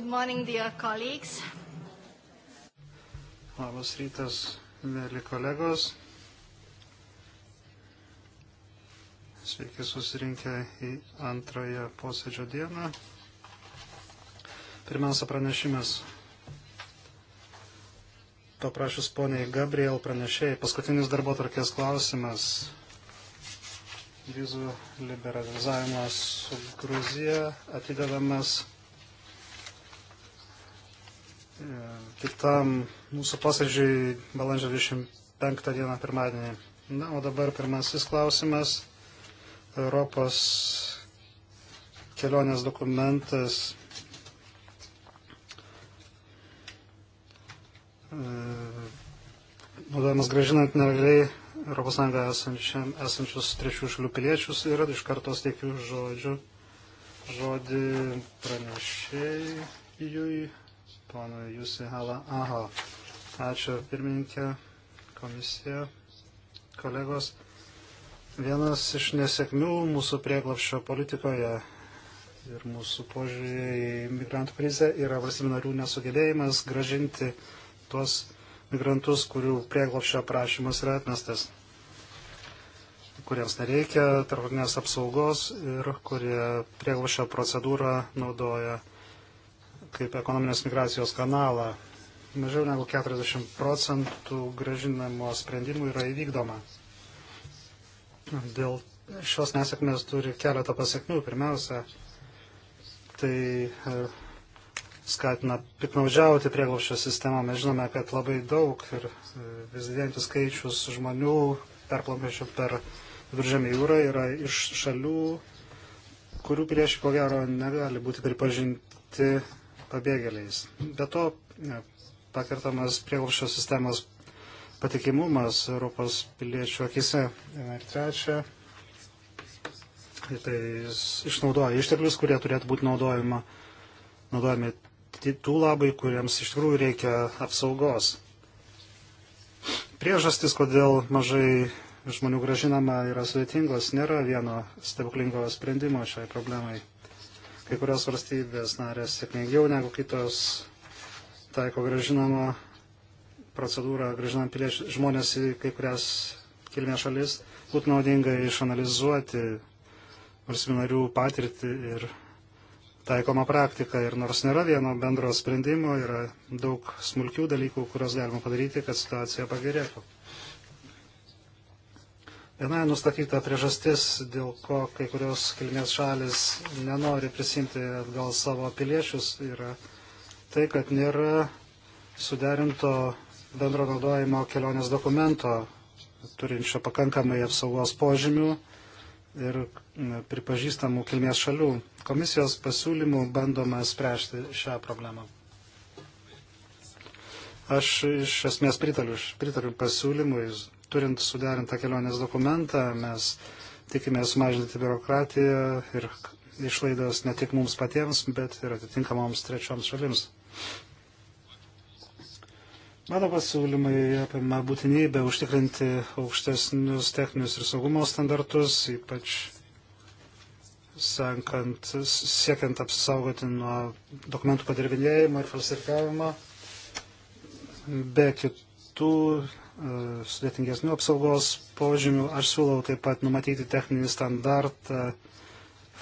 Good morning, dear colleagues. Labas rytas, mėly kolegos. Sveiki susirinkę į antrąją posėdžio dieną. Pirmiausia pranešimas. Paprašus poniai Gabriel pranešėjai, paskutinis darbo tvarkės klausimas vizų liberalizavimas su Gruzija atidedamas kitam mūsų posėdžiui balandžio 25 dieną pirmadienį. Na, o dabar pirmasis klausimas. Europos kelionės dokumentas e, naudojamas gražinant nelegaliai Europos Sąjungoje esančius trečių šalių piliečius ir iš karto steikiu žodžiu, žodį pranešėjui pono Jusi Hala Aho. Ačiū pirmininkė, komisija, kolegos. Vienas iš nesėkmių mūsų prieglapščio politikoje ir mūsų požiūrį į migrantų krizę yra valstybių narių nesugebėjimas gražinti tuos migrantus, kurių prieglopščio prašymas yra atmestas, kuriems nereikia tarptautinės apsaugos ir kurie prieglopščio procedūrą naudoja kaip ekonominės migracijos kanalą. Mažiau negu 40 procentų gražinamo sprendimų yra įvykdoma. Dėl šios nesėkmės turi keletą pasiekmių. Pirmiausia, tai e, skatina piknaudžiauti prieglaušio sistemą. Mes žinome, kad labai daug ir e, vis didėjantis skaičius žmonių perplaukiančių per viduržemį jūrą yra iš šalių, kurių prieš ko gero negali būti pripažinti pabėgėliais. Be to, e, pakirtamas prieglobščio sistemos patikimumas Europos piliečių akise. E, ir trečia, tai išnaudoja išteklius, kurie turėtų būti naudojama, naudojami tų labai, kuriems iš tikrųjų reikia apsaugos. Priežastis, kodėl mažai žmonių gražinama, yra sudėtingos, nėra vieno stebuklingo sprendimo šiai problemai kai kurios valstybės narės sėkmingiau negu kitos taiko gražinamą procedūrą, gražinam pilieš, žmonės į kai kurias kilmės šalis, būtų naudinga išanalizuoti valstybinarių patirtį ir taikoma praktika. Ir nors nėra vieno bendro sprendimo, yra daug smulkių dalykų, kuriuos galima padaryti, kad situacija pagerėtų. Viena nustatyta priežastis, dėl ko kai kurios kilmės šalis nenori prisimti atgal savo piliečius, yra tai, kad nėra suderinto bendro naudojimo kelionės dokumento, turinčio pakankamai apsaugos požymių ir pripažįstamų kilmės šalių. Komisijos pasiūlymų bandoma spręsti šią problemą. Aš iš esmės pritariu, pritariu pasiūlymui, turint suderintą kelionės dokumentą, mes tikime sumažinti biurokratiją ir išlaidas ne tik mums patiems, bet ir atitinkamoms trečioms šalims. Mano pasiūlymai apima būtinybę užtikrinti aukštesnius techninius ir saugumo standartus, ypač senkant, siekiant apsisaugoti nuo dokumentų padirbinėjimo ir falsifikavimo, be kitų E, sudėtingesnių apsaugos požymių. Aš siūlau taip pat numatyti techninį standartą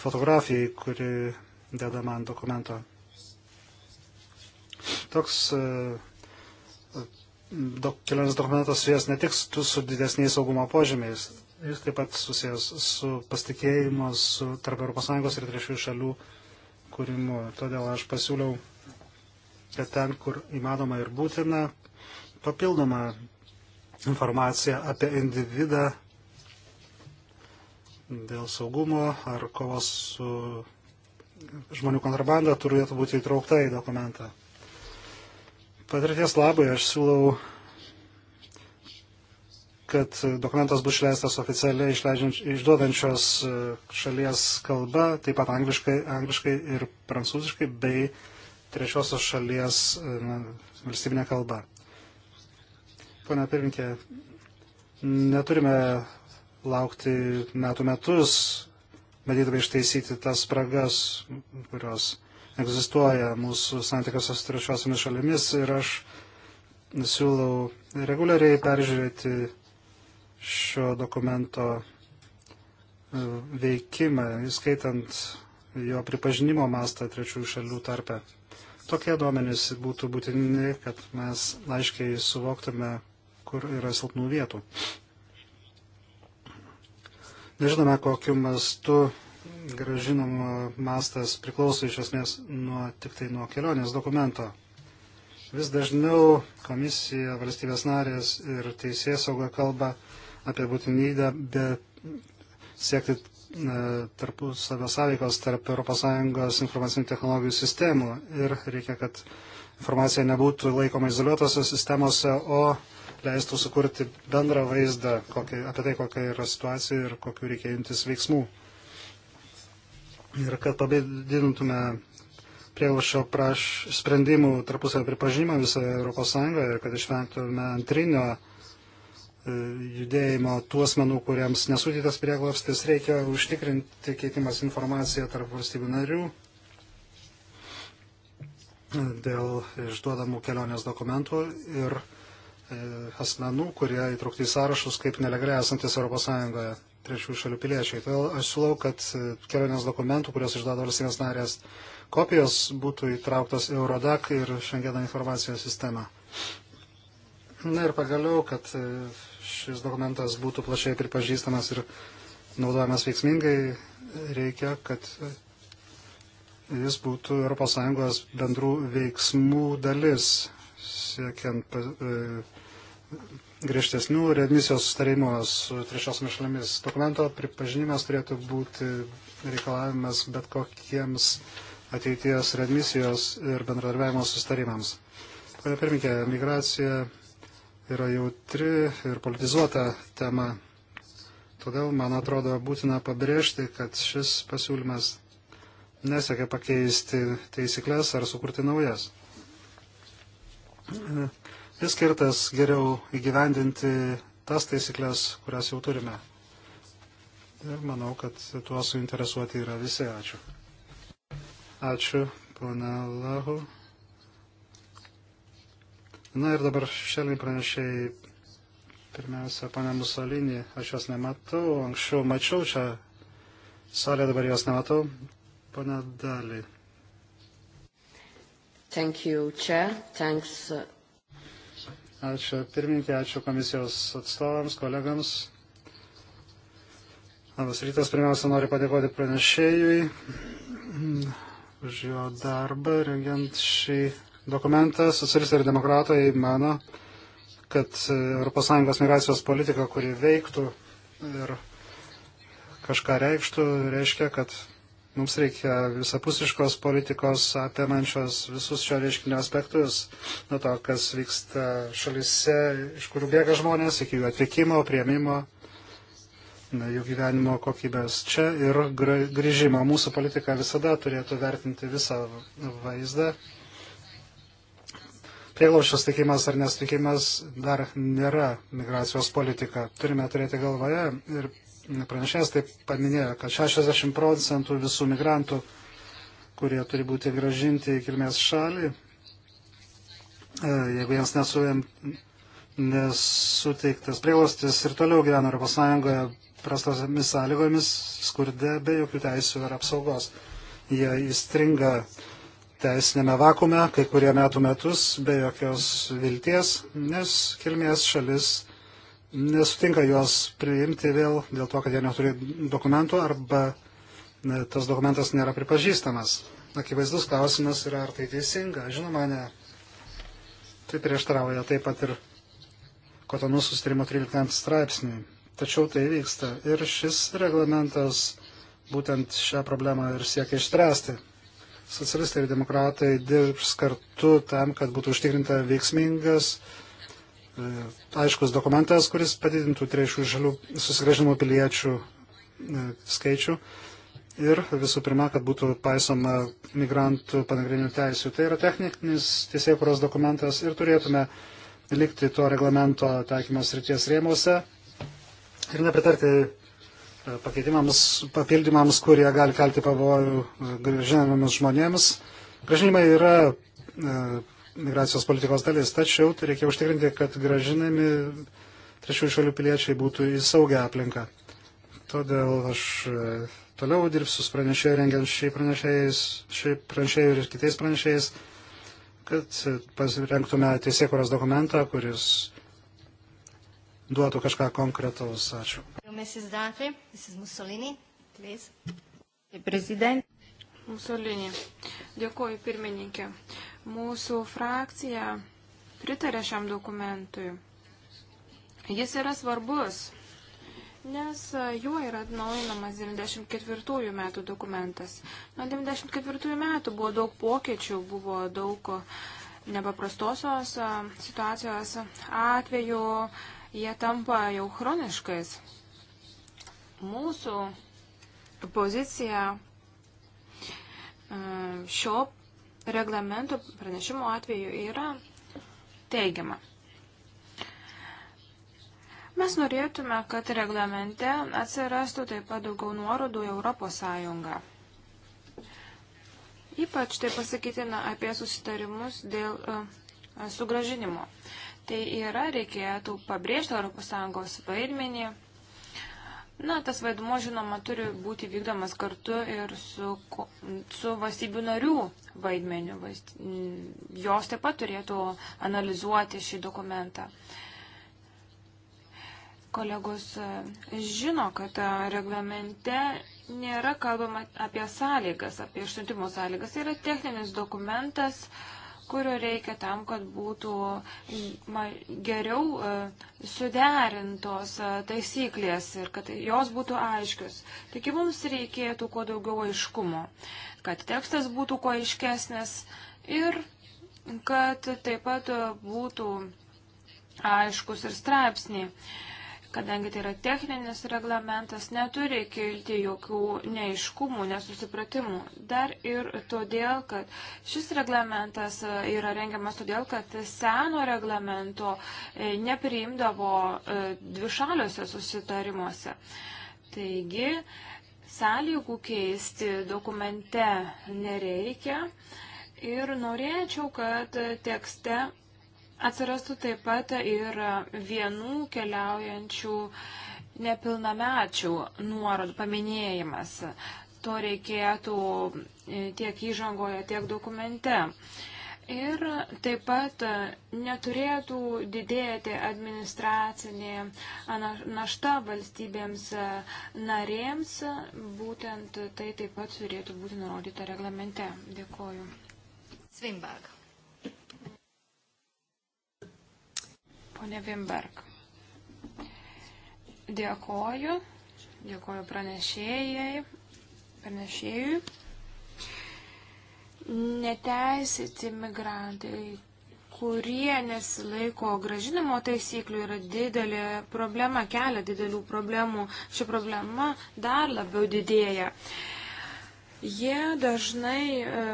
fotografijai, kuri dedama ant dokumento. Toks e, dok, kelionės dokumentas susijęs ne tik su, su didesniais saugumo požymiais, jis taip pat susijęs su pasitikėjimu su tarp ES ir trečiųjų šalių kūrimu. Todėl aš pasiūliau, kad ten, kur įmanoma ir būtina, papildoma informaciją apie individą dėl saugumo ar kovos su žmonių kontrabanda turėtų būti įtraukta į dokumentą. Patirties labai aš siūlau, kad dokumentas bus išleistas oficialiai išduodančios e, šalies kalba, taip pat angliškai, angliškai ir prancūziškai, bei trečiosios šalies na, e, valstybinė kalba. Pone pirminkė, neturime laukti metų metus, bandydami ištaisyti tas spragas, kurios egzistuoja mūsų santykiuose su trečiosiomis šalimis ir aš siūlau reguliariai peržiūrėti šio dokumento e, veikimą, įskaitant jo pripažinimo mastą trečiųjų šalių tarpe. Tokie duomenys būtų būtini, kad mes aiškiai suvoktume, kur yra silpnų vietų. Nežinome, kokiu mastu gražinama mastas priklauso iš esmės nuo, tik tai nuo kelionės dokumento. Vis dažniau komisija, valstybės narės ir teisės sauga kalba apie būtinybę be siekti tarpusavio sąveikos tarp ES informacinių technologijų sistemų ir reikia, kad informacija nebūtų laikoma izoliuotose sistemose, o leistų sukurti bendrą vaizdą kokį, apie tai, kokia yra situacija ir kokiu reikia imtis veiksmų. Ir kad pabėdintume prieglobščio praš sprendimų tarpusavio pripažinimą visoje Europos Sąjungoje, kad išvengtume antrinio e, judėjimo tų asmenų, kuriems nesutytas prieglobstis, reikia užtikrinti keitimas informaciją tarp valstybių narių e, dėl išduodamų kelionės dokumentų ir E, asmenų, kurie įtraukti į sąrašus kaip nelegaliai esantis ES trečių šalių piliečiai. Todėl aš siūlau, kad e, kelionės dokumentų, kurios išduoda valstybės narės, kopijos būtų įtrauktos Eurodac ir Schengeno informacijos sistema. Na ir pagaliau, kad e, šis dokumentas būtų plačiai pripažįstamas ir naudojamas veiksmingai, reikia, kad jis būtų ES bendrų veiksmų dalis siekiant e, griežtesnių readmisijos sustarimų su trečiosiomis šalimis. Dokumento pripažinimas turėtų būti reikalavimas bet kokiems ateities readmisijos ir bendradarbiavimo sustarimams. Pane pirmininkė, migracija yra jautri ir politizuota tema. Todėl, man atrodo, būtina pabrėžti, kad šis pasiūlymas nesiekia pakeisti teisiklės ar sukurti naujas jis skirtas geriau įgyvendinti tas taisyklės, kurias jau turime. Ir manau, kad tuo suinteresuoti yra visi. Ačiū. Ačiū, pana Lahu. Na ir dabar šelniai pranešiai. Pirmiausia, pana Musolinį, aš jos nematau. Anksčiau mačiau čia salę, dabar jos nematau. Pana Dali. Thank you, Chair. Thanks. Uh, ačiū pirmininkė, ačiū komisijos atstovams, kolegams. Labas rytas, pirmiausia, noriu padėkoti pranešėjui už jo darbą, rengiant šį dokumentą. Socialistai ir demokratai mano, kad ES migracijos politika, kuri veiktų ir kažką reikštų, reiškia, kad Mums reikia visapusiškos politikos apimančios visus šio reiškinio aspektus, nuo to, kas vyksta šalise, iš kurių bėga žmonės, iki jų atvykimo, prieimimo, jų gyvenimo kokybės čia ir grįžimo. Mūsų politika visada turėtų vertinti visą vaizdą. Prieglaušio stikimas ar nestikimas dar nėra migracijos politika. Turime turėti galvoje ir pranešėjas taip paminėjo, kad 60 procentų visų migrantų, kurie turi būti gražinti į kilmės šalį, e, jeigu jiems nesuvėm, nesuteiktas prieglostis ir toliau gyvena Europos Sąjungoje prastomis sąlygomis, skurde be jokių teisų ir apsaugos. Jie įstringa teisinėme vakume, kai kurie metų metus, be jokios vilties, nes kilmės šalis nesutinka juos priimti vėl dėl to, kad jie neturi dokumentų arba tas dokumentas nėra pripažįstamas. Akivaizdus klausimas yra, ar tai teisinga. Žinoma, ne. Tai prieštarauja taip pat ir Kotonų sustarimo 13 straipsniui. Tačiau tai vyksta. Ir šis reglamentas būtent šią problemą ir siekia išspręsti. Socialistai ir demokratai dirbs kartu tam, kad būtų užtikrinta veiksmingas E, aiškus dokumentas, kuris padidintų trečių šalių susigražinimo piliečių e, skaičių ir visų pirma, kad būtų paisoma migrantų panagrinių teisų. Tai yra techninis teisėkuros dokumentas ir turėtume likti to reglamento taikymos ryties rėmose ir nepritarti e, pakeitimams, papildymams, kurie gali kelti pavojų gražinamiems žmonėms. Gražinimai yra migracijos politikos dalis. Tačiau tai reikia užtikrinti, kad gražinami trečiųjų šalių piliečiai būtų į saugę aplinką. Todėl aš e, toliau dirbsiu su pranešėjai, rengiant šį pranešėjais, šį pranešėjai ir kitais pranešėjais, kad pasirengtume teisėkuros dokumentą, kuris duotų kažką konkretaus. Ačiū. Mrs. Dante, Mrs. Mussolini, please. Prezident. Musolinį. Dėkuoju pirmininkė. Mūsų frakcija pritarė šiam dokumentui. Jis yra svarbus, nes juo yra atnaujinamas 94 metų dokumentas. Nuo 94 metų buvo daug pokyčių, buvo daug nepaprastosios situacijos atveju, jie tampa jau chroniškais. Mūsų pozicija šio reglamento pranešimo atveju yra teigiama. Mes norėtume, kad reglamente atsirastų taip pat daugiau nuorodų į Europos Sąjungą. Ypač tai pasakytina apie susitarimus dėl uh, sugražinimo. Tai yra, reikėtų pabrėžti Europos Sąjungos vaidmenį Na, tas vaidmuo, žinoma, turi būti vykdomas kartu ir su, su valstybių narių vaidmeniu. Mm, jos taip pat turėtų analizuoti šį dokumentą. Kolegos e, žino, kad e, reglamente nėra kalbama apie sąlygas, apie išsiuntimo sąlygas. Tai yra techninis dokumentas, uh, kurio reikia tam, kad būtų geriau e, suderintos e, taisyklės ir kad jos būtų aiškios. Tik mums reikėtų kuo daugiau aiškumo, kad tekstas būtų kuo aiškesnis ir kad taip pat būtų aiškus ir straipsniai kadangi tai yra techninis reglamentas, neturi kilti jokių neiškumų, nesusipratimų. Dar ir todėl, kad šis reglamentas e, yra rengiamas todėl, kad seno reglamento e, nepriimdavo e, dvišaliuose susitarimuose. Taigi, sąlygų keisti dokumente nereikia. Ir norėčiau, kad tekste Atsirastų taip pat ir vienų keliaujančių nepilnamečių nuorodų paminėjimas. To reikėtų e, tiek įžangoje, tiek dokumente. Ir taip pat e, neturėtų didėti administracinė našta valstybėms e, narėms, būtent tai taip pat turėtų būti nurodyta reglamente. Dėkoju. Svimbag. Pone Vimberg. Dėkoju. Dėkoju pranešėjai. Pranešėjui. Neteisėti migrantai, kurie nesilaiko gražinimo taisyklių, yra didelė problema, kelia didelių problemų. Ši problema dar labiau didėja. Jie dažnai. E,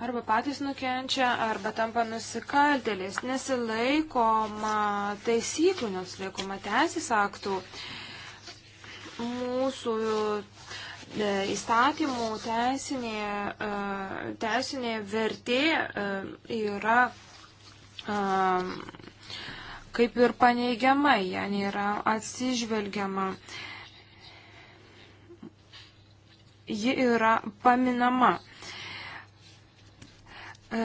arba patys nukenčia, arba tampa nusikaltėliais, nesilaikoma taisyklių, nesilaikoma teisės aktų. Mūsų e, įstatymų teisinė, e, teisinė vertė e, yra kaip ir paneigiama, jie nėra atsižvelgiama. Ji yra paminama. E,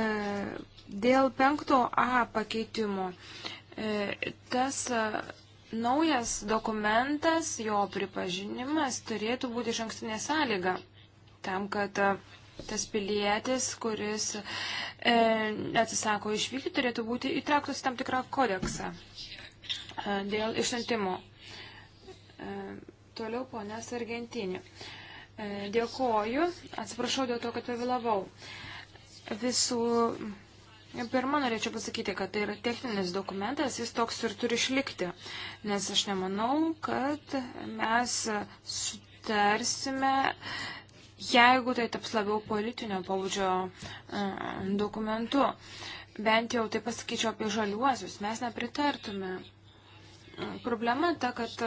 dėl 5A pakeitimo. E, tas e, naujas dokumentas, jo pripažinimas turėtų būti iš ankstinė sąlyga tam, kad tas pilietis, kuris e, atsisako išvykti, turėtų būti įtrauktas į tam tikrą kodeksą e, dėl išsantimo. E, toliau ponės Argentinį. E, dėkoju, atsiprašau dėl to, kad pavėlavau. E, Visų pirma, norėčiau pasakyti, kad tai yra techninis dokumentas, jis toks ir turi išlikti, nes aš nemanau, kad mes sutarsime, jeigu tai taps labiau politinio pobūdžio e, dokumentu. Bent jau tai pasakyčiau apie žaliuosius, mes nepritartume. E, problema ta, kad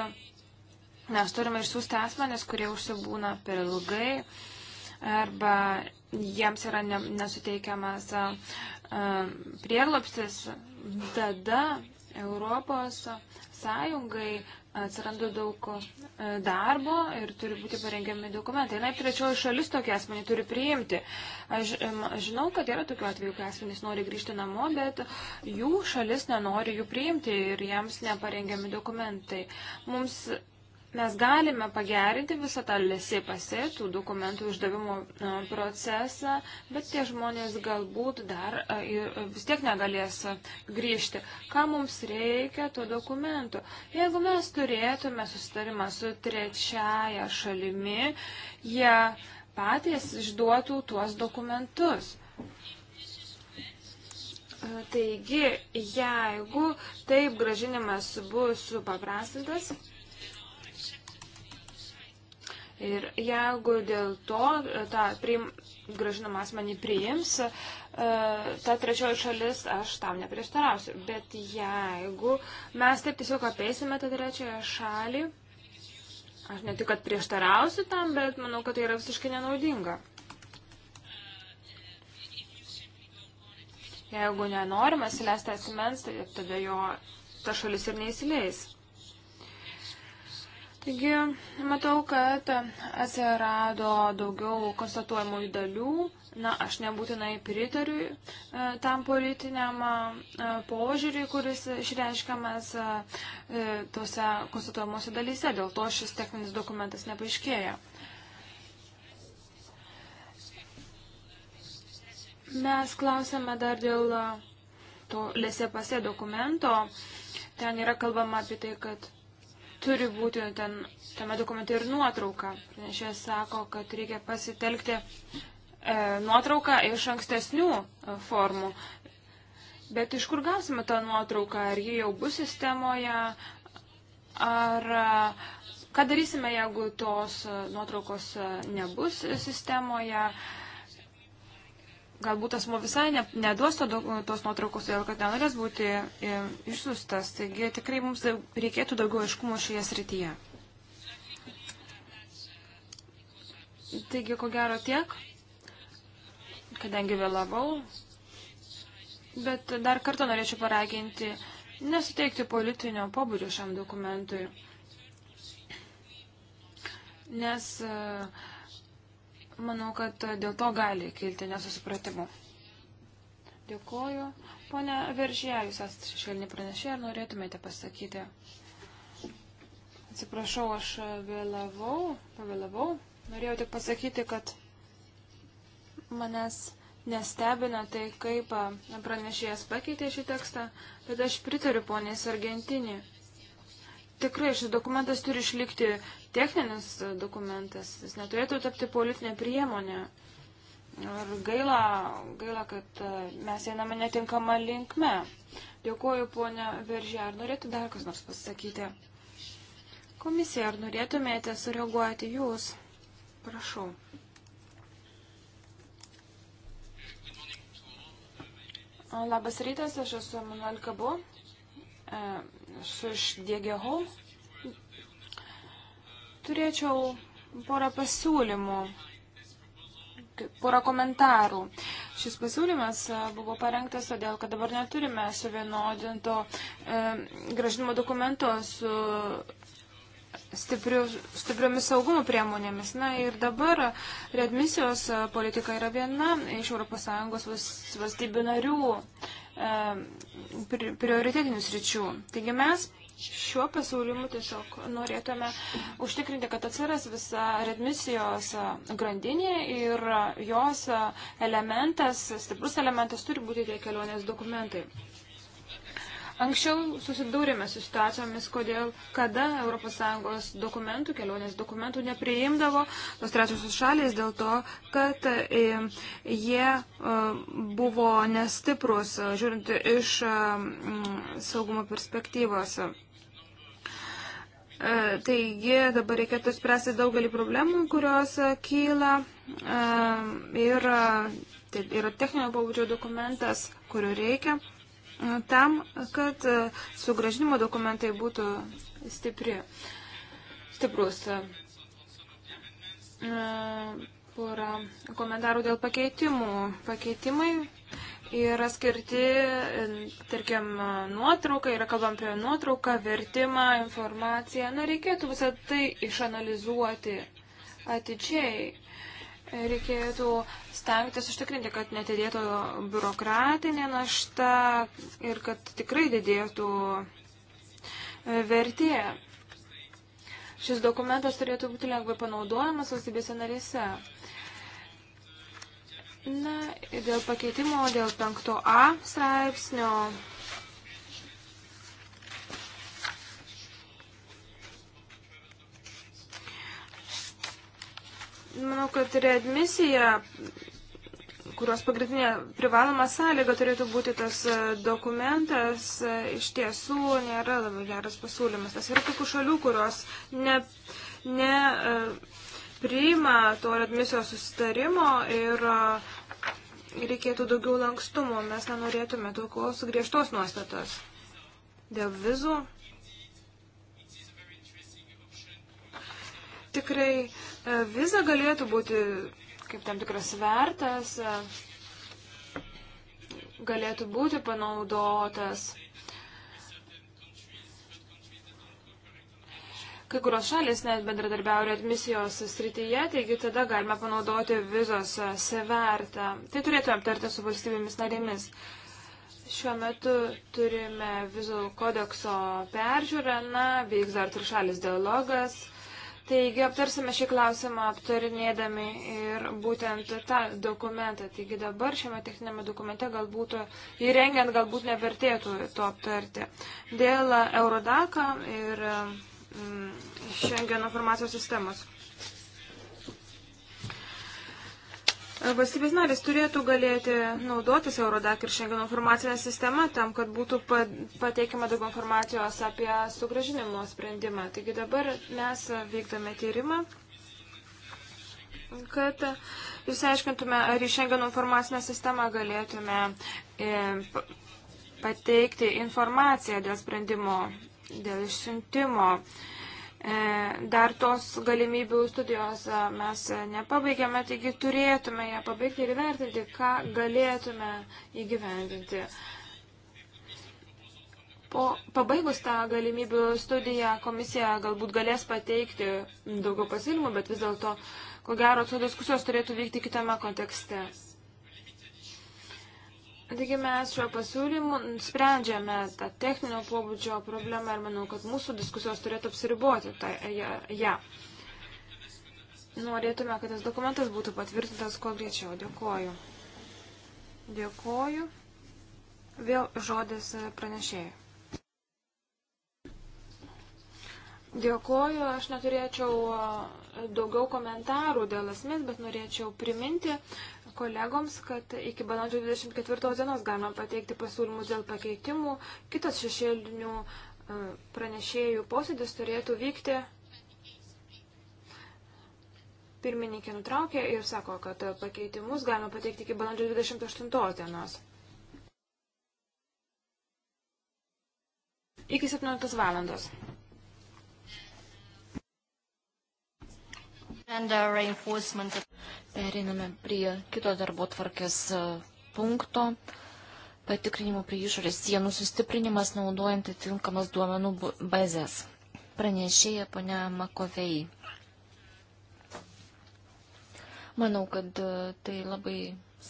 mes turime išsiųsti asmenės, kurie užsibūna per ilgai arba jiems yra ne, nesuteikiamas prieglopstis, tada Europos sąjungai atsiranda daug darbo ir turi būti parengiami dokumentai. Na ir trečioji šalis tokie asmenį turi priimti. Aš žinau, kad yra tokių atvejų, kai asmenys nori grįžti namo, bet jų šalis nenori jų priimti ir jiems neparengiami dokumentai. Mums mes galime pagerinti visą tą lesipasi, tų dokumentų išdavimo e, procesą, bet tie žmonės galbūt dar e, e, vis tiek negalės grįžti. Ką mums reikia to dokumentų? Jeigu mes turėtume susitarimą su trečiaja šalimi, jie patys išduotų tuos dokumentus. Taigi, jeigu taip gražinimas bus supaprastintas, Ir jeigu dėl to e, tą priim, gražinamą asmenį priims, e, ta trečioji šalis, aš tam neprieštarausiu. Bet jeigu mes taip tiesiog apeisime tą trečiąją šalį, aš ne tik, kad prieštarausiu tam, bet manau, kad tai yra visiškai nenaudinga. Jeigu nenorime įsileisti asmens, tai tada jo ta šalis ir neįsileis. Taigi, matau, kad atsirado daugiau konstatuojamųjų dalių. Na, aš nebūtinai pritariu e, tam politiniam e, požiūriui, kuris išreiškiamas e, tose konstatuojamuose dalyse. Dėl to šis techninis dokumentas nepaaiškėja. Mes klausėme dar dėl to lesepase dokumento. Ten yra kalbama apie tai, kad turi būti ten, tame dokumente ir nuotrauka. Pranešėjas sako, kad reikia pasitelkti e, nuotrauką iš ankstesnių e, formų. Bet iš kur gausime tą nuotrauką? Ar ji jau bus sistemoje? Ar e, ką darysime, jeigu tos e, nuotraukos e, nebus sistemoje? E, galbūt asmo visai ne, neduos to, tos nuotraukos, todėl kad nenorės būti e, išsiustas. Taigi tikrai mums reikėtų daugiau aiškumo šioje srityje. Taigi, ko gero tiek, kadangi vėlavau. Bet dar kartą norėčiau paraginti nesuteikti politinio pobūdžio šiam dokumentui. Nes uh, manau, kad dėl to gali kilti nesusipratimų. Dėkuoju. Pone Veržė, jūs esate šešėlinį pranešėją, ar norėtumėte pasakyti? Atsiprašau, aš vėlavau, pavėlavau. Norėjau tik pasakyti, kad manęs nestebina tai, kaip pranešėjas pakeitė šį tekstą, bet aš pritariu ponės Argentinį tikrai šis dokumentas turi išlikti techninis dokumentas, jis neturėtų tapti politinė priemonė. Ir gaila, gaila, kad e, mes einame netinkamą linkme. Dėkuoju, ponia Veržė, ar norėtų dar kas nors pasakyti? Komisija, ar norėtumėte sureaguoti jūs? Prašau. Labas rytas, aš esu Manuel Kabu, e, su DG Home. Turėčiau porą pasiūlymų, porą komentarų. Šis pasiūlymas e, buvo parengtas todėl, kad dabar neturime suvienodinto e, gražinimo dokumento su stipriu, stipriomis saugumo priemonėmis. Na ir dabar readmisijos e, politika yra viena iš ES valstybių narių. E, E, prioritetinių sričių. Taigi mes šiuo pasiūlymu tiesiog norėtume užtikrinti, kad atsiras visa redmisijos grandinė ir jos elementas, stiprus elementas turi būti tie kelionės dokumentai. Anksčiau susidūrėme su situacijomis, kodėl, kada ES dokumentų, kelionės dokumentų nepriimdavo tos trečiosios šalys dėl to, kad e, jie e, buvo nestiprus, e, žiūrint iš saugumo perspektyvos. Taigi dabar reikėtų spręsti daugelį problemų, kurios kyla ir tai yra techninio pabudžio dokumentas, kurio reikia tam, kad e, sugražinimo dokumentai būtų stipri, stiprus. E, pora komentarų dėl pakeitimų. Pakeitimai yra skirti, e, tarkim, nuotrauką, yra kalbam apie nuotrauką, vertimą, informaciją. Na, reikėtų visą tai išanalizuoti atidžiai reikėtų stengtis užtikrinti, kad netidėtų biurokratinė našta ir kad tikrai didėtų e, vertė. Šis dokumentas turėtų būti lengvai panaudojamas valstybėse narėse. Na, dėl pakeitimo, dėl 5a straipsnio Manau, kad readmisija, kurios pagrindinė privaloma sąlyga turėtų būti tas e, dokumentas, e, iš tiesų nėra labai geras pasiūlymas. Tas yra tokių šalių, kurios ne. ne e, priima to admisijos susitarimo ir reikėtų daugiau lankstumo. Mes nenorėtume tokios griežtos nuostatos dėl vizų. tikrai e, viza galėtų būti kaip tam tikras svertas, e, galėtų būti panaudotas. Kai kurios šalis net bendradarbiauja admisijos srityje, taigi tada galime panaudoti vizos e, severtą. Tai turėtume aptarti su valstybėmis narėmis. Šiuo metu turime vizų kodekso peržiūrą, na, veiks dar trišalis dialogas. Taigi aptarsime šį klausimą aptarinėdami ir būtent tą dokumentą. Taigi dabar šiame techninėme dokumente galbūt įrengiant galbūt nevertėtų to aptarti. Dėl Eurodaka ir mm, Šengeno informacijos sistemos. Valstybės narės turėtų galėti naudotis Eurodak ir Schengeno informacinę sistemą tam, kad būtų pateikiama daug informacijos apie sugražinimo sprendimą. Taigi dabar mes vykdome tyrimą, kad išsiaiškintume, ar į Schengeno informacinę sistemą galėtume e, pateikti informaciją dėl sprendimo, dėl išsiuntimo. E, dar tos galimybių studijos e, mes nepabaigėme, taigi turėtume ją pabaigti ir vertinti, ką galėtume įgyvendinti. Po pabaigus tą galimybių studiją komisija galbūt galės pateikti daugiau pasiūlymų, bet vis dėlto, ko gero, tos diskusijos turėtų vykti kitame kontekste. Taigi mes šiuo pasiūlymu sprendžiame tą techninio pobūdžio problemą ir manau, kad mūsų diskusijos turėtų apsiriboti tą, tai, ją. Ja, ja. Norėtume, kad tas dokumentas būtų patvirtintas kuo greičiau. Dėkoju. Dėkoju. Vėl žodis e, pranešėjai. Dėkoju, aš neturėčiau e, daugiau komentarų dėl esmės, bet norėčiau priminti, kolegoms, kad iki balandžio 24 dienos galima pateikti pasiūlymus dėl pakeitimų. Kitas šešėlinių e, pranešėjų posėdis turėtų vykti. Pirmininkė nutraukė ir sako, kad pakeitimus galima pateikti iki balandžio 28 dienos. Iki 17 valandos. Periname prie kito darbo tvarkės e, punkto. Patikrinimo prie išorės sienų sustiprinimas naudojant atitinkamas duomenų bazės. Pranešėja ponia Makovei. Manau, kad e, tai labai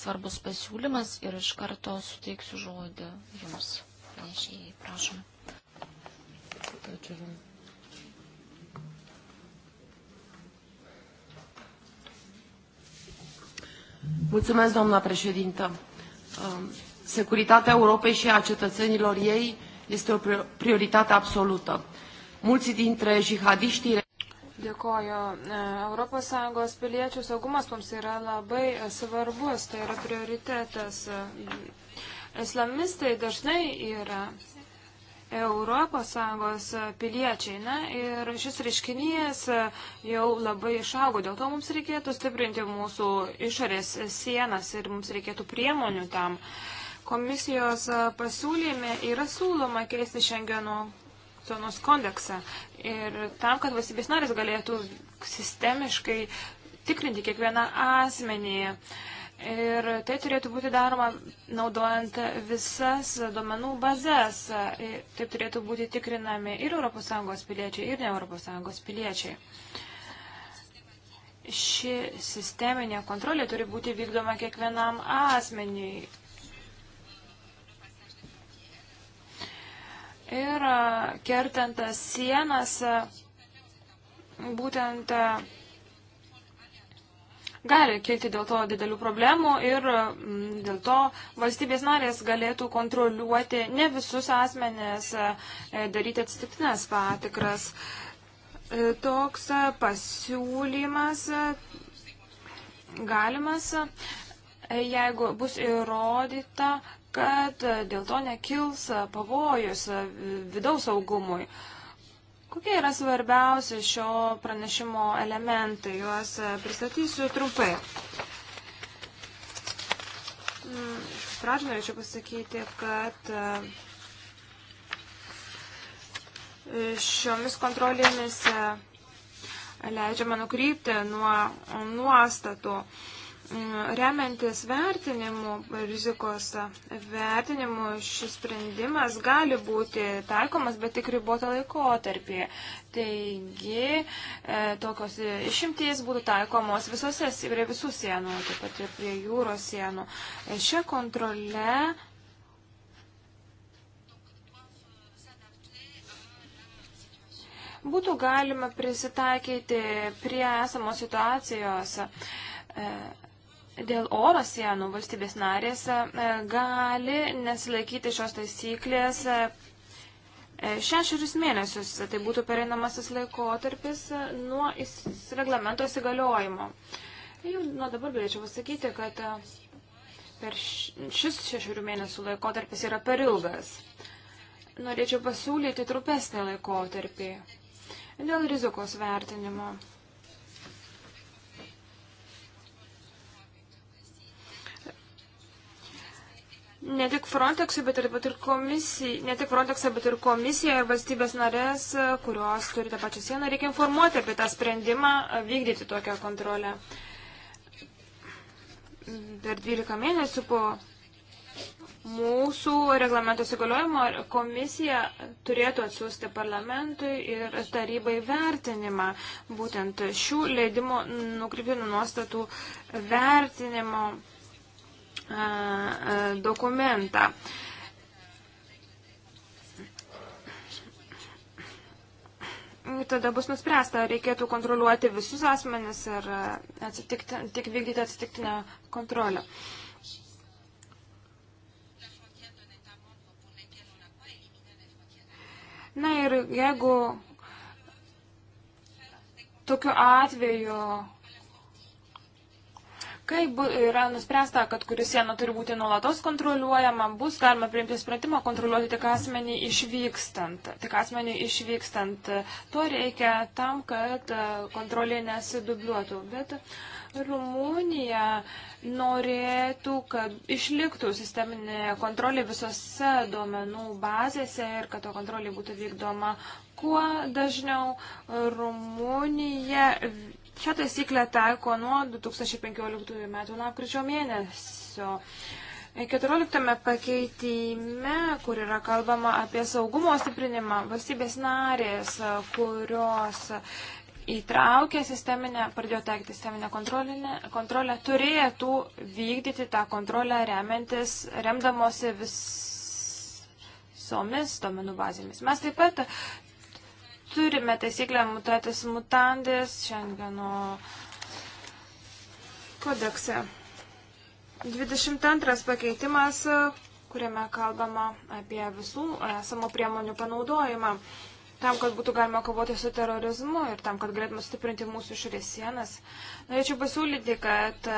svarbus pasiūlymas ir iš karto suteiksiu žodį jums. Pranešėjai, prašom. Ačiū. Mulțumesc, doamna președintă. Um, securitatea Europei și a cetățenilor ei este o prioritate absolută. Mulți dintre jihadiștii Dėkoju. ES piliečių saugumas mums yra labai svarbus, tai yra prioritetas. E, islamistai dažnai yra ES piliečiai. Na ir šis reiškinys jau labai išaugo, dėl to mums reikėtų stiprinti mūsų išorės sienas ir mums reikėtų priemonių tam. Komisijos pasiūlyme yra siūloma keisti Šengeno zonos kondeksą ir tam, kad valstybės narės galėtų sistemiškai tikrinti kiekvieną asmenį. Uh, Ir tai turėtų būti daroma naudojant visas duomenų bazės. E, taip turėtų būti tikrinami ir ES piliečiai, ir ne ES piliečiai. Ši sisteminė kontrolė turi būti vykdoma kiekvienam asmeniui. Ir e, kertant sienas, būtent e, gali kilti dėl to didelių problemų ir mm, dėl to valstybės narės galėtų kontroliuoti ne visus asmenės, e, daryti atsitiktinės patikras. E, toks e, pasiūlymas galimas, jeigu bus įrodyta, kad dėl to nekils pavojus vidaus saugumui. Kokie yra svarbiausi šio pranešimo elementai? Juos e, pristatysiu trumpai. Mm, Pradžio norėčiau pasakyti, kad e, šiomis kontrolėmis e, leidžiama nukrypti nuo nuostatų. Remiantis vertinimu, rizikos vertinimu, šis sprendimas gali būti taikomas, bet tik ribotą laikotarpį. Taigi, e, tokios išimties būtų taikomos visose, prie visų sienų, taip pat ir prie jūros sienų. E, šia kontrole. Būtų galima prisitaikyti prie esamos situacijos. E, Dėl oro sienų valstybės narės e, gali nesilaikyti šios taisyklės e, e, šešerius mėnesius. Tai būtų pereinamasis laikotarpis nuo reglamento įsigaliojimo. Jau nuo dabar galėčiau pasakyti, kad per šis šešerių mėnesių laikotarpis yra per ilgas. Norėčiau pasiūlyti trupesnį laikotarpį dėl rizikos vertinimo. ne tik Frontexui, bet ir, bet ir komisijai, ne tik Frontexą, bet ir komisiją ir valstybės narės, e, kurios turi tą pačią sieną, reikia informuoti apie tą sprendimą e, vykdyti tokią kontrolę. Per 12 mėnesių po mūsų reglamento įsigaliojimo komisija turėtų atsiųsti parlamentui ir tarybai vertinimą, būtent šių leidimo nukrypinų nuostatų vertinimo dokumentą. Tada bus nuspręsta, reikėtų kontroliuoti visus asmenis ir atsitikti, tik vykdyti atsitiktinę kontrolę. Na ir jeigu tokiu atveju Kai yra nuspręsta, kad kuri siena turi būti nuolatos kontroliuojama, bus galima priimti sprendimą kontroliuoti tik asmenį išvykstant. Tik asmenį išvykstant. To reikia tam, kad e, kontrolė nesidubliuotų. Bet Rumunija norėtų, kad išliktų sisteminė kontrolė visose duomenų bazėse ir kad to kontrolė būtų vykdoma kuo dažniau. Rumunija Šią taisyklę taiko nuo 2015 metų lapkričio mėnesio. 14 pakeitime, kur yra kalbama apie saugumo stiprinimą, valstybės narės, kurios įtraukia sisteminę, pradėjo taikyti sisteminę kontrolę, turėtų vykdyti tą kontrolę remiantis, remdamosi visomis domenų bazėmis. Mes taip pat turime taisyklę mutatis mutandis šiandieno kodekse. 22 pakeitimas, kuriame kalbama apie visų esamų priemonių panaudojimą tam, kad būtų galima kovoti su terorizmu ir tam, kad galėtume stiprinti mūsų išorės sienas. Norėčiau pasiūlyti, kad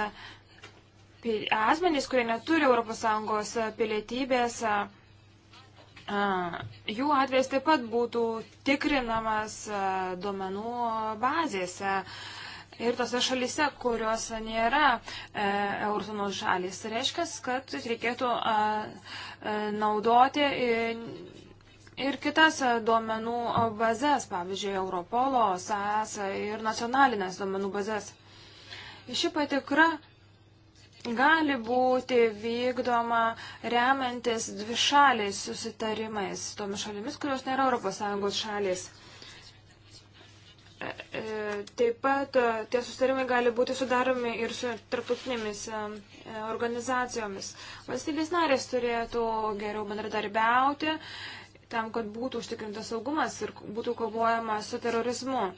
e, asmenys, kurie neturi ES pilietybės, Jų atvejas taip pat būtų tikrinamas duomenų bazėse ir tose šalise, kurios nėra e, eurozonos šalis. Tai reiškia, kad reikėtų a, a, naudoti ir, ir kitas duomenų bazės, pavyzdžiui, Europolo, SAS ir nacionalinės duomenų bazės. Ši patikra gali būti vykdoma remiantis dvišaliais susitarimais, tomis šalimis, kurios nėra ES šalis. E, e, taip pat e, tie susitarimai gali būti sudaromi ir su tarptautinėmis organizacijomis. Valstybės narės turėtų geriau bendradarbiauti tam, kad būtų užtikrintas saugumas ir būtų kovojama su terorizmu.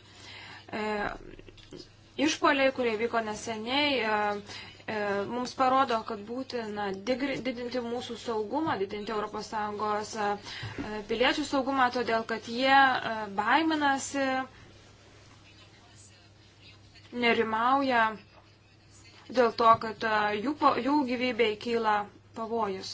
Išpoliai, kurie vyko neseniai, E, mums parodo, kad būtina didinti mūsų saugumą, didinti ES e, piliečių saugumą, todėl kad jie e, baiminasi, nerimauja dėl to, kad jų, jų gyvybei kyla pavojus.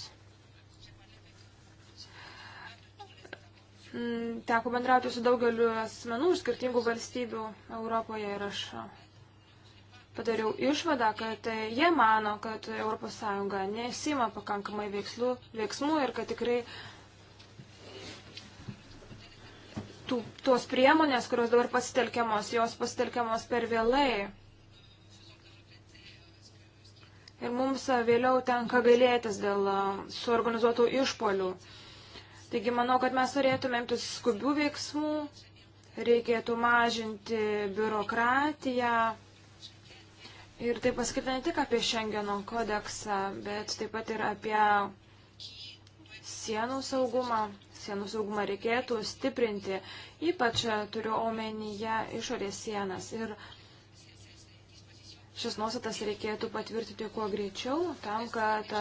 Mm, teko bendrauti su daugeliu asmenų iš skirtingų valstybių Europoje ir aš padariau išvadą, kad jie mano, kad ES nesima pakankamai veikslų, veiksmų ir kad tikrai tų, tos priemonės, kurios dabar pasitelkiamos, jos pasitelkiamos per vėlai. Ir mums vėliau tenka gailėtis dėl suorganizuotų išpolių. Taigi manau, kad mes turėtumėm tų skubių veiksmų, reikėtų mažinti biurokratiją Ir tai pasakyta ne tik apie Šengeno kodeksą, bet taip pat ir apie sienų saugumą. Sienų saugumą reikėtų stiprinti, ypač turiu omenyje išorės sienas. Ir šias nuostatas reikėtų patvirtinti kuo greičiau, tam, kad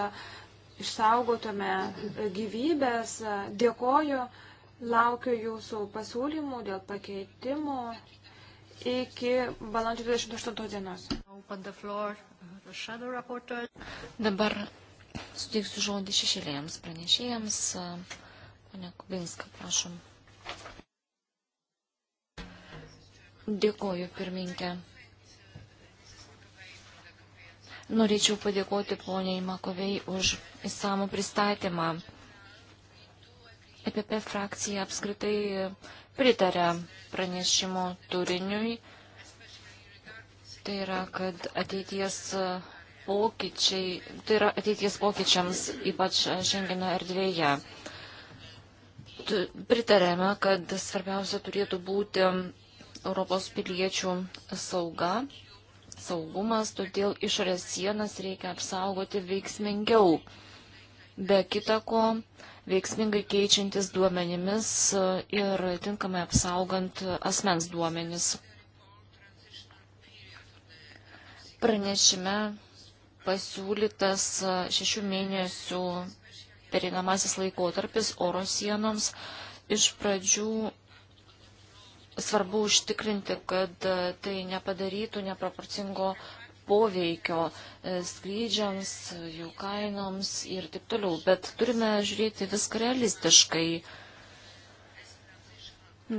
išsaugotume gyvybės. Dėkoju, laukiu jūsų pasiūlymų dėl pakeitimų iki balandžio 28 dienos. Uh, Dabar suteiksiu žodį šešėlėjams pranešėjams. Uh, Pane Kubinska, prašom. Dėkoju, pirminkė. Norėčiau padėkoti poniai Makovei už įsamų pristatymą. EPP frakcija apskritai pritarė pranešimo turiniui. Tai yra, kad ateities pokyčiai, tai yra ateities pokyčiams, ypač šiandieno erdvėje. Pritarėme, kad svarbiausia turėtų būti Europos piliečių sauga, saugumas, todėl išorės sienas reikia apsaugoti veiksmingiau. Be kita ko, veiksmingai keičiantis duomenimis e, ir tinkamai apsaugant asmens duomenis. Pranešime pasiūlytas e, šešių mėnesių pereinamasis laikotarpis oro sienoms. Iš pradžių svarbu užtikrinti, kad e, tai nepadarytų neproporcingo poveikio e, skrydžiams, jų kainoms ir taip toliau. Bet turime žiūrėti viską realistiškai.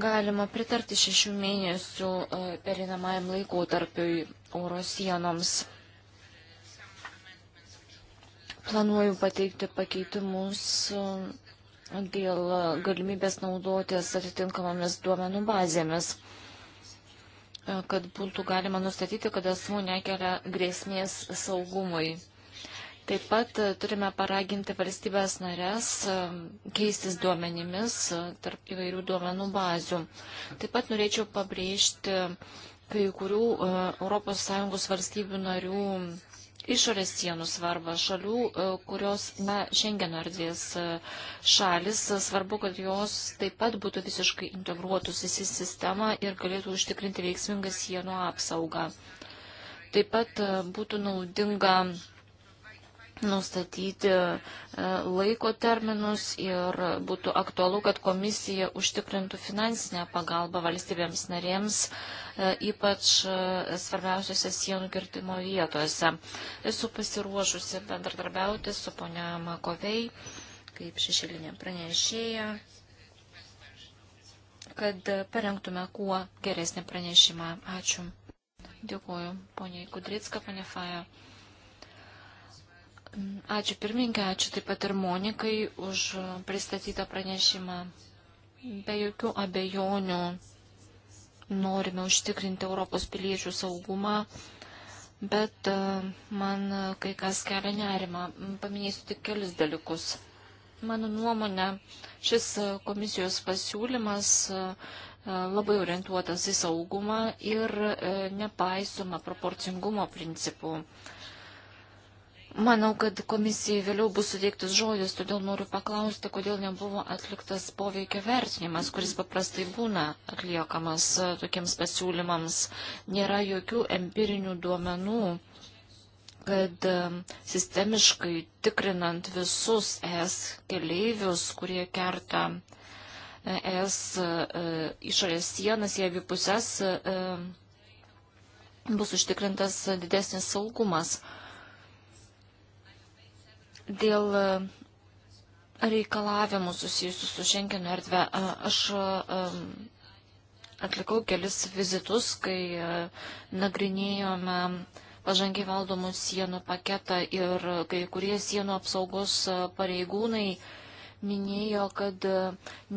Galima pritarti šešių mėnesių e, perinamajam laikotarpiui oro sienoms. Planuoju pateikti pakeitimus e, dėl galimybės naudotis atitinkamomis duomenų bazėmis kad būtų galima nustatyti, kad asmuo nekelia grėsmės saugumui. Taip pat e, turime paraginti valstybės narės e, keistis duomenimis e, tarp įvairių duomenų bazių. Taip pat norėčiau pabrėžti kai kurių ES valstybių narių išorės sienų svarbą šalių, e, kurios, na, šiandien ardvės e, šalis, e, svarbu, kad jos taip pat būtų visiškai integruotus į sistemą ir galėtų užtikrinti veiksmingą sienų apsaugą. Taip pat būtų naudinga nustatyti e, laiko terminus ir būtų aktualu, kad komisija užtikrintų finansinę pagalbą valstybėms narėms, e, ypač e, svarbiausiose sienų kirtimo vietose. Esu pasiruošusi bendradarbiauti su ponia Makovei, kaip šešėlinė pranešėja kad parengtume kuo geresnį pranešimą. Ačiū. Dėkuoju, poniai Kudricka, ponia Faja. Ačiū pirmininkė, ačiū taip pat ir Monikai už pristatytą pranešimą. Be jokių abejonių norime užtikrinti Europos piliečių saugumą, bet e, man kai kas kelia nerima. Paminėsiu tik kelis dalykus. Mano nuomonė, šis komisijos pasiūlymas e, labai orientuotas į saugumą ir e, nepaisoma proporcingumo principų. Manau, kad komisijai vėliau bus suteiktas žodis, todėl noriu paklausti, kodėl nebuvo atliktas poveikio vertinimas, kuris paprastai būna atliekamas tokiems pasiūlymams. Nėra jokių empirinių duomenų, kad um, sistemiškai tikrinant visus ES keleivius, kurie kerta e, ES e, išorės sienas į abi puses, e, bus užtikrintas didesnis saugumas. Dėl e, reikalavimų susijusių su Šengeno erdve, e, aš e, atlikau kelis vizitus, kai nagrinėjome pažangiai valdomų sienų paketą ir kai kurie sienų apsaugos pareigūnai minėjo, kad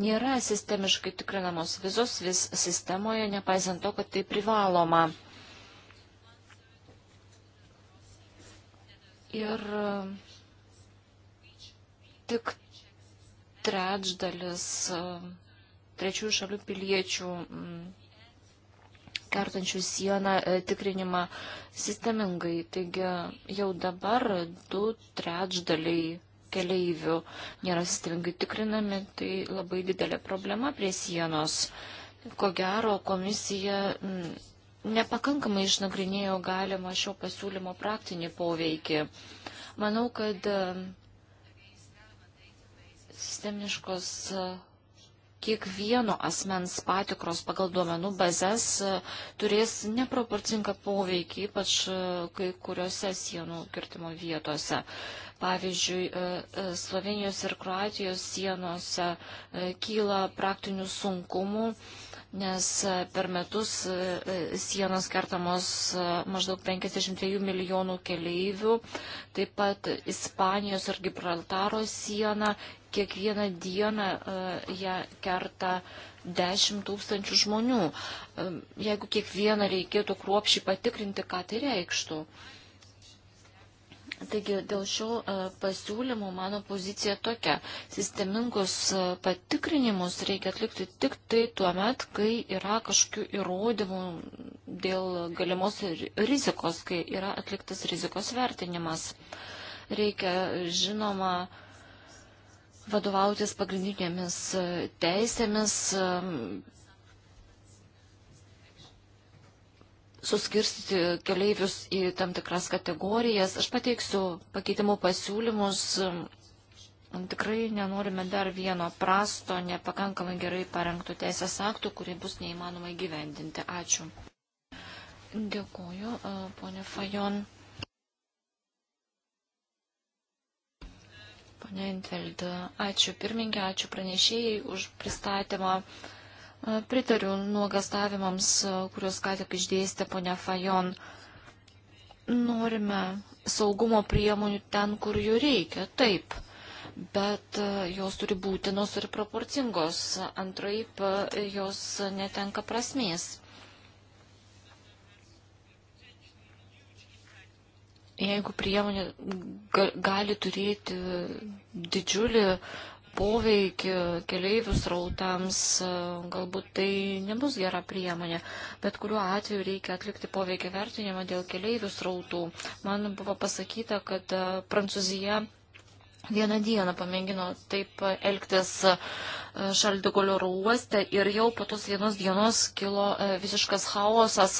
nėra sistemiškai tikrinamos vizos vis sistemoje, nepaisant to, kad tai privaloma. Ir uh, tik trečdalis e, trečiųjų šalių piliečių mm, kertančių sieną e, tikrinimą sistemingai. Taigi jau dabar du trečdaliai keleivių nėra sistemingai tikrinami, tai labai didelė problema prie sienos. Ko gero, komisija mm, nepakankamai išnagrinėjo galima šio pasiūlymo praktinį poveikį. Manau, kad e, Sistemiškos kiekvieno asmens patikros pagal duomenų bazės e, turės neproporcingą poveikį, ypač e, kai kuriuose sienų kirtimo vietose. Pavyzdžiui, e, Slovenijos ir Kroatijos sienose kyla praktinių sunkumų nes e, per metus e, e, sienos kertamos maždaug 52 milijonų keleivių, taip pat Ispanijos ir Gibraltaro siena, kiekvieną dieną ją kerta 10 tūkstančių žmonių. Jeigu kiekvieną reikėtų kruopšį patikrinti, ką tai reikštų. Taigi dėl šio e, pasiūlymo mano pozicija tokia. Sistemingus e, patikrinimus reikia atlikti tik tai tuo met, kai yra kažkokių įrodymų dėl galimos rizikos, kai yra atliktas rizikos vertinimas. Reikia, žinoma, vadovautis pagrindinėmis e, teisėmis, suskirstyti keleivius į tam tikras kategorijas. Aš pateiksiu pakeitimų pasiūlymus. Tikrai nenorime dar vieno prasto, nepakankamai gerai parengtų teisės aktų, kurie bus neįmanoma įgyvendinti. Ačiū. Dėkuoju, ponė Fajon. Pone Intelda, ačiū pirmininkė, ačiū pranešėjai už pristatymą. Pritariu nuogastavimams, kuriuos ką tik išdėstė ponia Fajon. Norime saugumo priemonių ten, kur jų reikia, taip, bet e, jos turi būtinos ir proporcingos, antraip e, jos netenka prasmės. Jeigu priemonė gali turėti didžiulį uh, poveikį keleivių srautams, galbūt tai nebus gera priemonė, bet kuriuo atveju reikia atlikti poveikį vertinimą dėl keleivių srautų. Man buvo pasakyta, kad e, Prancūzija Vieną dieną pamėgino taip elgtis e, šaldigulio ruoste ir jau po tos vienos dienos kilo e, visiškas chaosas.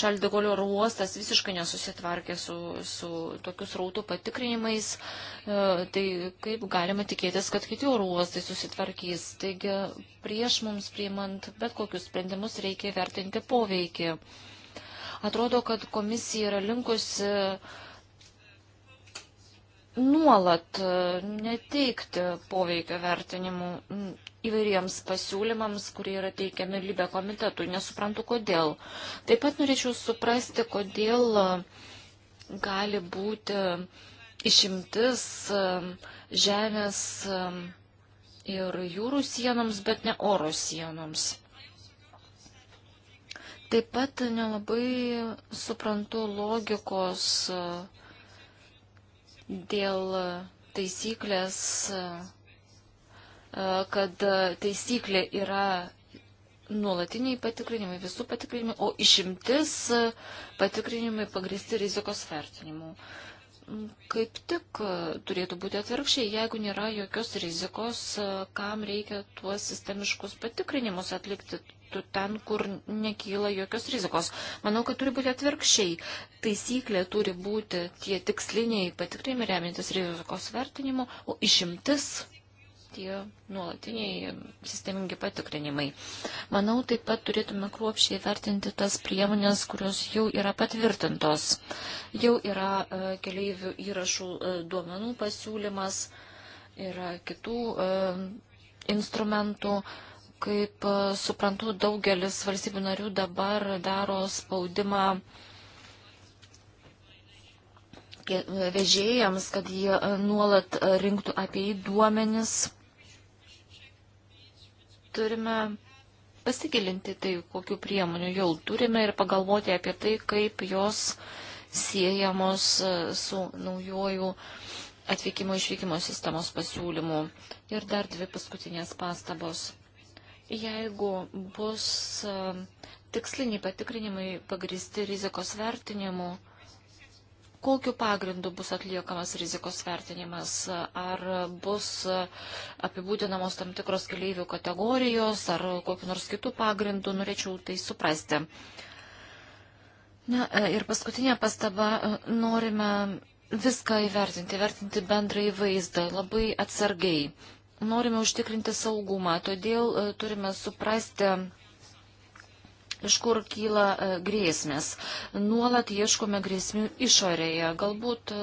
Šaldigulio ruostas visiškai nesusitvarkė su, su tokius rautų patikrinimais. E, tai kaip galima tikėtis, kad kiti ruostai susitvarkys. Taigi prieš mums priimant bet kokius sprendimus reikia vertinti poveikį. Atrodo, kad komisija yra linkusi nuolat e, neteikti poveikio vertinimų įvairiems pasiūlymams, kurie yra teikiami Libė komitetui. Nesuprantu, kodėl. Taip pat norėčiau suprasti, kodėl e, gali būti išimtis e, žemės ir jūrų sienoms, bet ne oro sienoms. Taip pat nelabai suprantu logikos uh, dėl e, taisyklės, e, e, kad taisyklė yra nuolatiniai patikrinimai, visų patikrinimai, o išimtis patikrinimai pagristi rizikos vertinimu. Mm, kaip tik turėtų būti atvirkščiai, jeigu nėra jokios rizikos, kam reikia tuos sistemiškus patikrinimus atlikti, reikėtų ten, kur nekyla jokios rizikos. Manau, kad turi būti atvirkščiai. Taisyklė turi būti tie tiksliniai patikrinimai remintis rizikos vertinimu, o išimtis tie nuolatiniai sistemingi patikrinimai. Manau, taip pat turėtume kruopšiai vertinti tas priemonės, kurios jau yra patvirtintos. Jau yra e, keliaivių įrašų e, duomenų pasiūlymas, yra kitų e, instrumentų. E, Kaip e, suprantu, daugelis valstybių narių dabar daro spaudimą vežėjams, kad jie e, nuolat e, rinktų apie jį duomenis. Turime pasigilinti tai, kokiu priemonių jau turime ir pagalvoti apie tai, kaip jos siejamos su naujoju atvykimo išvykimo sistemos pasiūlymu. Ir dar dvi paskutinės pastabos. Jeigu bus e, tiksliniai patikrinimai pagristi rizikos vertinimu, kokiu pagrindu bus atliekamas rizikos vertinimas? Ar bus apibūdinamos tam tikros keleivių kategorijos, ar kokiu nors kitų pagrindų, norėčiau tai suprasti. Na e, ir paskutinė pastaba, e, norime viską įvertinti, įvertinti bendrąjį vaizdą labai atsargiai norime užtikrinti saugumą, todėl e, turime suprasti iš kur kyla e, grėsmės. Nuolat ieškome grėsmių išorėje. Galbūt e,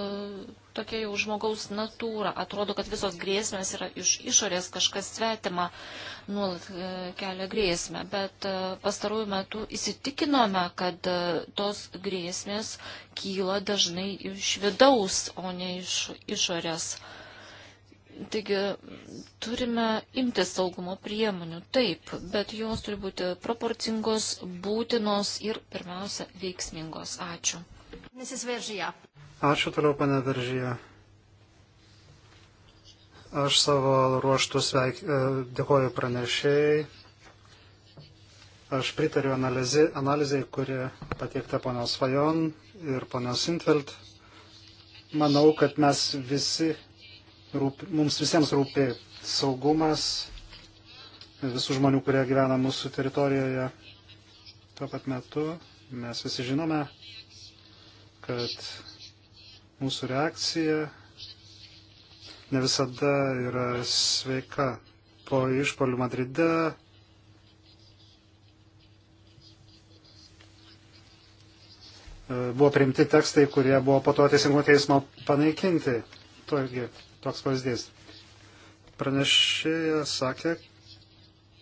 tokia jau žmogaus natūra. Atrodo, kad visos grėsmės yra iš išorės, kažkas svetima nuolat kelia grėsmę. Bet pastarųjų metų įsitikinome, kad tos grėsmės kyla dažnai iš vidaus, o ne iš išorės. Uh, Taigi turime imti saugumo priemonių, taip, bet jos turi būti proporcingos, būtinos ir pirmiausia veiksmingos. Ačiū. Nesisveržyje. Ačiū toliau, pane Veržyje. Aš savo ruoštų sveik... E, dėkoju pranešėjai. Aš pritariu analizai, analizai kuri pateikta ponios Fajon ir ponios Sintfeld. Manau, kad mes visi rūpi, mums visiems rūpi saugumas visų žmonių, kurie gyvena mūsų teritorijoje. Tuo pat metu mes visi žinome, kad mūsų reakcija ne visada yra sveika. Po išpolių Madride buvo priimti tekstai, kurie buvo po to teisingumo teismo panaikinti. Togi toks pavyzdys. Pranešėjas sakė,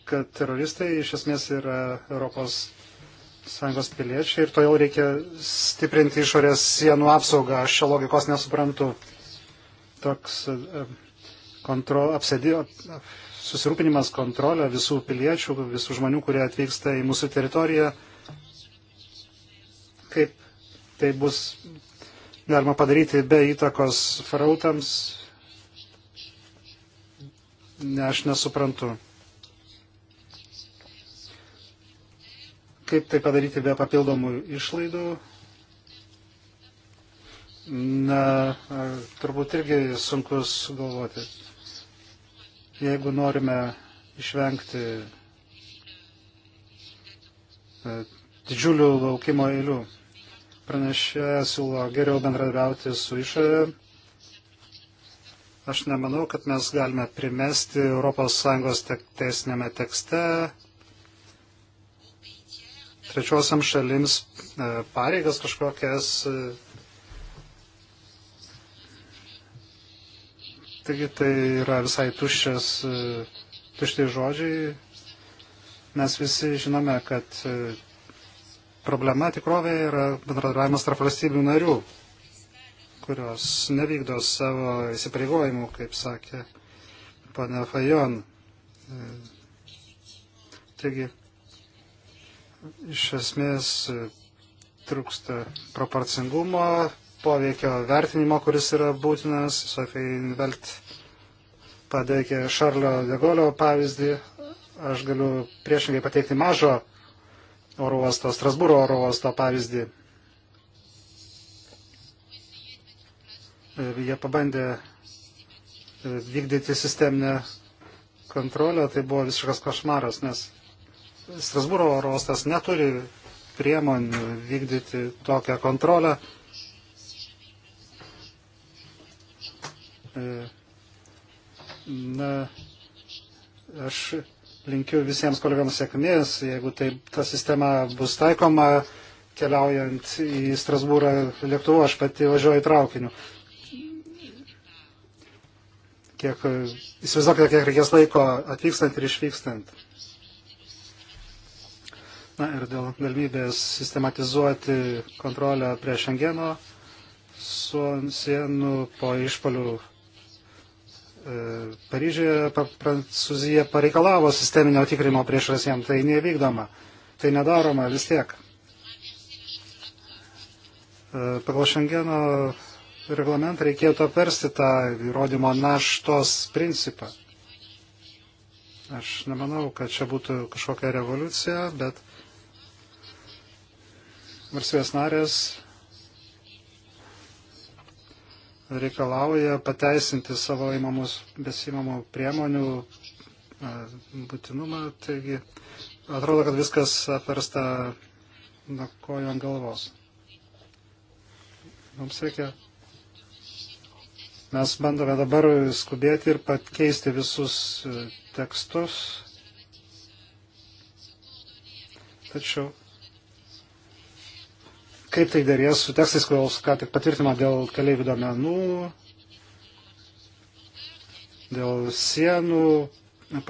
kad teroristai iš esmės yra Europos Sąjungos piliečiai ir todėl reikia stiprinti išorės sienų apsaugą. Aš šio logikos nesuprantu. Toks e, kontro, apsėdi, susirūpinimas kontrolę visų piliečių, visų žmonių, kurie atvyksta į mūsų teritoriją, kaip tai bus galima padaryti be įtakos farautams, ne, aš nesuprantu. Kaip tai padaryti be papildomų išlaidų? Na, turbūt irgi sunku sugalvoti. Jeigu norime išvengti e, didžiulių laukimo eilių, pranešė siūlo geriau bendradarbiauti su išorė Aš nemanau, kad mes galime primesti ES tek, teisinėme tekste trečiosiam šalims e, pareigas kažkokias. E. Taigi tai yra visai tuščias, e, tušti žodžiai. Mes visi žinome, kad problema tikrovėje yra bendradarbiavimas tarp valstybių narių kurios nevykdo savo įsipareigojimų, kaip sakė pana Fajon. Taigi, iš esmės trūksta proporcingumo, poveikio vertinimo, kuris yra būtinas. Sofija Invelt pateikė Šarlio Degolio pavyzdį. Aš galiu priešingai pateikti mažo oro uosto, Strasbūro oro uosto pavyzdį. jie pabandė e, vykdyti sisteminę kontrolę, tai buvo visiškas košmaras, nes Strasbūro oro uostas neturi priemonių vykdyti tokią kontrolę. E, na, aš linkiu visiems kolegams sėkmės, jeigu taip ta sistema bus taikoma, keliaujant į Strasbūrą lėktuvu, aš pati važiuoju traukiniu kiek, įsivaizduokite, kiek reikės laiko atvykstant ir išvykstant. Na ir dėl galimybės sistematizuoti kontrolę prie Šengeno su sienų po išpalių e, Paryžiuje Prancūzija pareikalavo sisteminio tikrimo prieš rasiem, tai nevykdoma, tai nedaroma vis tiek. E, pagal Šengeno reglamentą reikėtų apversti tą įrodymo naštos principą. Aš nemanau, kad čia būtų kažkokia revoliucija, bet valstybės narės reikalauja pateisinti savo įmamus, besimamų priemonių e, būtinumą. Taigi atrodo, kad viskas apversta nuo kojų ant galvos. Mums reikia Mes bandome dabar skubėti ir pakeisti visus e, tekstus. Tačiau kaip tai dėrės su tekstais, kuriuos ką tik patvirtino dėl keliaivių domenų, dėl sienų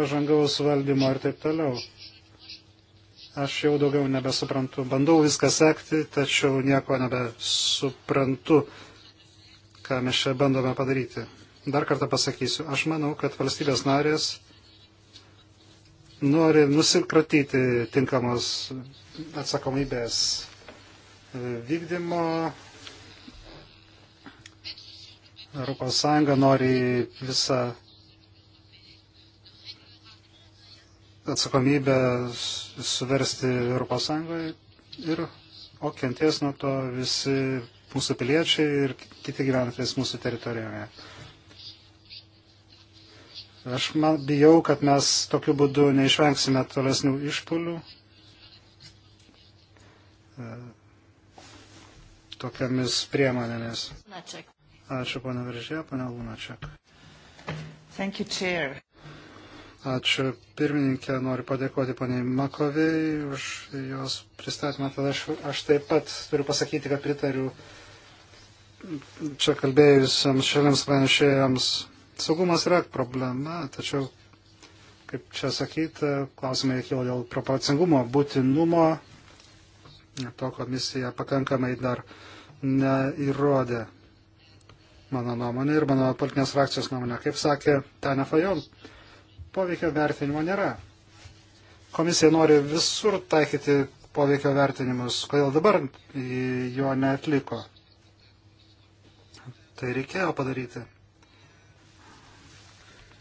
pažangaus valdymo ir taip toliau. Aš jau daugiau nebesuprantu. Bandau viską sekti, tačiau nieko nebesuprantu ką mes čia bandome padaryti. Dar kartą pasakysiu, aš manau, kad valstybės narės nori nusikratyti tinkamos atsakomybės e, vykdymo. ES nori visą atsakomybę suversti ES ir, o kenties nuo to visi mūsų piliečiai ir kiti gyventojai mūsų teritorijoje. Aš man bijau, kad mes tokiu būdu neišvengsime tolesnių išpolių. E, tokiamis priemonėmis. Ačiū, pana Viržė, pana Lunačiak. Thank you, Chair. Ačiū pirmininkė, noriu padėkoti poniai Makoviai už jos pristatymą. Tada aš, aš taip pat turiu pasakyti, kad pritariu čia kalbėjusiems šaliams pranešėjams. Saugumas yra problema, tačiau, kaip čia sakyti, klausimai kilo dėl proporcingumo, būtinumo, to komisija pakankamai dar neįrodė mano nuomonė ir mano politinės frakcijos nuomonė. Kaip sakė Tane Fajon, poveikio vertinimo nėra. Komisija nori visur taikyti poveikio vertinimus, kodėl dabar jo neatliko. Tai reikėjo padaryti.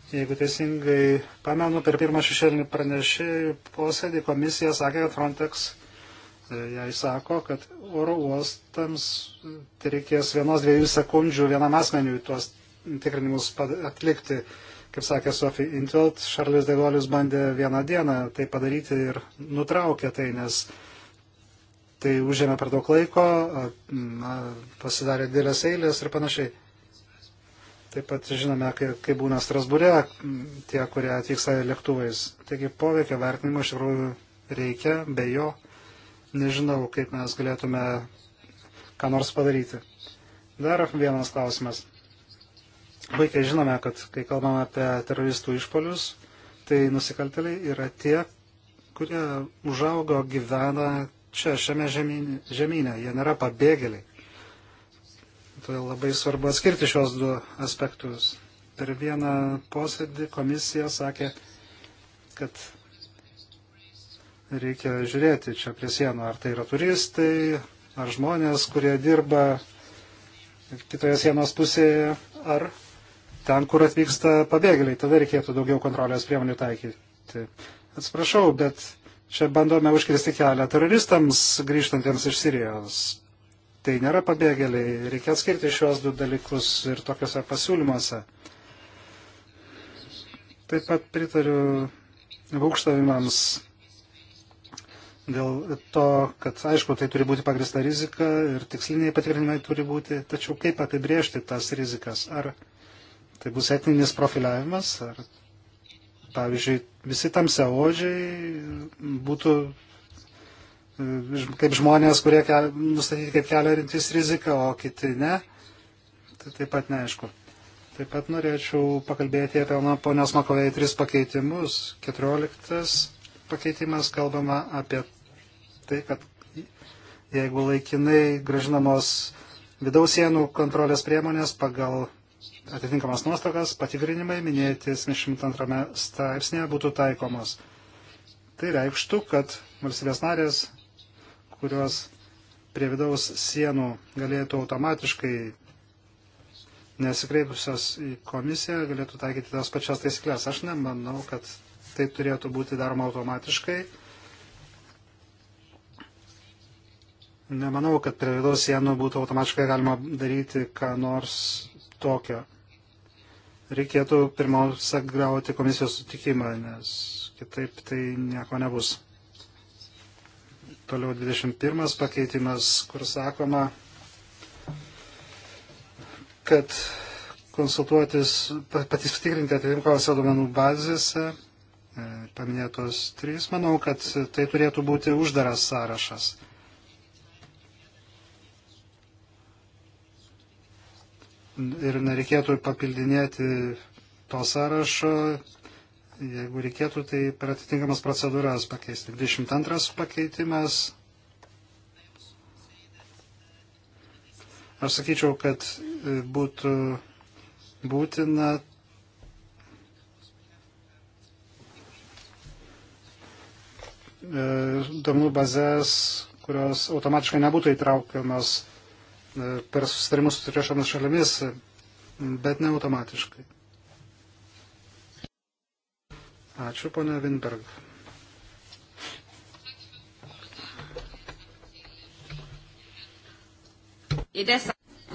Jeigu teisingai pamenu, per pirmą šešėlinį pranešėjų posėdį komisija sakė, kad Frontex e, jai sako, kad oro uostams tai reikės vienos dviejų sekundžių vienam asmeniui tuos tikrinimus atlikti. Kaip sakė Sofie Intveld, Šarlis Degolis bandė vieną dieną tai padaryti ir nutraukė tai, nes tai užėmė per daug laiko, pasidarė dėlės eilės ir panašiai. Taip pat žinome, kaip kai būna Strasbūre tie, kurie atvyksta lėktuvais. Taigi poveikio vertinimo iš tikrųjų reikia, be jo nežinau, kaip mes galėtume ką nors padaryti. Dar vienas klausimas. Vaikai žinome, kad kai kalbame apie teroristų išpolius, tai nusikalteliai yra tie, kurie užaugo gyvena čia, šiame žemynė. Jie nėra pabėgėliai. Todėl labai svarbu atskirti šios du aspektus. Per vieną posėdį komisija sakė, kad reikia žiūrėti čia prie sienų, ar tai yra turistai, ar žmonės, kurie dirba kitoje sienos pusėje, ar ten, kur atvyksta pabėgėliai, tada reikėtų daugiau kontrolės priemonių taikyti. Atsiprašau, bet čia bandome užkirsti kelią teroristams grįžtantiems iš Sirijos. Tai nėra pabėgėliai, reikia atskirti šios du dalykus ir tokiuose pasiūlymuose. Taip pat pritariu būkštavimams dėl to, kad aišku, tai turi būti pagrista rizika ir tiksliniai patikrinimai turi būti, tačiau kaip apibriežti tas rizikas? Ar Tai bus etninis profiliavimas, ar pavyzdžiui, visi tamsiaodžiai būtų e, kaip žmonės, kurie kel, nustatyti kaip kelia rintis riziką, o kiti ne. Tai taip pat neaišku. Taip pat norėčiau pakalbėti apie na, ponios Makovei tris pakeitimus. Keturioliktas pakeitimas kalbama apie tai, kad jeigu laikinai gražinamos vidaus sienų kontrolės priemonės pagal atitinkamas nuostatas, patikrinimai minėti 72 straipsnėje būtų taikomos. Tai reikštų, kad valstybės narės, kurios prie vidaus sienų galėtų automatiškai nesikreipusios į komisiją, galėtų taikyti tas pačias taisyklės. Aš nemanau, kad tai turėtų būti daroma automatiškai. Nemanau, kad prie vidaus sienų būtų automatiškai galima daryti ką nors tokio reikėtų pirmiausia gauti komisijos sutikimą, nes kitaip tai nieko nebus. Toliau 21 pakeitimas, kur sakoma, kad konsultuotis, patys tikrinti atitinkamose duomenų bazėse, e, paminėtos trys, manau, kad tai turėtų būti uždaras sąrašas. ir nereikėtų papildinėti to sąrašo, jeigu reikėtų, tai per atitinkamas procedūras pakeisti. 22 pakeitimas. Aš sakyčiau, kad e, būtų būtina e, duomenų bazės, kurios automatiškai nebūtų įtraukiamas per susitarimus su trečiomis šalimis, bet ne automatiškai. Ačiū, ponia Winberg.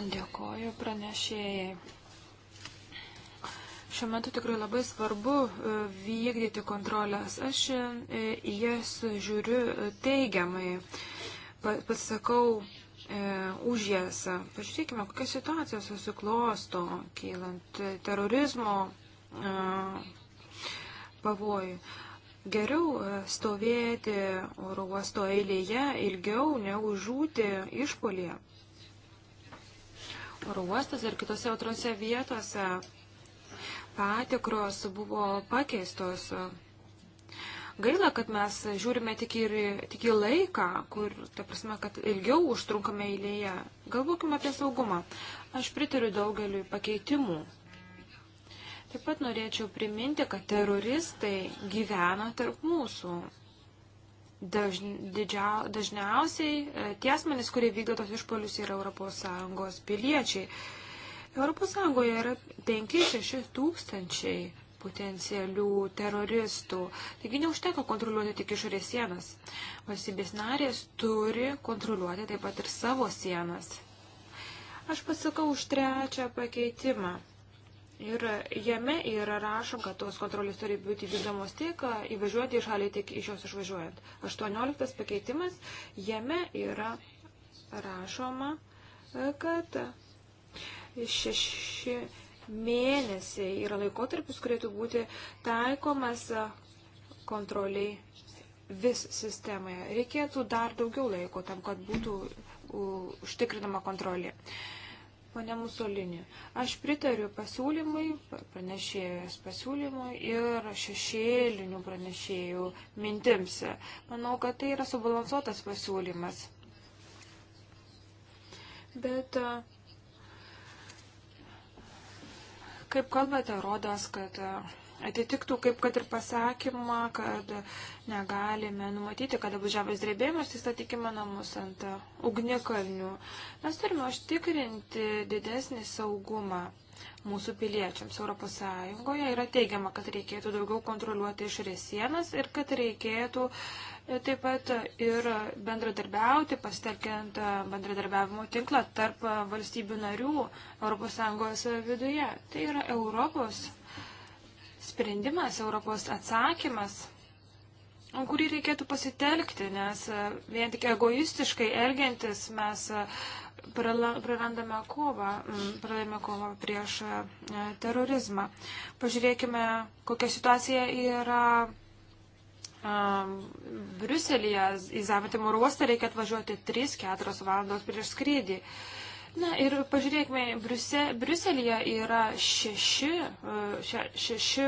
Dėkoju pranešėjai. Šiuo metu tikrai labai svarbu e, vykdyti kontrolės. Aš e, į jas žiūriu teigiamai. Pasakau E, už jas. Pažiūrėkime, kokias situacijas susiklosto, kylant terorizmo e, pavojui. Geriau e, stovėti oro uosto eilėje ilgiau, negu žūti išpolyje. Oro uostas ir kitose atrose vietose patikros buvo pakeistos Gaila, kad mes žiūrime tik į, tik į laiką, kur, ta prasme, kad ilgiau užtrunkame eilėje. Galvokime apie saugumą. Aš pritariu daugeliu pakeitimų. Taip pat norėčiau priminti, kad teroristai gyvena tarp mūsų. Daž, didžia, dažniausiai e, tie asmenys, kurie vykdo tos išpolius, yra ES piliečiai. ES yra 5-6 tūkstančiai potencialių teroristų. Taigi neužtenka kontroliuoti tik išorės sienas. Valstybės narės turi kontroliuoti taip pat ir savo sienas. Aš pasakau už trečią pakeitimą. Ir jame yra rašom, kad tos kontrolės turi būti vykdomos tik įvažiuoti į šalį, tik iš jos išvažiuojant. 18 pakeitimas, jame yra rašoma, kad šeši mėnesiai yra laikotarpis, kurėtų būti taikomas kontroliai vis sistemoje. Reikėtų dar daugiau laiko tam, kad būtų užtikrinama kontrolė. Pane Musolini, aš pritariu pasiūlymui, pranešėjos pasiūlymui ir šešėlinių pranešėjų mintims. Manau, kad tai yra subalansuotas pasiūlymas. Bet uh, kaip kalbate, rodos, kad e, atitiktų, kaip kad ir pasakymą, kad negalime numatyti, kada bus žemės drebėjimas, tai statykime namus ant e, ugnikalnių. Mes turime užtikrinti didesnį saugumą mūsų piliečiams. Europos Sąjungoje yra teigiama, kad reikėtų daugiau kontroliuoti išorės sienas ir kad reikėtų uh, taip pat ir bendradarbiauti, pasitelkiant bendradarbiavimo tinklą tarp valstybių narių ES viduje. Tai yra Europos sprendimas, Europos atsakymas, kurį reikėtų pasitelkti, nes vien tik egoistiškai elgiantis mes prarandame kovą, mm, prarandame kovą prieš e, terorizmą. Pažiūrėkime, kokia situacija yra um, Briuselėje į Zavatimo ruostą reikia atvažiuoti 3-4 valandos prieš skrydį. Na ir pažiūrėkime, Briuse, Briuselėje yra 6 e, še, šeši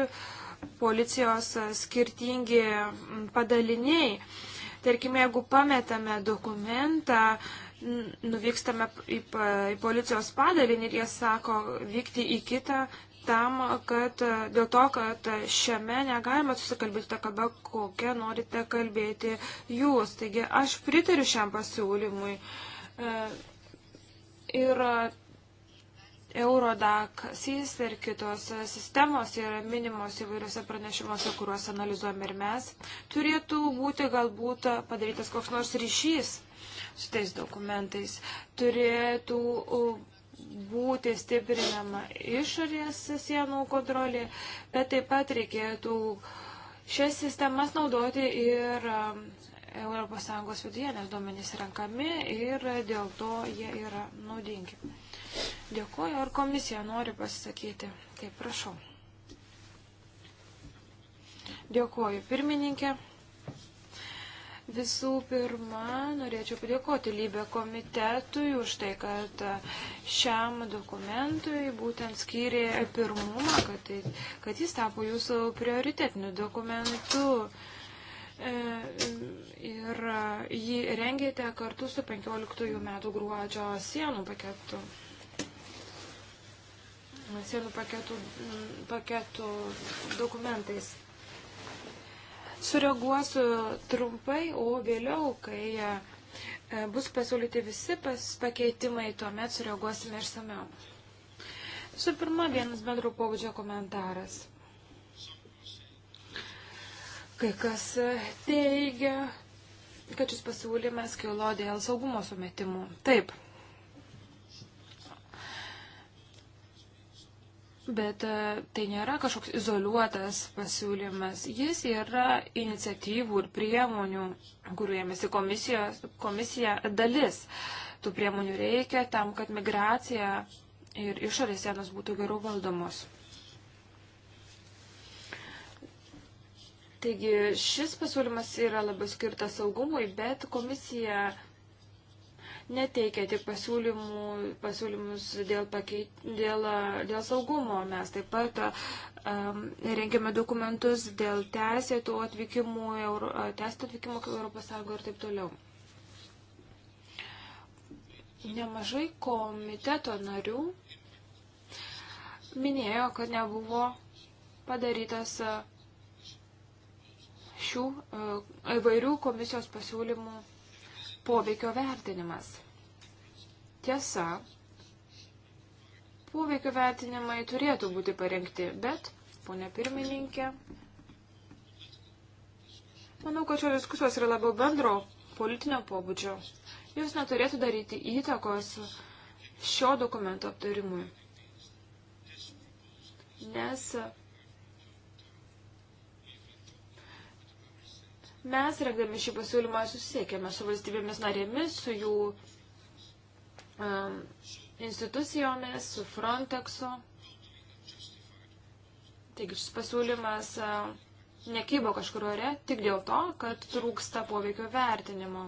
policijos skirtingi padaliniai. Tarkime, jeigu pametame dokumentą, nuvykstame į, į policijos padalinį ir jie sako vykti į kitą tam, kad dėl to, kad šiame negalima susikalbėti tą kalbą, kokią norite kalbėti jūs. Taigi aš pritariu šiam pasiūlymui. E, ir Eurodac, SIS ir kitos sistemos yra minimos įvairiose pranešimuose, kuriuos analizuojame ir mes, turėtų būti galbūt padarytas koks nors ryšys su tais dokumentais. Turėtų būti stiprinama išorės sienų kontrolė, bet taip pat reikėtų šias sistemas naudoti ir um, ES viduje, nes duomenys renkami ir dėl to jie yra naudingi. Dėkuoju, ar komisija nori pasisakyti. Taip, prašau. Dėkuoju, pirmininkė. Visų pirma, norėčiau padėkoti Lybė komitetui už tai, kad e, šiam dokumentui būtent skyrė pirmumą, kad, tai, kad jis tapo jūsų prioritetiniu dokumentu. E, ir e, jį rengėte kartu su 15 metų gruodžio sienų paketu. Sienų paketų, paketų dokumentais. Sureaguosiu trumpai, o vėliau, kai e, bus pasiūlyti visi pas pakeitimai, tuomet sureaguosime išsameu. Su pirma, vienas bendro pobūdžio komentaras. Kai kas e, teigia, kad šis pasiūlymas kilo dėl saugumo sumetimų. Taip, Bet e, tai nėra kažkoks izoliuotas pasiūlymas. Jis yra iniciatyvų ir priemonių, kurių ėmėsi komisija dalis. Tų priemonių reikia tam, kad migracija ir išorės sienos būtų geriau valdomos. Taigi šis pasiūlymas yra labai skirtas saugumui, bet komisija neteikia tik pasiūlymus dėl, pakeit, dėl, dėl saugumo. Mes taip pat um, rengiame dokumentus dėl teisėtų atvykimų, Euro, teisėtų atvykimų Europos Sąjungo ir taip toliau. Nemažai komiteto narių minėjo, kad nebuvo padarytas uh, šių uh, įvairių komisijos pasiūlymų poveikio vertinimas. Tiesa, poveikio vertinimai turėtų būti parengti, bet, ponė pirmininkė, manau, kad šios diskusijos yra labiau bendro politinio pobūdžio. Jūs neturėtų daryti įtakos šio dokumento aptarimui. Nes Mes, rengdami šį pasiūlymą, susisiekėme su valstybėmis narėmis, su jų um, institucijomis, su Frontexu. Taigi šis pasiūlymas uh, nekybo kažkur ore tik dėl to, kad trūksta poveikio vertinimo.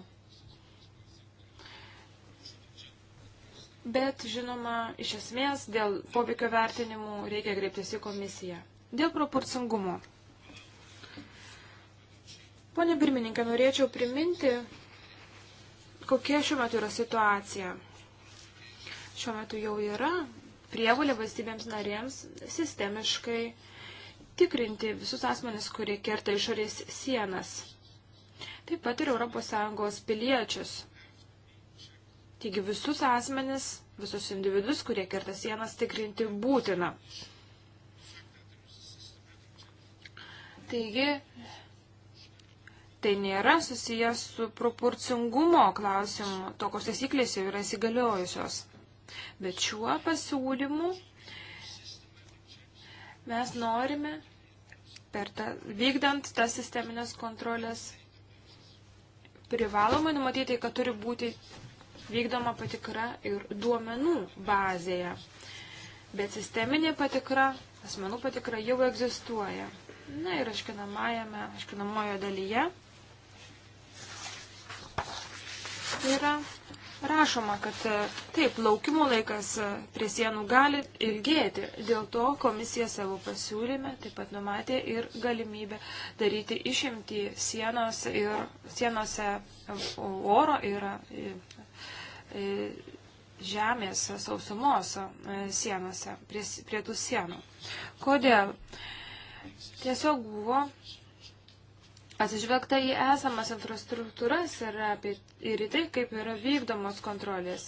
Bet, žinoma, iš esmės dėl poveikio vertinimų reikia greiptis į komisiją. Dėl proporcingumo. Pone pirmininkė, norėčiau priminti, kokia šiuo metu yra situacija. Šiuo metu jau yra prievolė valstybėms narėms sistemiškai tikrinti visus asmenis, kurie kerta išorės sienas. Taip pat ir ES piliečius. Taigi visus asmenis, visus individus, kurie kerta sienas, tikrinti būtina. Taigi tai nėra susijęs su proporcingumo klausimu, tokios taisyklės jau yra įsigaliojusios. Bet šiuo pasiūlymu mes norime, per ta, vykdant tas sisteminės kontrolės, privalomai numatyti, kad turi būti vykdoma patikra ir duomenų bazėje. Bet sisteminė patikra, asmenų patikra jau egzistuoja. Na ir aškinamajame, aškinamojo dalyje yra rašoma, kad e, taip, laukimo laikas e, prie sienų gali ilgėti. Dėl to komisija savo pasiūlyme taip pat numatė ir galimybę daryti išimti sienos ir, sienose oro ir e, žemės sausumos sienose, prie, prie tų sienų. Kodėl? Tiesiog buvo atsižvelgta į esamas infrastruktūras ir, apie, ir į tai, kaip yra vykdomos kontrolės.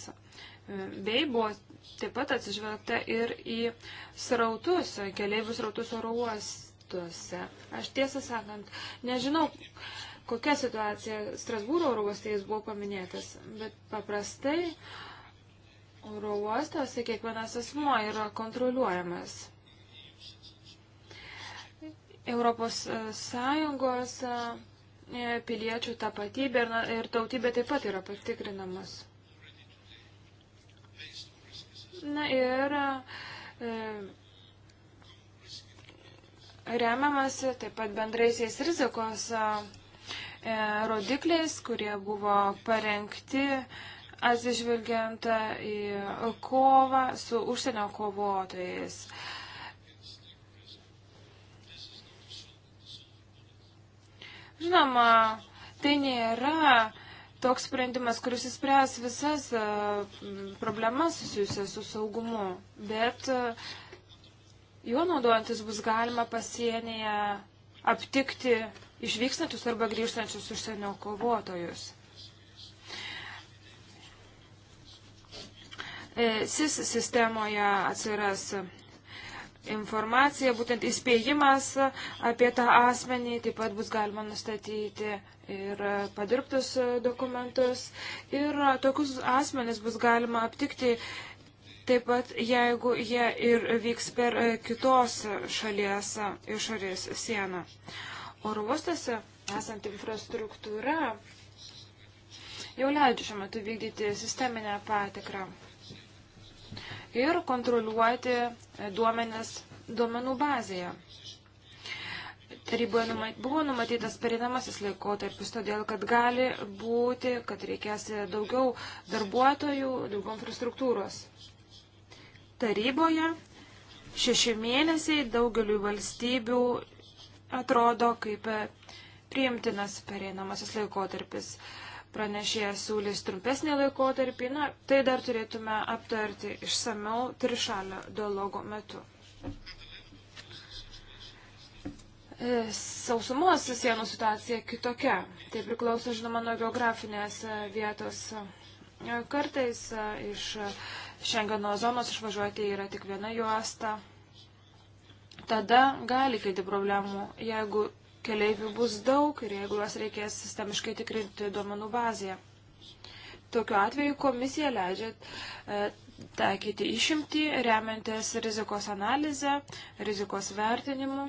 Bei buvo taip pat atsižvelgta ir į srautus, keliaivių srautus oro uostuose. Aš tiesą sakant, nežinau, kokia situacija Strasbūro oro uoste jis buvo paminėtas, bet paprastai oro uostuose kiekvienas asmo yra kontroliuojamas. Europos e, Sąjungos e, e, piliečių tapatybė ir, ir tautybė taip pat yra patikrinamas. Na ir e, remiamasi taip pat bendraisiais rizikos e, rodikliais, kurie buvo parengti atsižvelgiant į kovą su užsienio kovotojais. E, Žinoma, tai nėra toks sprendimas, kuris įspręs visas e, problemas susijusias su saugumu, bet e, juo naudojantis bus galima pasienyje aptikti išvykstančius arba grįžtančius užsienio kovotojus. E, SIS sistemoje atsiras informacija, būtent įspėjimas apie tą asmenį, taip pat bus galima nustatyti ir padirbtus dokumentus. Ir tokius asmenis bus galima aptikti taip pat, jeigu jie ir vyks per kitos šalies išorės sieną. Oro uostose esanti infrastruktūra jau leidžia šiuo metu vykdyti sisteminę patikrą ir kontroliuoti e, duomenis duomenų bazėje. Taryboje numat, buvo numatytas perinamasis laikotarpis, todėl kad gali būti, kad reikės daugiau darbuotojų, daugiau infrastruktūros. Taryboje šeši mėnesiai daugeliu valstybių atrodo kaip e, priimtinas pereinamasis laikotarpis pranešėjas siūlys trumpesnį laikotarpį, na, tai dar turėtume aptarti išsameu trišalio dialogo metu. E, sausumos sienų situacija kitokia. Tai priklauso, žinoma, nuo geografinės e, vietos. E, kartais iš Šengeno zonos išvažiuoti yra tik viena juosta. Tada gali kilti problemų, jeigu keleivių bus daug ir jeigu juos reikės sistemiškai tikrinti duomenų bazėje. Tokiu atveju komisija leidžia e, taikyti išimtį, remiantis rizikos analizę, rizikos vertinimu.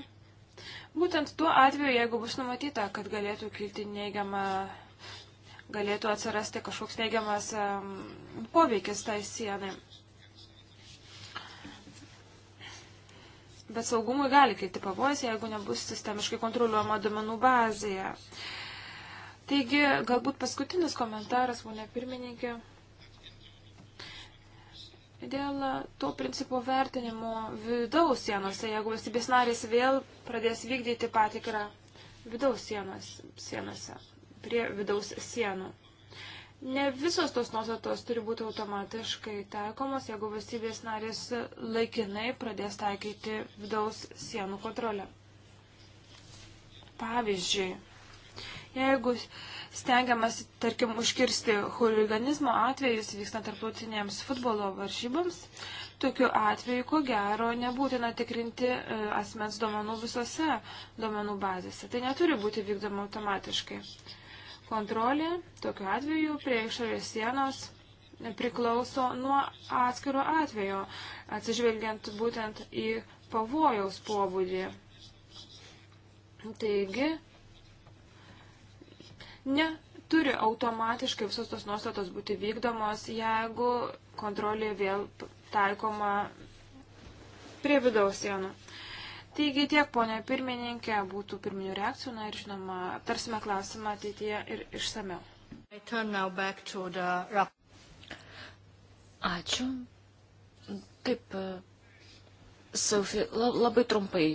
Būtent tuo atveju, jeigu bus numatyta, kad galėtų kilti neigiamą, galėtų atsirasti kažkoks neigiamas e, poveikis tai sienai. bet saugumui gali kilti pavojus, jeigu nebus sistemiškai kontroliuojama domenų bazėje. Taigi, galbūt paskutinis komentaras, mane pirmininkė, dėl to principo vertinimo vidaus sienose, jeigu valstybės narės vėl pradės vykdyti patikrą vidaus sienos, sienose, prie vidaus sienų. Ne visos tos nuostatos turi būti automatiškai taikomos, jeigu valstybės narės laikinai pradės taikyti vidaus sienų kontrolę. Pavyzdžiui, jeigu stengiamas, tarkim, užkirsti huliganizmo atvejus vykstant tarptautinėms futbolo varžyboms, tokiu atveju, ko gero, nebūtina tikrinti e, asmens duomenų visose duomenų bazėse. Tai neturi būti vykdoma automatiškai. Kontrolė tokiu atveju prie išorės sienos priklauso nuo atskiro atvejo, atsižvelgiant būtent į pavojaus pobūdį. Taigi, neturi automatiškai visos tos nuostatos būti vykdomos, jeigu kontrolė vėl taikoma prie vidaus sienų. Taigi tiek, ponė pirmininkė, būtų pirminių reakcijų, na ir žinoma, aptarsime klausimą ateityje ir išsameu. The... Ačiū. Taip, e, Sophie, labai trumpai.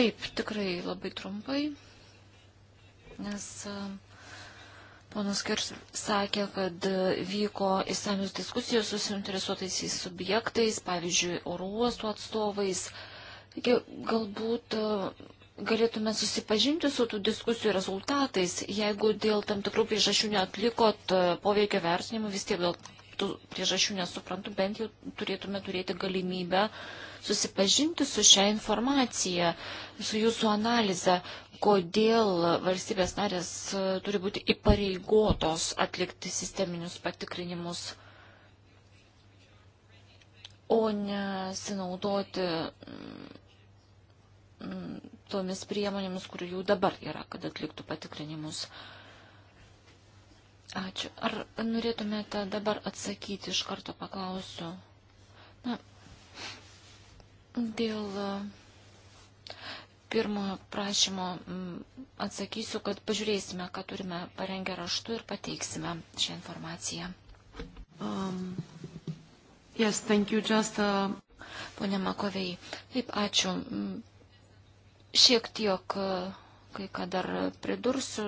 Taip, tikrai labai trumpai, nes e, ponas Kirs sakė, kad e, vyko įsamius diskusijos su suinteresuotais subjektais, pavyzdžiui, oro uostų atstovais. Uh, Taigi galbūt e, galėtume susipažinti su tų diskusijų rezultatais, jeigu dėl tam tikrų priežasčių neatlikot e, poveikio vertinimų, vis tiek dėl tų priežasčių nesuprantu, bent jau turėtume turėti galimybę susipažinti su šią informaciją, su jūsų analize, kodėl valstybės narės e, turi būti įpareigotos atlikti sisteminius patikrinimus, o ne sinaudoti Mm, tomis priemonėmis, kurių jau dabar yra, kad atliktų patikrinimus. Ačiū. Ar norėtumėte dabar atsakyti, iš karto paklausiu. Na, dėl e, pirmojo prašymo mm, atsakysiu, kad pažiūrėsime, ką turime parengę raštu ir pateiksime šią informaciją. Um, yes, thank you, just, uh... Pone Makovei, taip, ačiū. Mm, Šiek tiek e, kai ką dar pridursiu.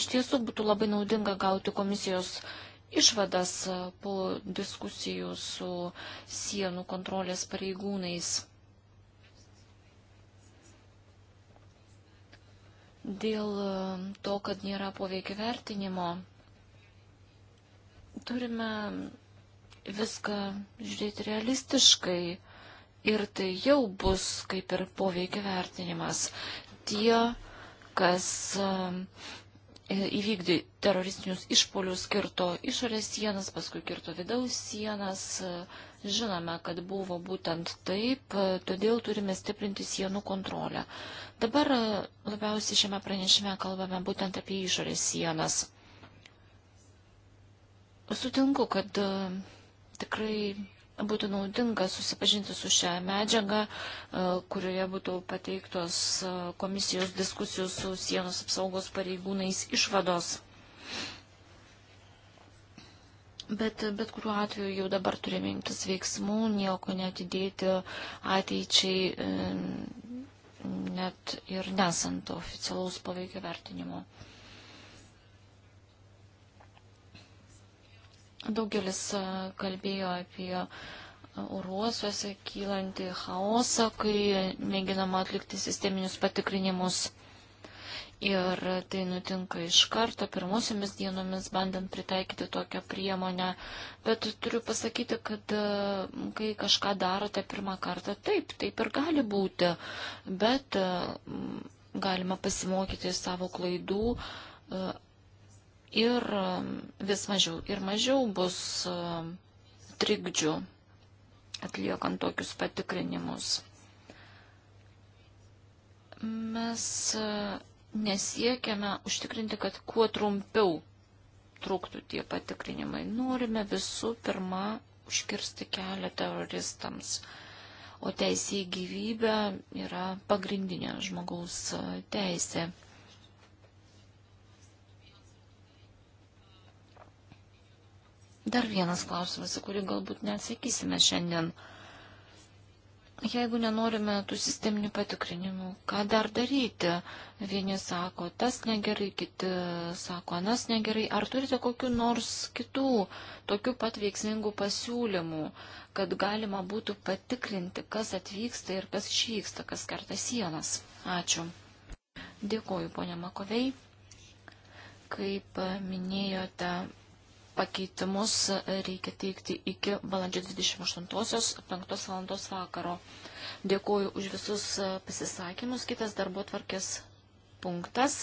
Iš tiesų būtų labai naudinga gauti komisijos išvadas e, po diskusijų su sienų kontrolės pareigūnais. Dėl e, to, kad nėra poveikio vertinimo, turime viską žiūrėti realistiškai ir tai jau bus kaip ir poveikio vertinimas. Tie, kas um, įvykdė teroristinius išpolius, kirto išorės sienas, paskui kirto vidaus sienas. E, žinome, kad buvo būtent taip, e, todėl turime stiprinti sienų kontrolę. Dabar e, labiausiai šiame pranešime kalbame būtent apie išorės sienas. Sutinku, kad tikrai būtų naudinga susipažinti su šią medžiagą, e, kurioje būtų pateiktos e, komisijos diskusijų su sienos apsaugos pareigūnais išvados. Bet, bet kuriuo atveju jau dabar turime imtis veiksmų, nieko netidėti ateičiai, e, net ir nesant oficialaus poveikio vertinimo. Daugelis kalbėjo apie oruosiuose kylanti chaosą, kai mėginama atlikti sisteminius patikrinimus. Ir tai nutinka iš karto, pirmosiomis dienomis bandant pritaikyti tokią priemonę. Bet turiu pasakyti, kad kai kažką darote pirmą kartą, taip, taip ir gali būti. Bet galima pasimokyti iš savo klaidų, ir um, vis mažiau ir mažiau bus um, trikdžių atliekant tokius patikrinimus. Mes uh, nesiekiame užtikrinti, kad kuo trumpiau truktų tie patikrinimai. Norime visų pirma užkirsti kelią teroristams. O teisė į gyvybę yra pagrindinė žmogaus uh, teisė. Dar vienas klausimas, į kurį galbūt neatsakysime šiandien. Jeigu nenorime tų sisteminių patikrinimų, ką dar daryti? Vieni sako, tas negerai, kiti sako, anas negerai. Ar turite kokiu nors kitų tokių pat veiksmingų pasiūlymų, kad galima būtų patikrinti, kas atvyksta ir kas išvyksta, kas kerta sienas? Ačiū. Dėkoju, ponia Makovei. Kaip minėjote, pakeitimus reikia teikti iki balandžio 28-osios 5 valandos vakaro. Dėkuoju už visus pasisakymus. Kitas darbo tvarkės punktas.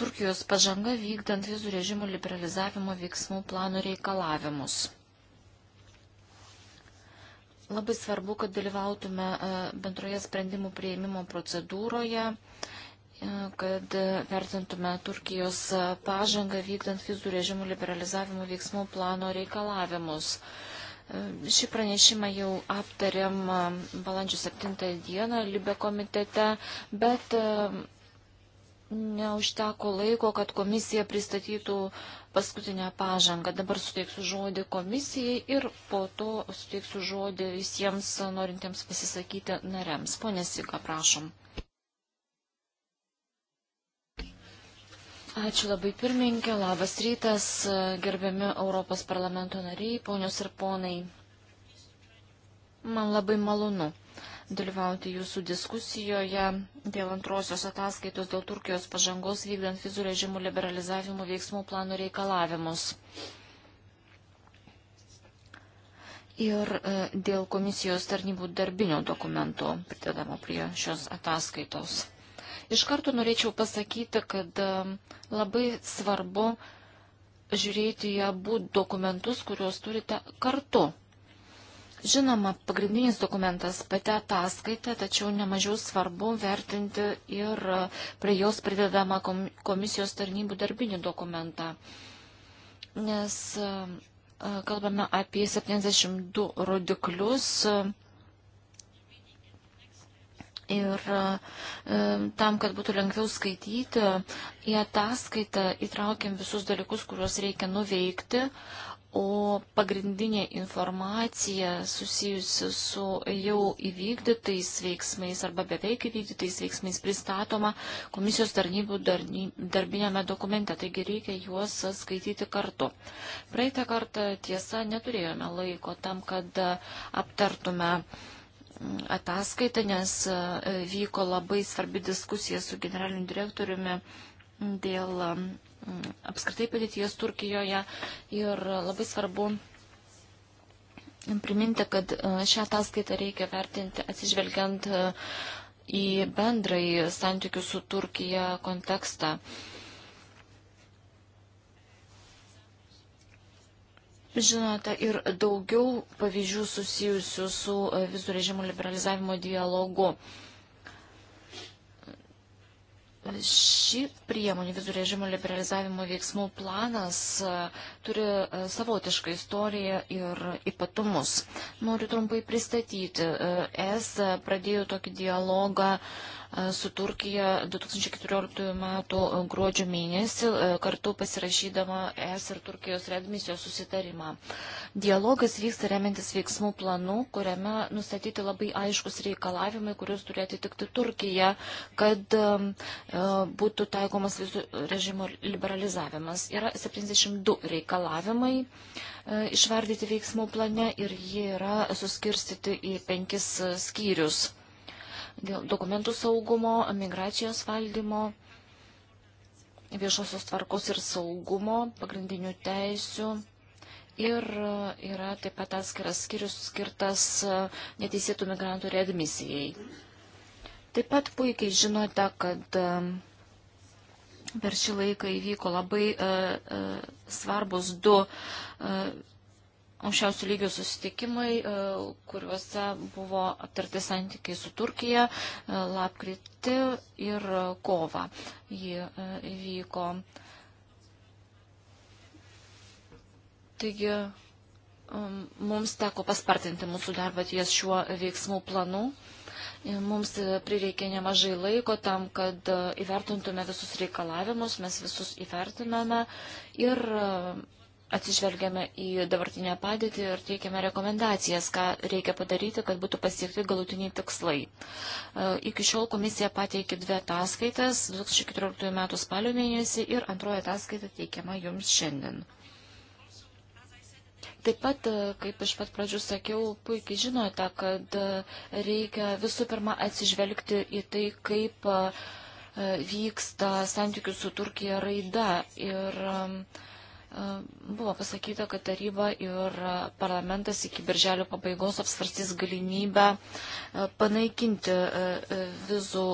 Turkijos pažanga vykdant vizų režimo liberalizavimo veiksmų plano reikalavimus. Labai svarbu, kad dalyvautume e, bendroje sprendimų prieimimo procedūroje kad vertintume Turkijos pažangą vykdant vizų režimų liberalizavimo veiksmų plano reikalavimus. Šį pranešimą jau aptarėm balandžio 7 dieną Libe komitete, bet e, neužteko laiko, kad komisija pristatytų paskutinę pažangą. Dabar suteiksiu žodį komisijai ir po to suteiksiu žodį visiems norintiems pasisakyti nariams. Pone Sika, prašom. Ačiū labai pirmininkė, labas rytas, gerbiami Europos parlamento nariai, ponios ir ponai. Man labai malonu dalyvauti jūsų diskusijoje dėl antrosios ataskaitos dėl Turkijos pažangos vykdant vizų režimų liberalizavimo veiksmų plano reikalavimus. Ir e, dėl komisijos tarnybų darbinio dokumento pridedamo prie šios ataskaitos. Iš karto norėčiau pasakyti, kad um, labai svarbu žiūrėti į abu dokumentus, kuriuos turite kartu. Žinoma, pagrindinis dokumentas pati ataskaita, tačiau nemažiau svarbu vertinti ir prie jos pridedamą komisijos tarnybų darbinį dokumentą. Nes um, kalbame apie 72 rodiklius Ir e, tam, kad būtų lengviau skaityti, į ataskaitą įtraukiam visus dalykus, kuriuos reikia nuveikti, o pagrindinė informacija susijusi su jau įvykdytais veiksmais arba beveik įvykdytais veiksmais pristatoma komisijos tarnybų darbinėme dokumente, taigi reikia juos skaityti kartu. Praeitą kartą tiesa neturėjome laiko tam, kad aptartume ataskaitą, nes e, vyko labai svarbi diskusija su generaliniu direktoriumi dėl apskritai padėties Turkijoje ir labai svarbu priminti, kad e, šią ataskaitą reikia vertinti atsižvelgiant e, į bendrąjį santykių su Turkija kontekstą. Žinote, ir daugiau pavyzdžių susijusių su e, vizų režimo liberalizavimo dialogu. Ši priemonė, vizų režimo liberalizavimo veiksmų planas, e, turi e, savotišką istoriją ir ypatumus. Noriu trumpai pristatyti. Es pradėjo tokį dialogą su Turkija 2014 m. gruodžio mėnesį e, kartu pasirašydama ES ir Turkijos redmisijos susitarimą. Dialogas vyksta remiantis veiksmų planu, kuriame nustatyti labai aiškus reikalavimai, kuriuos turi atitikti Turkija, kad e, e, būtų taikomas vizų režimo liberalizavimas. Yra 72 reikalavimai išvardyti veiksmų plane ir jie yra suskirstyti į penkis skyrius dėl dokumentų saugumo, migracijos valdymo, viešosios tvarkos ir saugumo, pagrindinių teisių. Ir yra taip pat atskiras skyrius skirtas neteisėtų migrantų readmisijai. Taip pat puikiai žinote, kad um, per šį laiką įvyko labai uh, uh, svarbus du uh, aukščiausių lygių susitikimai, e, kuriuose buvo aptarti santykiai su Turkija e, lapkritį ir kovą. Ji e, įvyko. Taigi mums teko paspartinti mūsų darbą ties šiuo veiksmų planu. Mums prireikė nemažai laiko tam, kad įvertintume visus reikalavimus, mes visus įvertiname ir atsižvelgiame į dabartinę padėtį ir teikiame rekomendacijas, ką reikia padaryti, kad būtų pasiekti galutiniai tikslai. E, iki šiol komisija pateikė dvi ataskaitas 2014 m. spalio mėnesį ir antroji ataskaita teikiama jums šiandien. Taip pat, e, kaip iš pat pradžių sakiau, puikiai žinote, kad e, reikia visų pirma atsižvelgti į tai, kaip vyksta santykių su Turkija raida. Ir uh, Buvo pasakyta, kad taryba ir parlamentas iki birželio pabaigos apsvarstys galimybę e, panaikinti e, e, vizų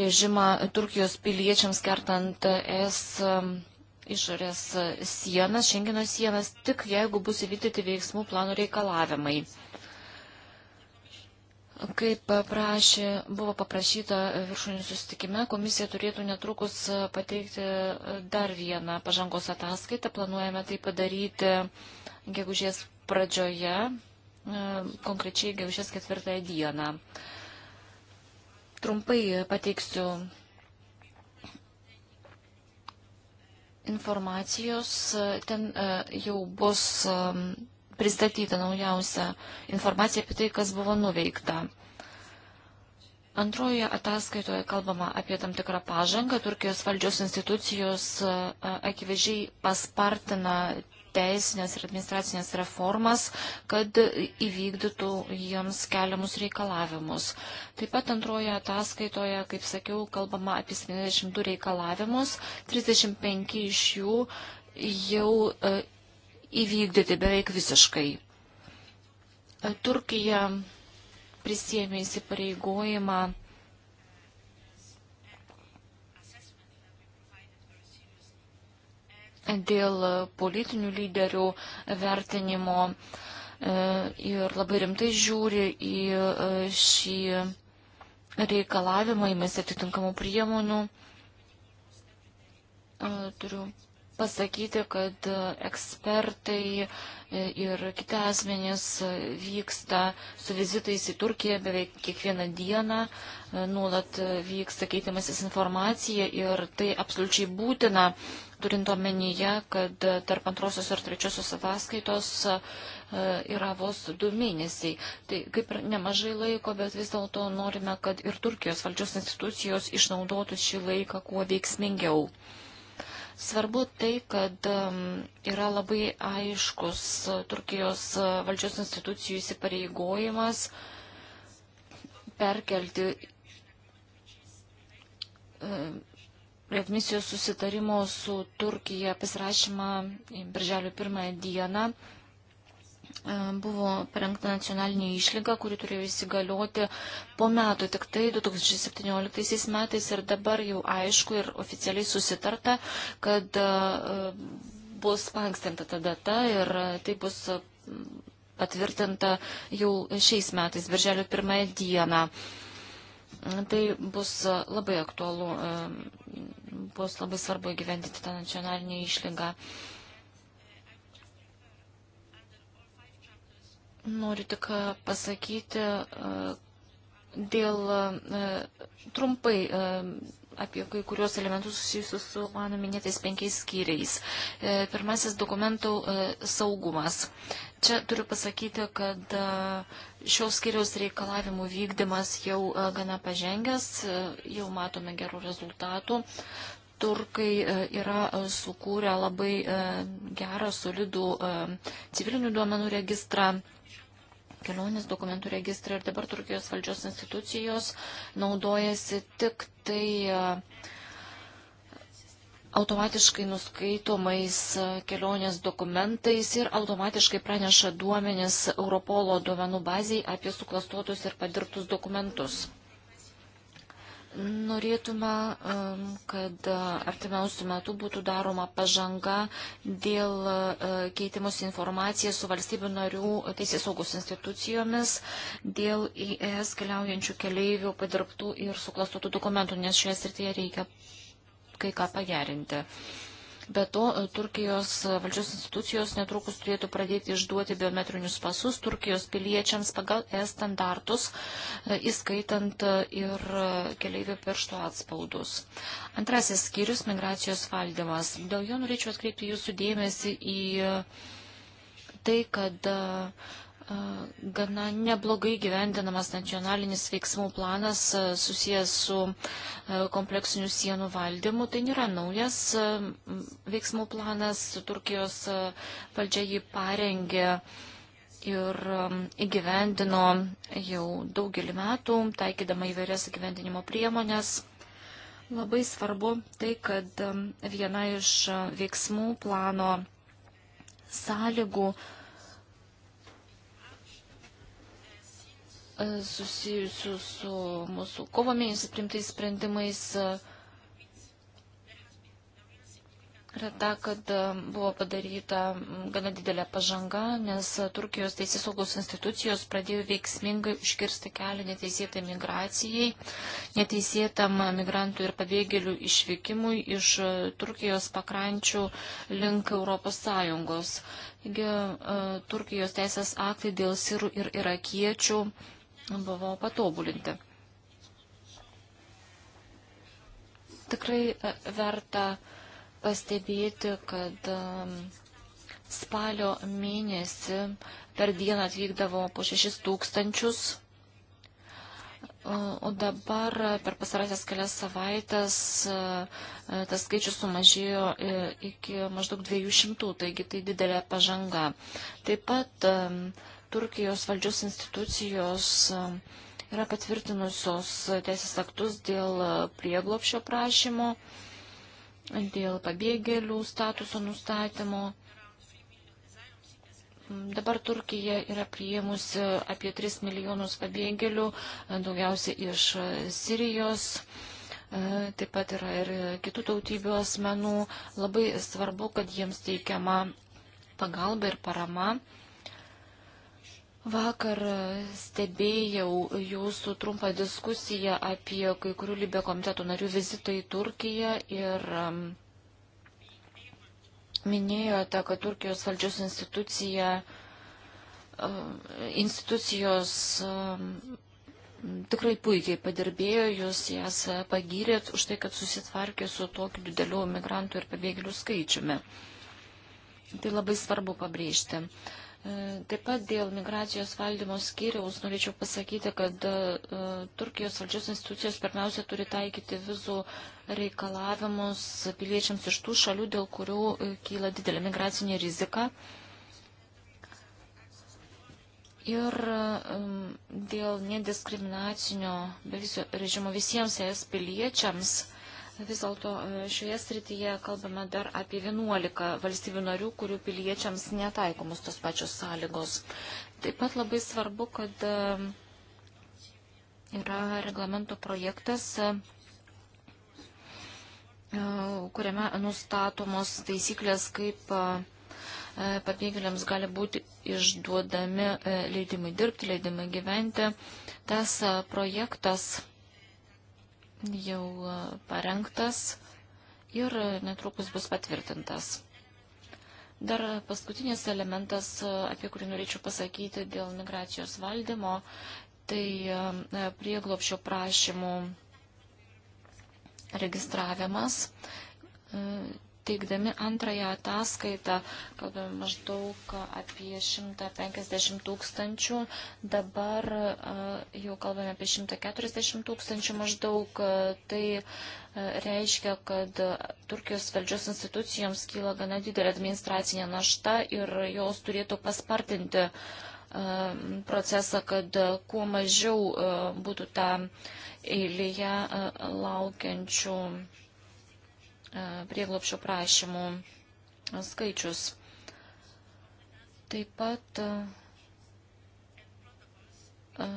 režimą Turkijos piliečiams kertant es išorės sienas, Šengino sienas, tik jeigu bus įvykdyti veiksmų plano reikalavimai. Kaip paprašė, buvo paprašyta viršūnių susitikime, komisija turėtų netrukus pateikti dar vieną pažangos ataskaitą. Planuojame tai padaryti gegužės pradžioje, e, konkrečiai gegužės ketvirtąją dieną. Trumpai pateiksiu informacijos. Ten e, jau bus e, pristatyta naujausia informacija apie tai, kas buvo nuveikta. Antrojoje ataskaitoje kalbama apie tam tikrą pažangą. Turkijos valdžios institucijos akivaizdžiai paspartina teisinės ir administracinės reformas, kad įvykdytų jiems keliamus reikalavimus. Taip pat antroje ataskaitoje, kaip sakiau, kalbama apie 72 reikalavimus, 35 iš jų jau įvykdyti beveik visiškai. Turkija prisėmė įsipareigojimą dėl politinių lyderių vertinimo e, ir labai rimtai žiūri į e, šį reikalavimą, įmės atitinkamų priemonių. E, turiu pasakyti, kad e, ekspertai e, ir kiti asmenys e, vyksta su vizitais į Turkiją beveik kiekvieną dieną, nuolat vyksta keitimasis informacija ir tai absoliučiai būtina, turint omenyje, kad tarp antrosios ir trečiosios ataskaitos yra vos du mėnesiai. Tai kaip ir nemažai laiko, bet vis dėlto norime, kad ir Turkijos valdžios institucijos išnaudotų šį laiką kuo veiksmingiau. Svarbu tai, kad um, yra labai aiškus uh, Turkijos uh, valdžios institucijų įsipareigojimas perkelti uh, readmisijos susitarimo su Turkija pasirašymą birželio pirmąją dieną E, buvo parengta nacionalinė išlyga, kuri turėjo įsigalioti po metų, tik tai 2017 metais ir dabar jau aišku ir oficialiai susitarta, kad e, bus pankstinta ta data ir e, tai bus patvirtinta jau šiais metais, birželio pirmąją dieną. Tai bus labai aktualu, bus labai svarbu įgyvendinti tą nacionalinę išlygą. Noriu tik pasakyti dėl trumpai apie kai kuriuos elementus susijusius su mano minėtais penkiais skyriais. E, pirmasis dokumentų saugumas. Čia turiu pasakyti, kad šios skyriaus reikalavimų vykdymas jau gana pažengęs, jau matome gerų rezultatų turkai yra sukūrę labai gerą, solidų civilinių duomenų registrą kelionės dokumentų registrą ir dabar Turkijos valdžios institucijos naudojasi tik tai e, automatiškai nuskaitomais e, kelionės dokumentais ir automatiškai praneša duomenis Europolo duomenų baziai apie suklastotus ir padirbtus dokumentus. Norėtume, kad e, artimiausių metų būtų daroma pažanga dėl e, keitimus informaciją su valstybių narių teisės saugos institucijomis, dėl į ES keliaujančių keleivių padirbtų ir suklastotų dokumentų, nes šioje srityje reikia kai ką pagerinti. Be to, e, Turkijos valdžios institucijos netrukus turėtų pradėti išduoti biometrinius pasus Turkijos piliečiams pagal ES standartus, e, įskaitant e, ir keliaivių pirštų atspaudus. Antrasis skyrius - migracijos valdymas. Dėl jo norėčiau atkreipti jūsų dėmesį į tai, kad gana neblogai gyvendinamas nacionalinis veiksmų planas susijęs su kompleksiniu sienų valdymu. Tai nėra naujas veiksmų planas. Turkijos valdžia jį parengė ir įgyvendino jau daugelį metų, taikydama įvairias įgyvendinimo priemonės. Labai svarbu tai, kad viena iš veiksmų plano sąlygų uh, E, susijusių su mūsų kovo mėnesį primtais sprendimais e, yra ta, kad e, buvo padaryta gana didelė pažanga, nes Turkijos teisės saugos institucijos pradėjo veiksmingai užkirsti kelią neteisėtai migracijai, neteisėtam migrantų ir pabėgėlių išvykimui iš Turkijos pakrančių link Europos Sąjungos. Taigi, Turkijos teisės aktai dėl sirų ir irakiečių buvo patobulinti. Tikrai e, verta pastebėti, kad spalio mėnesį per dieną atvykdavo po 6 tūkstančius, o dabar per pasarasias kelias savaitės e, e, tas skaičius sumažėjo iki maždaug 200, taigi tai didelė pažanga. Taip pat Turkijos valdžios institucijos um, yra patvirtinusios teisės aktus dėl uh, prieglopšio prašymo, dėl pabėgėlių statuso nustatymo. Um, dabar Turkija yra priėmusi apie 3 milijonus pabėgėlių, uh, daugiausiai iš uh, Sirijos, taip pat yra ir kitų tautybių asmenų. Labai svarbu, kad jiems teikiama pagalba ir parama. Vakar stebėjau jūsų trumpą diskusiją apie kai kurių Libė komiteto narių vizitą į Turkiją ir um, minėjote, kad Turkijos valdžios institucija, um, institucijos um, tikrai puikiai padirbėjo, jūs jas pagyrėt už tai, kad susitvarkė su tokiu dideliu migrantų ir pabėgėlių skaičiumi. Tai labai svarbu pabrėžti. Uh, E, taip pat dėl migracijos valdymo skyriaus norėčiau pasakyti, kad e, Turkijos valdžios institucijos pirmiausia turi taikyti vizų reikalavimus piliečiams iš tų šalių, dėl kurių e, kyla didelė migracinė rizika. Ir dėl nediskriminacinio bevizio režimo visiems es piliečiams Vis dėlto e, šioje srityje kalbame dar apie 11 valstybių narių, kurių piliečiams netaikomus tos pačios sąlygos. Taip pat labai svarbu, kad e, yra reglamento projektas, e, kuriame nustatomos taisyklės, kaip pabėgėliams gali būti išduodami leidimai dirbti, leidimai gyventi. Tas projektas jau e, parengtas ir netrukus bus patvirtintas. Dar paskutinis elementas, e, apie kurį norėčiau pasakyti dėl migracijos valdymo, tai e, prieglopšio prašymų registravimas teikdami antrąją ataskaitą, kalbame maždaug apie 150 tūkstančių, dabar jau kalbame apie 140 tūkstančių maždaug. Tai reiškia, kad Turkijos valdžios institucijoms kyla gana didelė administracinė našta ir jos turėtų paspartinti procesą, kad kuo mažiau būtų tą eilėje laukiančių E, prieglopšio prašymų skaičius. Taip pat e, e,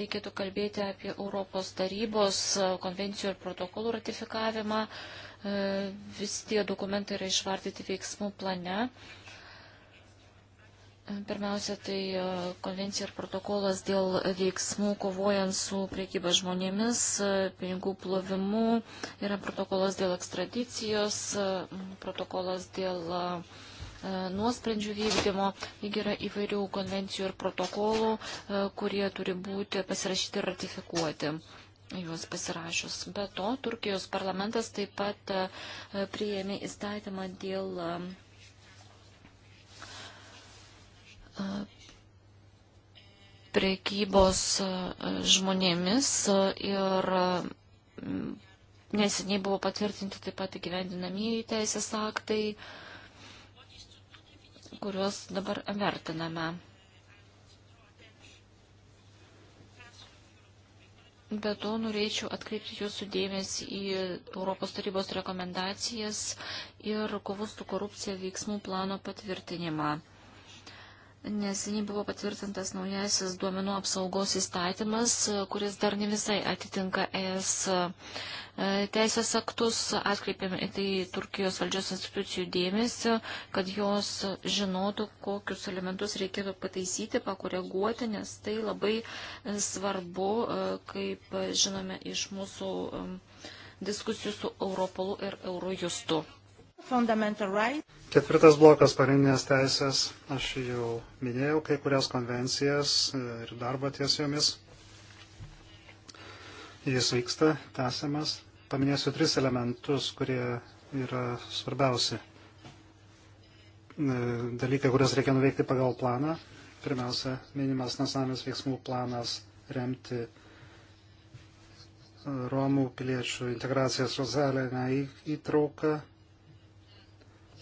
reikėtų kalbėti apie Europos tarybos konvencijų ir protokolų ratifikavimą. Visi tie dokumentai yra išvardyti veiksmų plane. Pirmiausia, tai e, konvencija ir protokolas dėl veiksmų kovojant su priekyba žmonėmis, e, pinigų plovimu, yra protokolas dėl ekstradicijos, e, protokolas dėl nuosprendžių vykdymo. Taigi yra įvairių konvencijų ir protokolų, kurie turi būti pasirašyti ir ratifikuoti juos pasirašius. Be to, Turkijos parlamentas taip pat priėmė įstatymą dėl prekybos e, žmonėmis ir e, neseniai buvo patvirtinti taip pat įgyvendinamieji teisės aktai, kuriuos dabar vertiname. Be to norėčiau atkreipti jūsų dėmesį į Europos tarybos rekomendacijas ir kovos su korupcija veiksmų plano patvirtinimą. Neseniai buvo patvirtintas naujasis duomenų apsaugos įstatymas, kuris dar ne visai atitinka ES e, teisės aktus. Atkreipėme į tai Turkijos valdžios institucijų dėmesį, kad jos žinotų, kokius elementus reikėtų pataisyti, pakoreguoti, nes tai labai e, svarbu, e, kaip žinome iš mūsų diskusijų su Europolu ir Eurojustu. Right. Ketvirtas blokas - pagrindinės teisės. Aš jau minėjau kai kurias konvencijas ir darbą ties jomis. Jis vyksta, tęsiamas. Paminėsiu tris elementus, kurie yra svarbiausi e, dalykai, kurias reikia nuveikti pagal planą. Pirmiausia, minimas nacionalinis veiksmų planas remti Romų piliečių integraciją socialinę įtrauką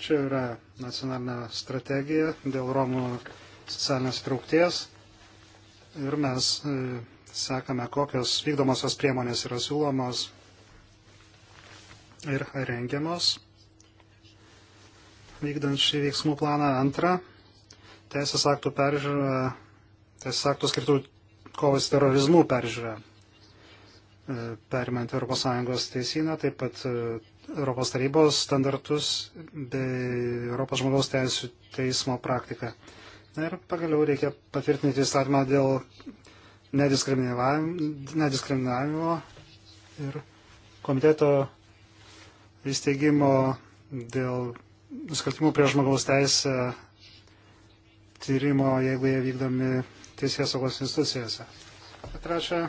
Čia yra nacionalinė strategija dėl Romų socialinės traukties ir mes e, sekame, kokios vykdomosios priemonės yra siūlomos ir rengiamos. Vykdant šį veiksmų planą antrą, teisės aktų peržiūra, teisės aktų skirtų kovas terorizmų peržiūra, e, perimant ES teisyną, taip pat e, Europos tarybos standartus bei Europos žmogaus teisų teismo praktiką. Na ir pagaliau reikia patvirtinti įstatymą dėl nediskriminavimo ir komiteto įsteigimo dėl nusikaltimų prie žmogaus teisę tyrimo, jeigu jie vykdomi teisės saugos institucijose. Trečia,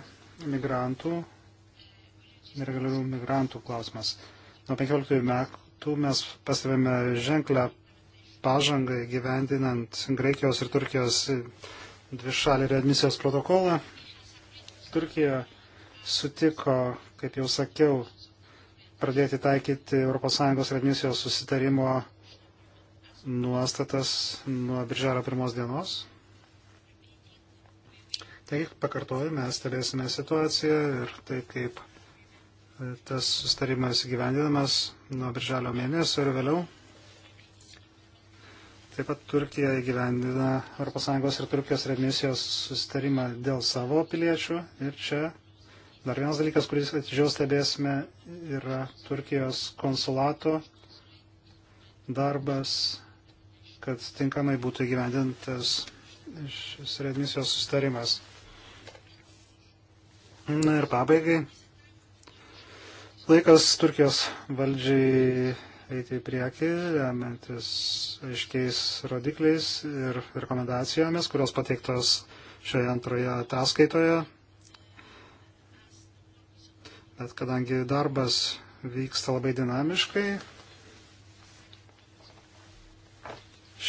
migrantų, neregalių migrantų klausimas. Nuo 15 metų mes pastebėme ženklę pažangą gyvendinant Graikijos ir Turkijos dvišalį readmisijos protokolą. Turkija sutiko, kaip jau sakiau, pradėti taikyti ES readmisijos susitarimo nuostatas nuo birželio pirmos dienos. Taigi, pakartoju, mes stebėsime situaciją ir tai kaip tas sustarimas gyvendinamas nuo birželio mėnesio ir vėliau. Taip pat Turkija įgyvendina ES ir Turkijos remisijos sustarimą dėl savo piliečių. Ir čia dar vienas dalykas, kuris atidžiau stebėsime, yra Turkijos konsulato darbas, kad tinkamai būtų įgyvendintas šis remisijos sustarimas. Na ir pabaigai Laikas Turkijos valdžiai eiti į priekį, remiantis aiškiais rodikliais ir rekomendacijomis, kurios pateiktos šioje antroje ataskaitoje. Bet kadangi darbas vyksta labai dinamiškai,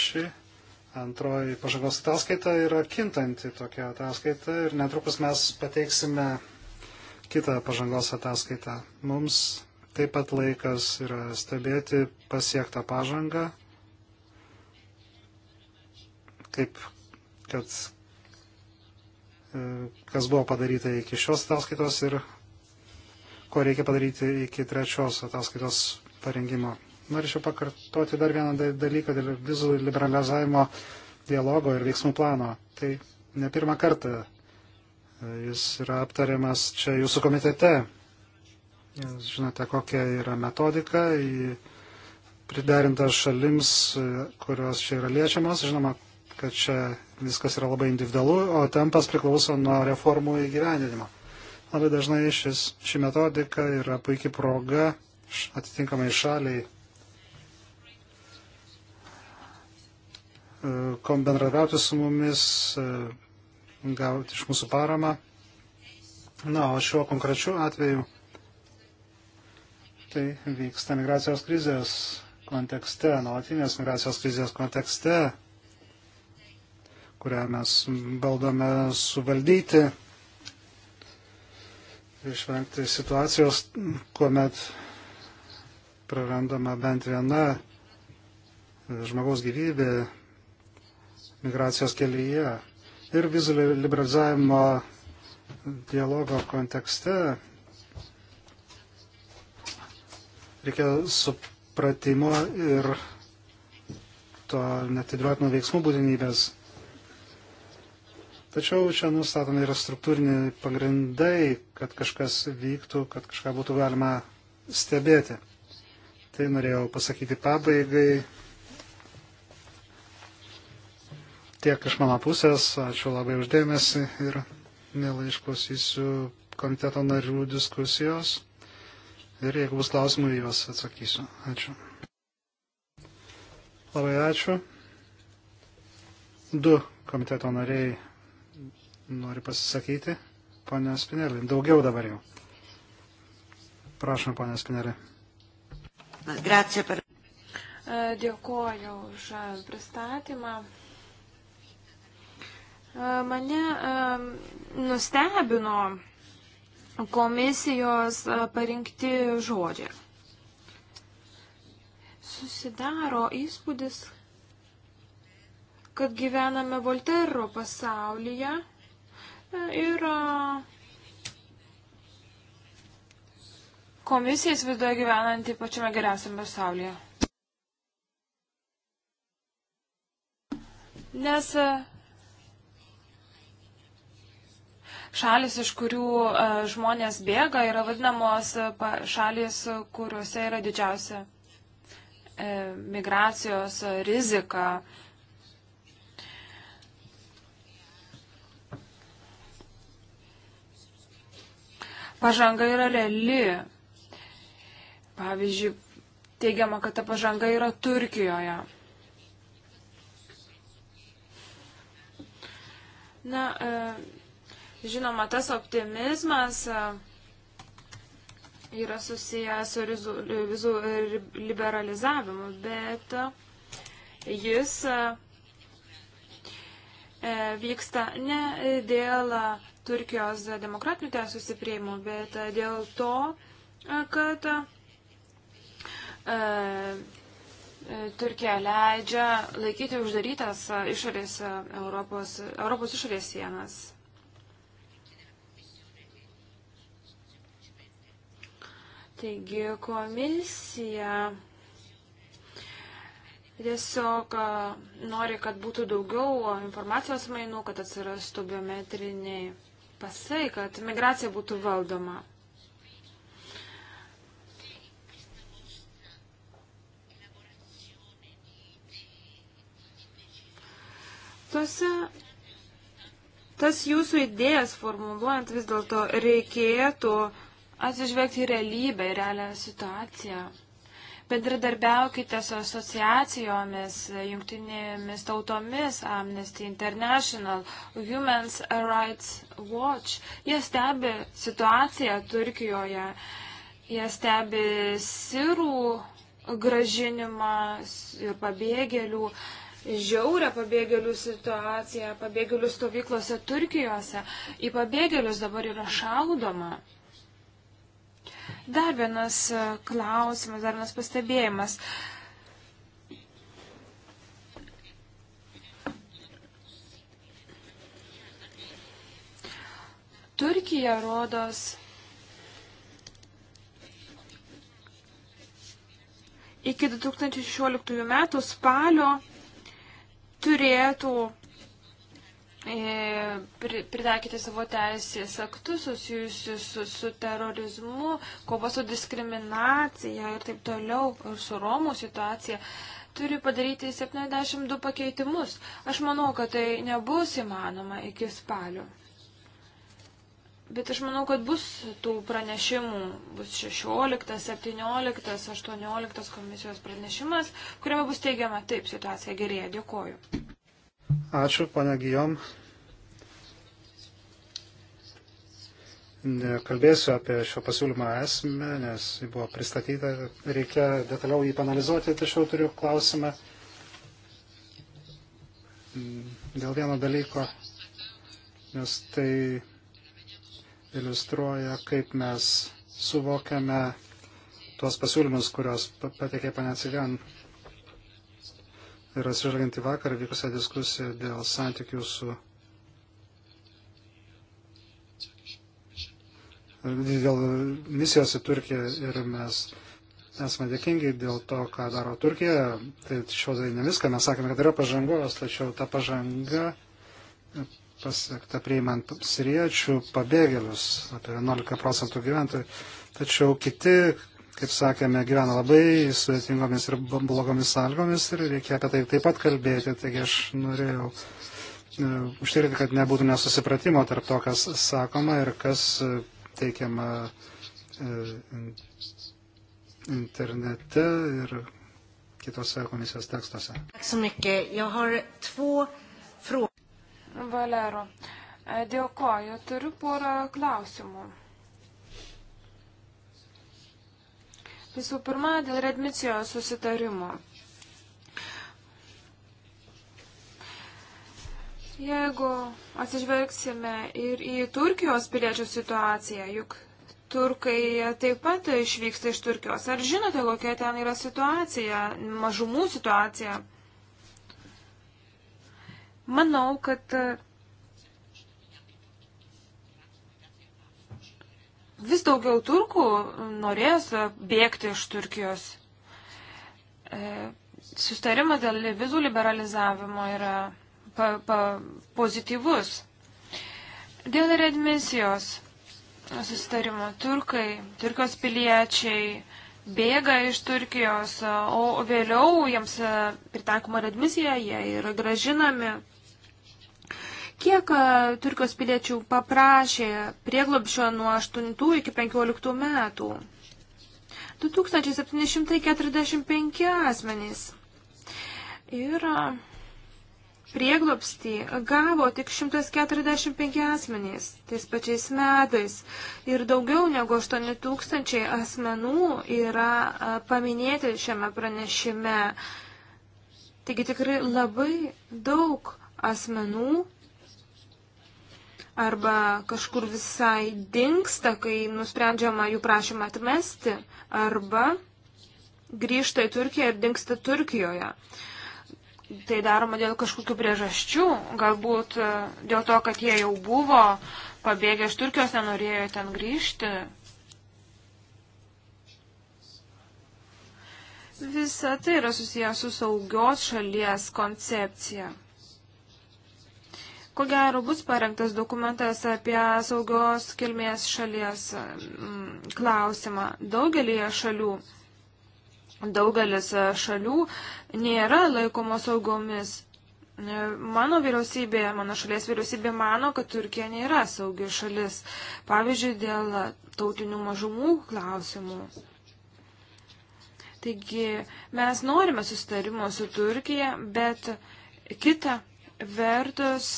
ši antroji pažagos ataskaita yra kintanti tokia ataskaita ir netrukus mes pateiksime kitą pažangos ataskaitą. Mums taip pat laikas yra stebėti pasiektą pažangą, kaip kad e, kas buvo padaryta iki šios ataskaitos ir ko reikia padaryti iki trečios ataskaitos parengimo. Norėčiau pakartoti dar vieną dalyką dėl vizų liberalizavimo dialogo ir veiksmų plano. Tai ne pirmą kartą Jis yra aptariamas čia jūsų komitete. Jūs žinote, kokia yra metodika, priderinta šalims, kurios čia yra liečiamas. Žinoma, kad čia viskas yra labai individualu, o tempas priklauso nuo reformų įgyvendinimo. Labai dažnai šis, ši metodika yra puikiai proga atitinkamai šaliai e, bendradarbiauti su mumis, e, gauti iš mūsų paramą. Na, o šiuo konkrečiu atveju tai vyksta migracijos krizės kontekste, nuolatinės migracijos krizės kontekste, kurią mes baldome suvaldyti, išvengti situacijos, kuomet prarandama bent viena žmogaus gyvybė migracijos kelyje. Ir vizų liberalizavimo dialogo kontekste reikia supratimo ir to netidėliotino veiksmų būtinybės. Tačiau čia nustatomi yra struktūriniai pagrindai, kad kažkas vyktų, kad kažką būtų galima stebėti. Tai norėjau pasakyti pabaigai. tiek iš mano pusės. Ačiū labai uždėmesi ir mielai išklausysiu komiteto narių diskusijos. Ir jeigu bus klausimų, juos atsakysiu. Ačiū. Labai ačiū. Du komiteto nariai nori pasisakyti. Pone Spinelį, daugiau dabar jau. Prašom, pone Spinelį. Grazie per. Dėkuoju už pristatymą. Mane nustebino komisijos parinkti žodžiai. Susidaro įspūdis, kad gyvename Voltero pasaulyje ir komisijas viduje gyvenanti pačiame geriausiame pasaulyje. Nes Šalis, iš kurių e, žmonės bėga, yra vadinamos e, šalis, kuriuose yra didžiausia e, migracijos rizika. Pažanga yra reali. Pavyzdžiui, teigiama, kad ta pažanga yra Turkijoje. Na, e, Žinoma, tas optimizmas e, yra susijęs su vizų liberalizavimu, bet e, jis e, vyksta ne dėl Turkijos demokratinių teisų stiprėjimų, bet dėl to, kad Turkija leidžia laikyti uždarytas išorės Europos, Europos išorės sienas. Taigi komisija tiesiog nori, kad būtų daugiau informacijos mainų, kad atsirastų biometriniai pasai, kad migracija būtų valdoma. Tuose, tas jūsų idėjas formuluojant vis dėlto reikėtų uh, atsižvelgti į realybę, į realią situaciją. Bendradarbiaukite su asociacijomis, jungtinėmis tautomis, Amnesty International, Human Rights Watch. Jie stebi situaciją Turkijoje, jie stebi sirų gražinimą ir pabėgėlių žiaurę pabėgėlių situaciją, pabėgėlių stovyklose Turkijose. Į pabėgėlius dabar yra šaudoma. Dar vienas e, klausimas, dar vienas pastebėjimas. Turkija rodos iki 2016 metų spalio turėtų E, pritaikyti savo teisės aktus susijusius su, su terorizmu, kova su diskriminacija ir taip toliau, ir su Romų situacija, turi padaryti 72 pakeitimus. Aš manau, kad tai nebus įmanoma iki spalio. Bet aš manau, kad bus tų pranešimų, bus 16, 17, 18 komisijos pranešimas, kuriame bus teigiama, taip, situacija gerėja, dėkoju. Ačiū, pane Gijom. Kalbėsiu apie šio pasiūlymo esmę, nes jį buvo pristatyta, reikia detaliau jį panalizuoti, tačiau turiu klausimą dėl vieno dalyko, nes tai iliustruoja, kaip mes suvokiame tuos pasiūlymus, kuriuos patekė pane Cigan ir atsižvelgiant į vakar vykusią diskusiją dėl santykių su dėl misijos į Turkiją ir mes esame dėkingi dėl to, ką daro Turkija. Tai šios tai ne viską, mes sakėme, kad yra pažangos, tačiau ta pažanga pasiekta priimant siriečių pabėgėlius, apie 11 procentų gyventojų. Tačiau kiti kaip sakėme, gyvena labai sudėtingomis ir blogomis sąlygomis ir reikia apie tai taip pat kalbėti. Taigi aš norėjau e, užtikrinti, kad nebūtų nesusipratimo tarp to, kas sakoma ir kas e, teikiama e, internete ir kitose komisijos tekstuose. Valero, dėkoju, turiu porą klausimų. Visų pirma, dėl redmicijos susitarimo. Jeigu atsižvelgsime ir į Turkijos piliečių situaciją, juk turkai taip pat išvyksta iš Turkijos. Ar žinote, kokia ten yra situacija, mažumų situacija? Manau, kad vis daugiau turkų norės bėgti iš Turkijos. E, sustarimas dėl vizų liberalizavimo yra pa, pa, pozityvus. Dėl redmisijos sustarimo turkai, turkijos piliečiai bėga iš Turkijos, o vėliau jiems pritaikoma redmisija, jie yra gražinami Kiek e, Turkijos piliečių paprašė prieglobšio nuo 8 iki 15 metų? 2745 asmenys. Ir e, prieglobstį gavo tik 145 asmenys tais pačiais metais ir daugiau negu 8000 asmenų yra e, paminėti šiame pranešime. Taigi tikrai labai daug asmenų arba kažkur visai dinksta, kai nusprendžiama jų prašymą atmesti, arba grįžta į Turkiją ir dinksta Turkijoje. Tai daroma dėl kažkokių priežasčių, galbūt e, dėl to, kad jie jau buvo pabėgę iš Turkijos, nenorėjo ten grįžti. Visa tai yra susijęs su saugios šalies koncepcija. Ko gero bus parengtas dokumentas apie saugos kilmės šalies mm, klausimą. Daugelį šalių, daugelis šalių nėra laikomos saugomis. Mano vyriausybė, mano šalies vyriausybė mano, kad Turkija nėra saugi šalis. Pavyzdžiui, dėl tautinių mažumų klausimų. Taigi mes norime sustarimo su Turkija, bet kita vertus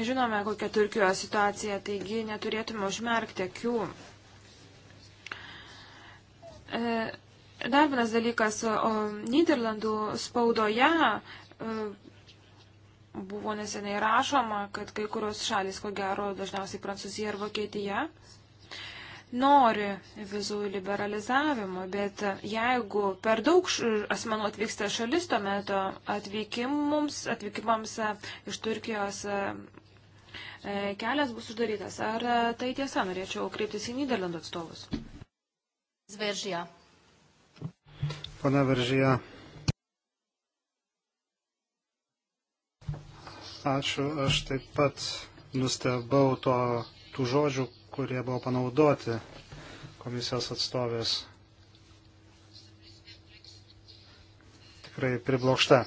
Žinome, kokia Turkijos situacija, taigi neturėtume užmerkti akių. E, dar vienas dalykas, o Niderlandų spaudoje e, buvo neseniai rašoma, kad kai kurios šalis, ko gero, dažniausiai Prancūzija ar Vokietija, nori vizų liberalizavimo, bet jeigu per daug asmenų atvyksta šalis, tuomet atvykimams, atvykimams iš Turkijos E, kelias bus uždarytas. Ar e, tai tiesa? Norėčiau kreiptis į Niderlandų atstovus. Veržyje. Pana Veržyje. Ačiū, aš taip pat nustebau to, tų žodžių, kurie buvo panaudoti komisijos atstovės. Tikrai priblokšta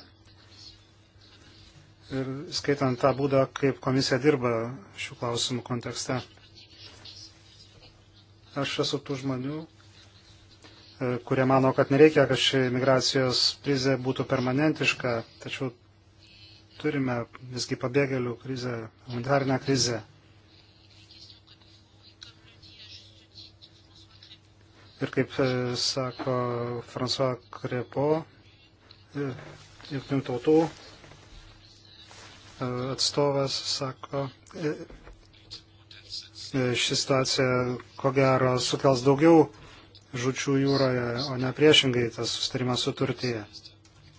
ir skaitant tą būdą, kaip komisija dirba šių klausimų kontekste. Aš esu tų žmonių, e, kurie mano, kad nereikia, kad ši migracijos krizė būtų permanentiška, tačiau turime visgi pabėgėlių krizę, humanitarinę krizę. Ir kaip e, sako François Krepo, e, jungtinių tautų atstovas sako, e, ši situacija ko gero sukels daugiau žučių jūroje, o ne priešingai tas sustarimas su Turtija.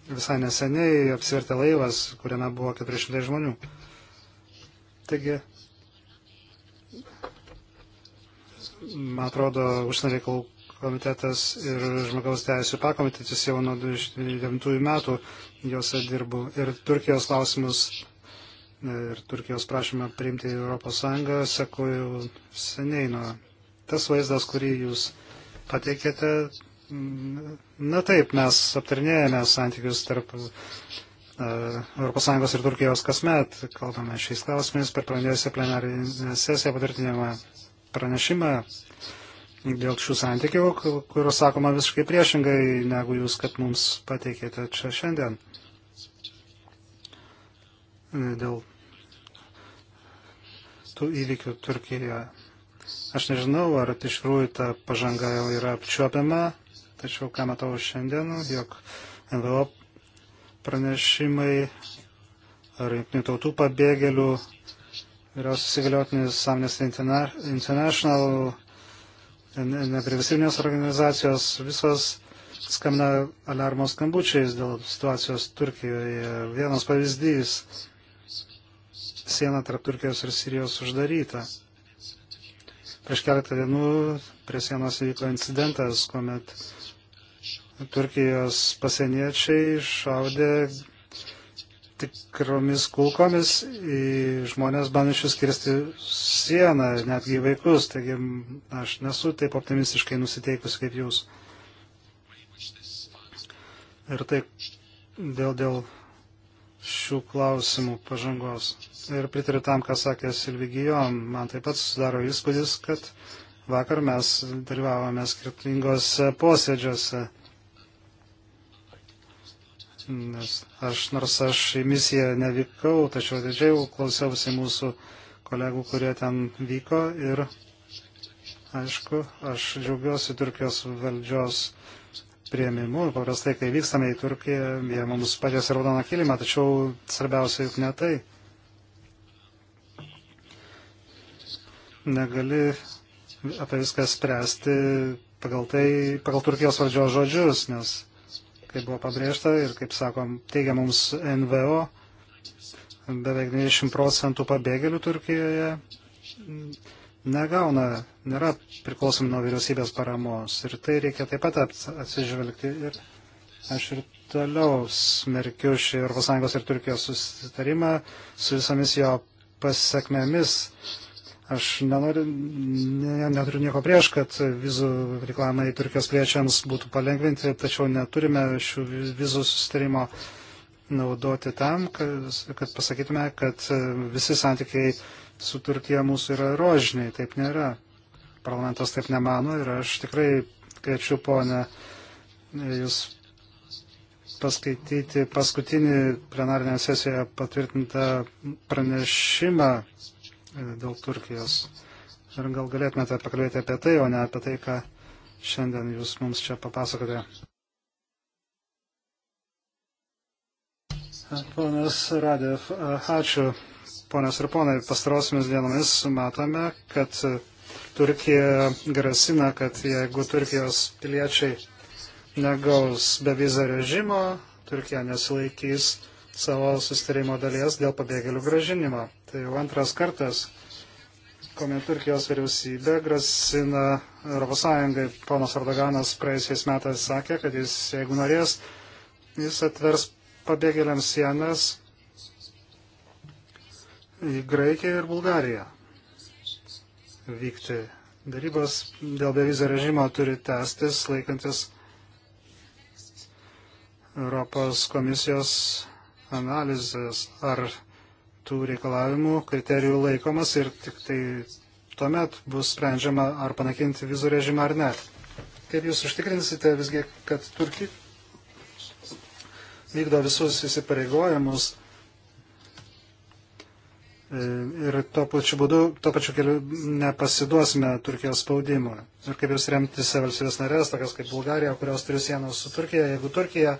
Visai neseniai apsivertė laivas, kuriame buvo 400 žmonių. Taigi, man atrodo, užsienio reikalų komitetas ir žmogaus teisų pakomitetis jau nuo 2009 metų juose dirbu ir Turkijos klausimus ir Turkijos prašymą priimti į Europos Sąjungą, seko jau seniai nuo tas vaizdas, kurį jūs pateikėte. Na taip, mes aptarnėjame santykius tarp e, Europos Sąjungos ir Turkijos kasmet, kalbame šiais klausimais per pranėjusią plenarinę sesiją patvirtinimą pranešimą dėl šių santykių, kurios sakoma visiškai priešingai, negu jūs, kad mums pateikėte čia šiandien e, dėl tų įvykių Turkijoje. Aš nežinau, ar iš tikrųjų ta pažanga jau yra apčiuopiama, tačiau ką matau šiandien, jog NVO pranešimai ar jungtinių tautų pabėgėlių vyriausias įgaliotinis Amnesty International, neprivisinės organizacijos, visos skambina alarmo skambučiais dėl situacijos Turkijoje. Vienas pavyzdys siena tarp Turkijos ir Sirijos uždaryta. Prieš keletą dienų prie sienos įvyko incidentas, kuomet Turkijos pasieniečiai šaudė tikromis kulkomis į žmonės bandančius kirsti sieną, netgi vaikus. Taigi aš nesu taip optimistiškai nusiteikus kaip jūs. Ir taip dėl, dėl šių klausimų pažangos ir pritariu tam, ką sakė Silvigijon. Man taip pat susidaro įspūdis, kad vakar mes dalyvavome skirtingose posėdžiuose. Nes aš, nors aš į misiją nevykau, tačiau didžiai klausiausi mūsų kolegų, kurie ten vyko ir aišku, aš džiaugiuosi Turkijos valdžios prieimimu. Paprastai, kai vykstame į Turkiją, jie mums padės raudoną kilimą, tačiau svarbiausia juk ne tai. negali apie viską spręsti pagal, tai, pagal Turkijos valdžios žodžius, nes, kaip buvo pabrėžta ir, kaip sakom, teigia mums NVO, beveik 90 procentų pabėgėlių Turkijoje negauna, nėra priklausomi nuo vyriausybės paramos. Ir tai reikia taip pat atsižvelgti. Ir aš ir toliau smerkiu šį ES ir Turkijos susitarimą su visomis jo pasiekmėmis Aš nenoriu, ne, neturiu nieko prieš, kad vizų reklamai Turkijos priečiams būtų palengvinti, tačiau neturime šių vizų sustarimo naudoti tam, kad, kad pasakytume, kad e, visi santykiai su Turkija mūsų yra rožiniai. Taip nėra. Parlamentas taip nemano ir aš tikrai kviečiu ponę jūs paskaityti paskutinį plenarinę sesiją patvirtintą pranešimą E, dėl Turkijos. Ir gal galėtumėte pakalbėti apie tai, o ne apie tai, ką šiandien jūs mums čia papasakote. E, ponas Radev, e, ačiū. Ponas ir ponai, pastarosiamis dienomis matome, kad Turkija grasina, kad jeigu Turkijos piliečiai negaus bevizą režimo, Turkija nesilaikys savo sustarimo dalies dėl pabėgėlių gražinimo. Tai jau antras kartas, kuomet Turkijos vyriausybė grasina ES. Ponas Erdoganas praėjusiais metais sakė, kad jis, jeigu norės, jis atvers pabėgėliams sienas į Graikiją ir Bulgariją vykti. Darybos dėl bevizio režimo turi tęstis laikantis Europos komisijos analizės, ar tų reikalavimų kriterijų laikomas ir tik tai tuomet bus sprendžiama, ar panakinti vizų režimą ar ne. Kaip jūs užtikrinsite visgi, kad Turkija vykdo visus įsipareigojimus e, ir tuo pačiu būdu, tuo pačiu keliu nepasiduosime Turkijos spaudimui. Ir kaip jūs remtis valstybės narės, tokias kaip Bulgarija, kurios turi sienos su Turkija, jeigu Turkija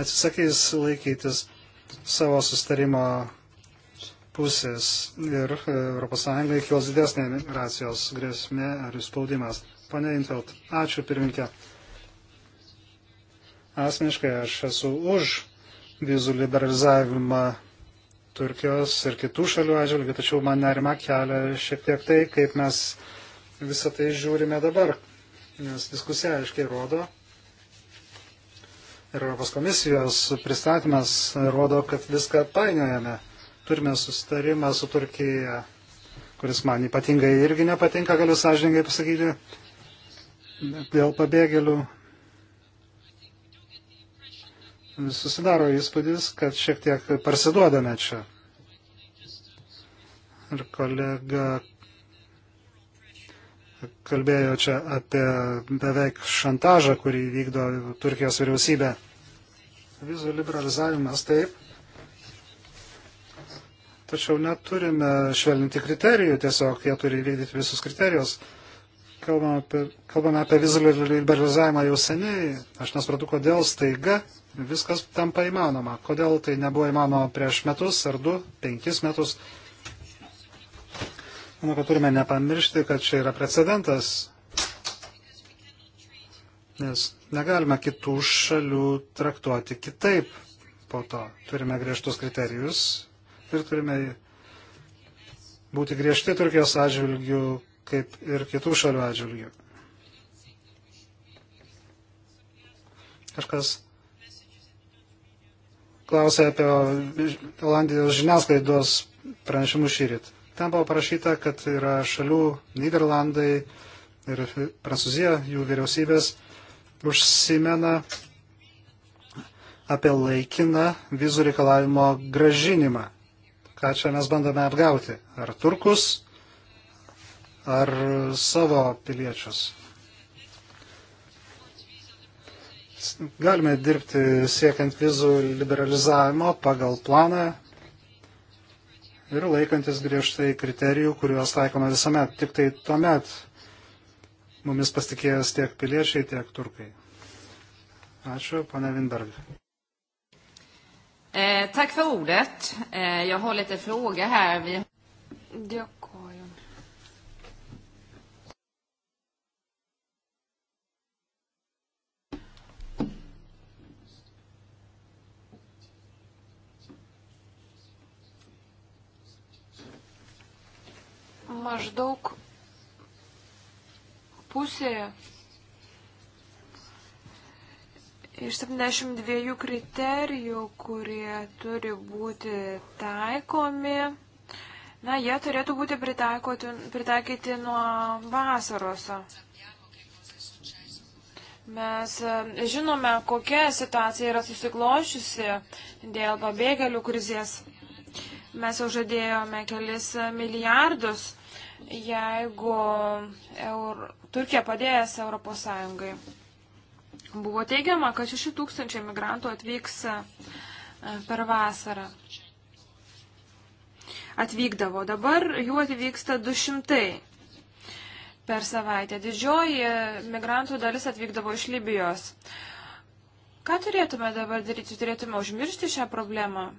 atsisakys laikytis savo sustarimo pusės ir ES kils didesnė migracijos grėsmė ar spaudimas. Pane Intelt, ačiū pirminkė. Asmeniškai aš esu už vizų liberalizavimą Turkijos ir kitų šalių atžvilgių, tačiau man nerima kelia šiek tiek tai, kaip mes visą tai žiūrime dabar, nes diskusija aiškiai rodo, ir Europos komisijos pristatymas rodo, kad viską painiojame. Turime susitarimą su Turkija, kuris man ypatingai irgi nepatinka, galiu sąžininkai pasakyti, dėl pabėgėlių. Susidaro įspūdis, kad šiek tiek parsiduodame čia. Ir kolega kalbėjo čia apie beveik šantažą, kurį vykdo Turkijos vyriausybė. Vizų liberalizavimas taip. Tačiau neturime švelninti kriterijų, tiesiog jie turi įvykdyti visus kriterijus. Kalbame apie, kalbame apie vizų liberalizavimą jau seniai. Aš nesupratau, kodėl staiga viskas tampa įmanoma. Kodėl tai nebuvo įmanoma prieš metus ar du, penkis metus. Manau, kad turime nepamiršti, kad čia yra precedentas, nes negalime kitų šalių traktuoti kitaip. Po to turime griežtus kriterijus ir turime būti griežti Turkijos atžvilgių, kaip ir kitų šalių atžvilgių. Kažkas klausė apie Olandijos žiniasklaidos pranešimus šyrit. Ten buvo parašyta, kad yra šalių Niderlandai ir Prancūzija, jų vyriausybės užsimena apie laikiną vizų reikalavimo gražinimą. Ką čia mes bandome apgauti? Ar turkus, ar savo piliečius? Galime dirbti siekiant vizų liberalizavimo pagal planą, ir laikantis griežtai kriterijų, kuriuos taikoma visuomet. Tik tai tuomet mumis pasitikėjęs tiek piliečiai, tiek turkai. Ačiū, pane Vinberg. Eh, tack för ordet. Eh, jag har lite fråga här. Vi... Dėkui. maždaug pusė iš 72 kriterijų, kurie turi būti taikomi. Na, jie turėtų būti pritaikyti nuo vasaros. Mes e, žinome, kokia situacija yra susiklošiusi dėl pabėgėlių krizės. Mes jau žadėjome kelis milijardus jeigu Eur... Turkija padėjęs Europos Sąjungai. Buvo teigiama, kad 6 tūkstančiai migrantų atvyks e, per vasarą. Atvykdavo. Dabar jų atvyksta 200 per savaitę. Didžioji migrantų dalis atvykdavo iš Libijos. Ką turėtume dabar daryti? Turėtume užmiršti šią problemą?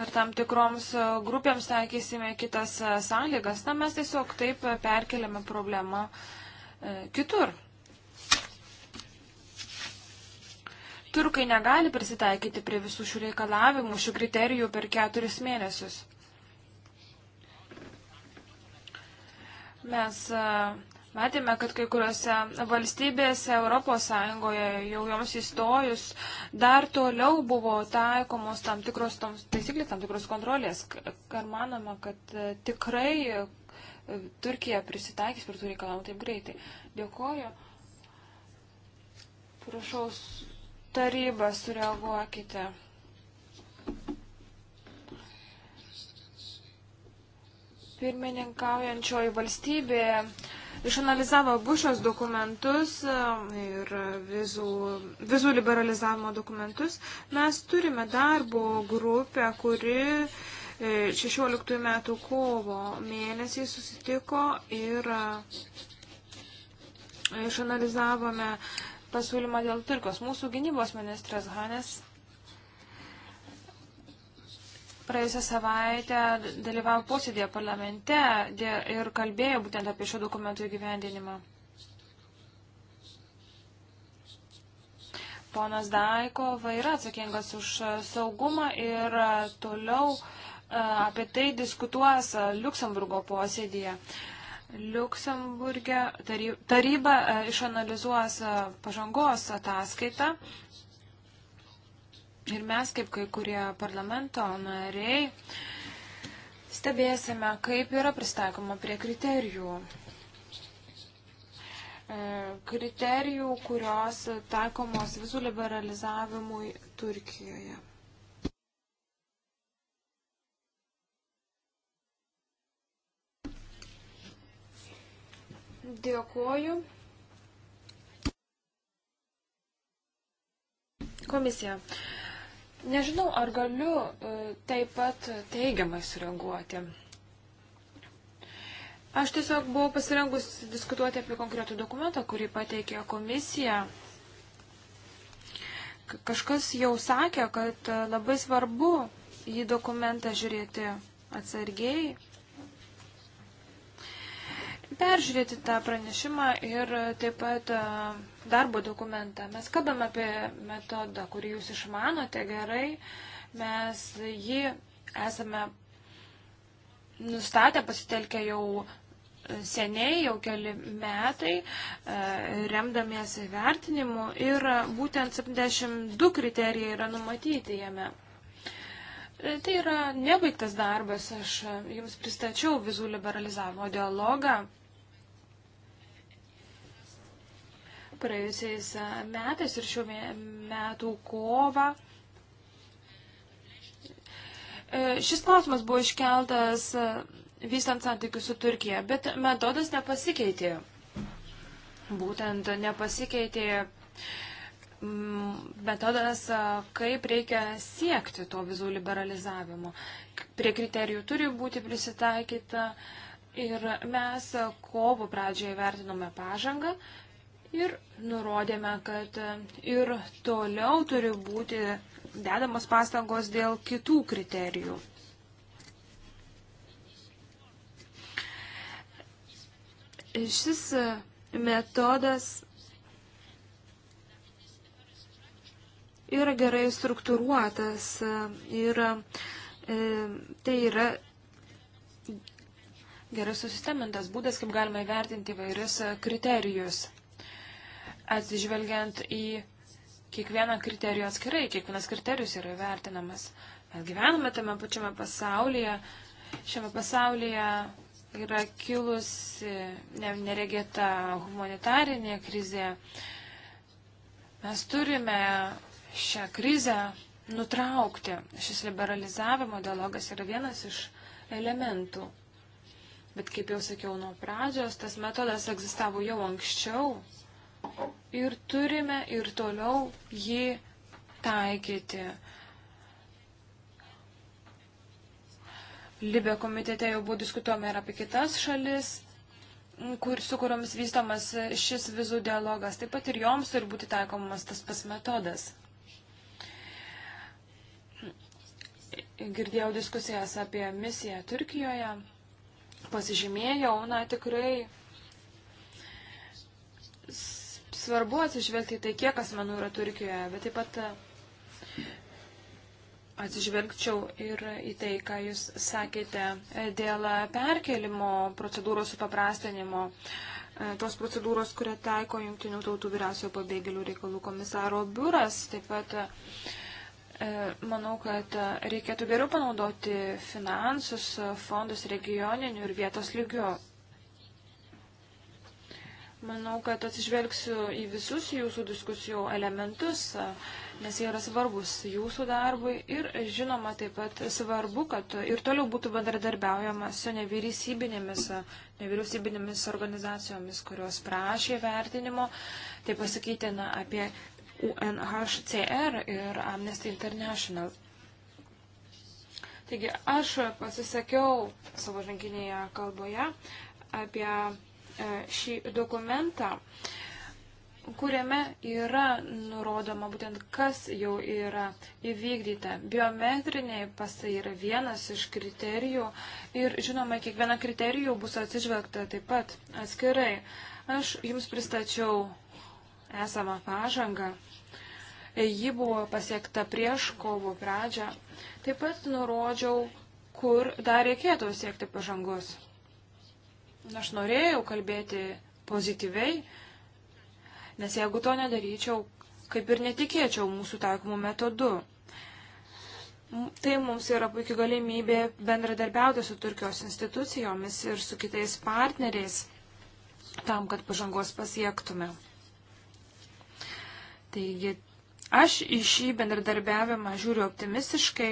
ar tam tikroms e, grupėms taikysime kitas e, sąlygas, na mes tiesiog taip e, perkeliame problemą kitur. Turkai negali prisitaikyti prie visų šių reikalavimų, šių kriterijų per keturis mėnesius. Mes uh, Matėme, kad kai kuriuose valstybėse ES jau joms įstojus dar toliau buvo taikomos tam tikros taisyklės, tam tikros kontrolės. Ar manoma, kad e, tikrai e, Turkija prisitaikys prie tų reikalavimų taip greitai? Dėkoju. Prašau, tarybą sureaguokite. Pirmininkaujančioji valstybė išanalizavo abu šios dokumentus e, ir vizų, vizų liberalizavimo dokumentus, mes turime darbo grupę, kuri 16 e, metų kovo mėnesį susitiko ir e, išanalizavome pasiūlymą dėl Turkos. Mūsų gynybos ministras Hanes praėjusią savaitę dalyvavo posėdėje parlamente ir kalbėjo būtent apie šio dokumentų įgyvendinimą. Ponas Daikova yra atsakingas už e, saugumą ir e, toliau e, apie tai diskutuos Luksemburgo posėdėje. Liuksemburgė taryba išanalizuos pažangos ataskaitą Ir mes, kaip kai kurie parlamento nariai, stebėsime, kaip yra pristaikoma prie kriterijų. E, kriterijų, kurios taikomos visų liberalizavimui Turkijoje. Dėkuoju. Komisija. Uh, Nežinau, ar galiu e, taip pat teigiamai sureaguoti. Aš tiesiog buvau pasirengus diskutuoti apie konkretų dokumentą, kurį pateikė komisija. Kažkas jau sakė, kad e, labai svarbu į dokumentą žiūrėti atsargiai, peržiūrėti tą pranešimą ir e, taip pat darbo dokumentą. Mes kalbam apie metodą, kurį jūs išmanote gerai. Mes jį esame nustatę, pasitelkę jau seniai, jau keli metai, e, remdamiesi vertinimu ir būtent 72 kriterijai yra numatyti jame. E, tai yra nebaigtas darbas, aš jums pristačiau vizų liberalizavimo dialogą. praėjusiais e, metais ir šiuo metų kovą. E, šis klausimas buvo iškeltas e, vystant santykius su Turkija, bet metodas nepasikeitė. Būtent nepasikeitė mm, metodas, kaip reikia siekti to vizų liberalizavimo. Prie kriterijų turi būti prisitaikyta ir mes kovo pradžioje vertinome pažangą, ir nurodėme, kad ir toliau turi būti dedamos pastangos dėl kitų kriterijų. Šis metodas yra gerai struktūruotas ir e, tai yra gerai susistemintas būdas, kaip galima įvertinti vairius kriterijus atsižvelgiant į kiekvieną kriterijų atskirai, kiekvienas kriterijus yra vertinamas. Mes gyvename tame pačiame pasaulyje, šiame pasaulyje yra kilusi neregėta humanitarinė krizė. Mes turime šią krizę nutraukti. Šis liberalizavimo dialogas yra vienas iš elementų. Bet kaip jau sakiau nuo pradžios, tas metodas egzistavo jau anksčiau ir turime ir toliau jį taikyti. Libė komitete jau buvo diskutuojama ir apie kitas šalis, kur, su kuriomis vystomas šis vizų dialogas. Taip pat ir joms turi būti taikomas tas pas metodas. Girdėjau diskusijas apie misiją Turkijoje, pasižymėjau, na tikrai svarbu atsižvelgti tai, kiek asmenų yra Turkijoje, bet taip pat e, atsižvelgčiau ir į tai, ką Jūs sakėte e, dėl perkelimo procedūros supaprastinimo. E, tos procedūros, kurią taiko Junktinių tautų vyriausiojo pabėgėlių reikalų komisaro biuras, taip pat manau, kad reikėtų geriau panaudoti finansus, fondus regioninių ir vietos lygių. Manau, kad atsižvelgsiu į visus jūsų diskusijų elementus, nes jie yra svarbus jūsų darbui ir žinoma taip pat svarbu, kad ir toliau būtų bendradarbiaujama su nevyriausybinėmis, nevyriausybinėmis organizacijomis, kurios prašė vertinimo. Tai pasakytina apie UNHCR ir Amnesty International. Taigi aš pasisakiau savo žanginėje kalboje apie E, šį dokumentą, kuriame yra nurodoma būtent, kas jau yra įvykdyta. Biometriniai pasai yra vienas iš kriterijų ir, žinoma, kiekviena kriterijų bus atsižvelgta taip pat atskirai. Aš jums pristačiau esamą pažangą. Ji buvo pasiekta prieš kovo pradžią. Taip pat nurodžiau, kur dar reikėtų siekti pažangos. Nu, aš norėjau kalbėti pozityviai, nes jeigu to nedaryčiau, kaip ir netikėčiau mūsų taikomų metodų. Tai mums yra puikia galimybė bendradarbiauti su Turkijos institucijomis ir su kitais partneriais tam, kad pažangos pasiektume. Taigi, aš į šį bendradarbiavimą žiūriu optimistiškai,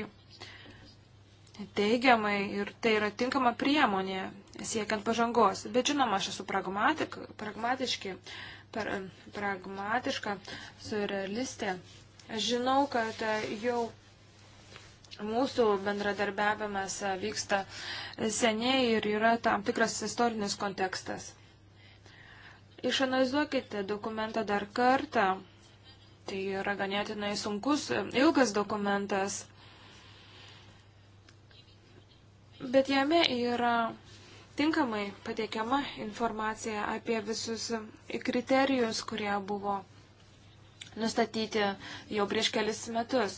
teigiamai ir tai yra tinkama priemonė siekiant pažangos. Bet žinoma, aš esu pragmatiški, per, pragmatiška, surrealistė. Aš žinau, kad e, jau mūsų bendradarbiavimas e, vyksta seniai ir yra tam tikras istorinis kontekstas. Išanalizuokite dokumentą dar kartą. Tai yra ganėtinai sunkus, e, ilgas dokumentas. Bet jame yra tinkamai pateikiama informacija apie visus kriterijus, kurie buvo nustatyti jau prieš kelis metus.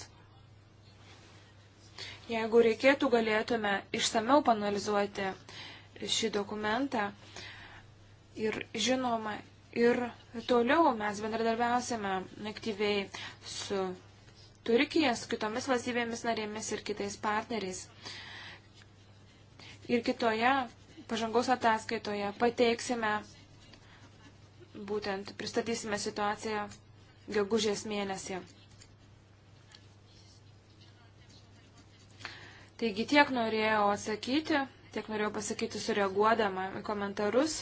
Jeigu reikėtų, galėtume išsameu panalizuoti šį dokumentą ir žinoma, ir toliau mes bendradarbiausime aktyviai su Turkija, su kitomis valstybėmis narėmis ir kitais partneriais. Ir kitoje pažangos ataskaitoje pateiksime, būtent pristatysime situaciją gegužės mėnesį. Taigi tiek norėjau atsakyti, tiek norėjau pasakyti sureaguodama į komentarus.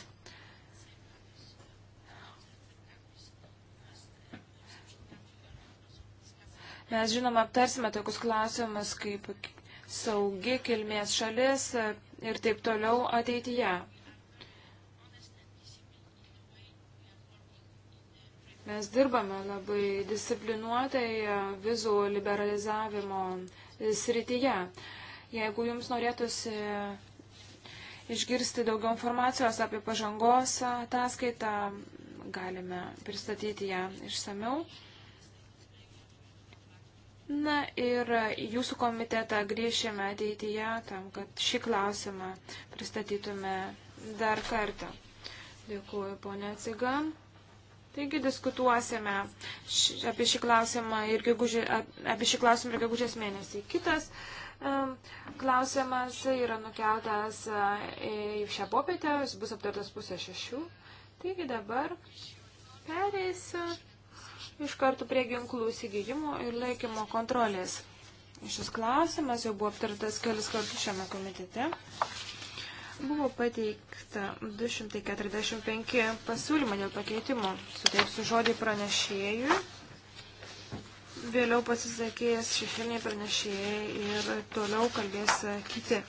Mes žinoma aptarsime tokius klausimus kaip saugi kilmės šalis, ir taip toliau ateityje. Mes dirbame labai disciplinuotai vizų liberalizavimo srityje. Jeigu jums norėtųsi išgirsti daugiau informacijos apie pažangos ataskaitą, galime pristatyti ją išsameu. Na ir jūsų komitetą grįšime ateityje tam, kad šį klausimą pristatytume dar kartą. Dėkuoju, ponė Cigan. Taigi diskutuosime ši, apie šį klausimą ir gegužė, apie šį klausimą ir gegužės mėnesį. Kitas um, klausimas yra nukeltas e, į šią popietę, jis bus aptartas pusę šešių. Taigi dabar pereisiu iš karto prie ginklų įsigijimo ir laikymo kontrolės. Šis klausimas jau buvo aptartas kelis kartus šiame komitete. Buvo pateikta 245 pasiūlymai dėl pakeitimo. Suteiksiu žodį pranešėjui. Vėliau pasisakės šešėliniai pranešėjai ir toliau kalbės kiti.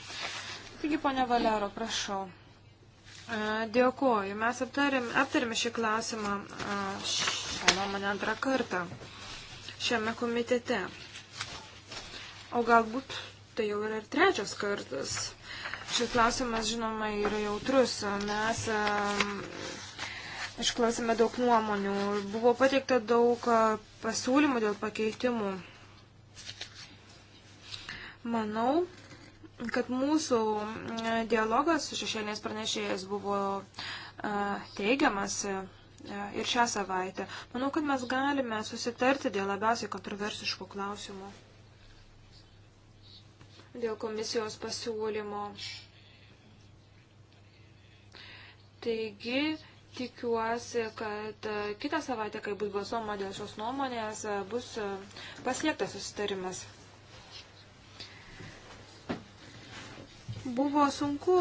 Taigi, ponia Valero, prašau. Dėkuoju. Mes aptarėme, aptarėme šį klausimą šią nuomonę antrą kartą šiame komitete. O galbūt tai jau yra ir trečias kartas. Šis klausimas, žinoma, yra jautrus. Mes išklausėme daug nuomonių. Buvo pateikta daug pasiūlymų dėl pakeitimų. Manau, kad mūsų e, dialogas su šešėlės pranešėjas buvo e, teigiamas e, ir šią savaitę. Manau, kad mes galime susitarti dėl labiausiai kontroversiškų klausimų. Dėl komisijos pasiūlymo. Taigi, tikiuosi, kad kitą savaitę, kai bus balsuoma dėl šios nuomonės, bus pasiektas susitarimas. Buvo sunku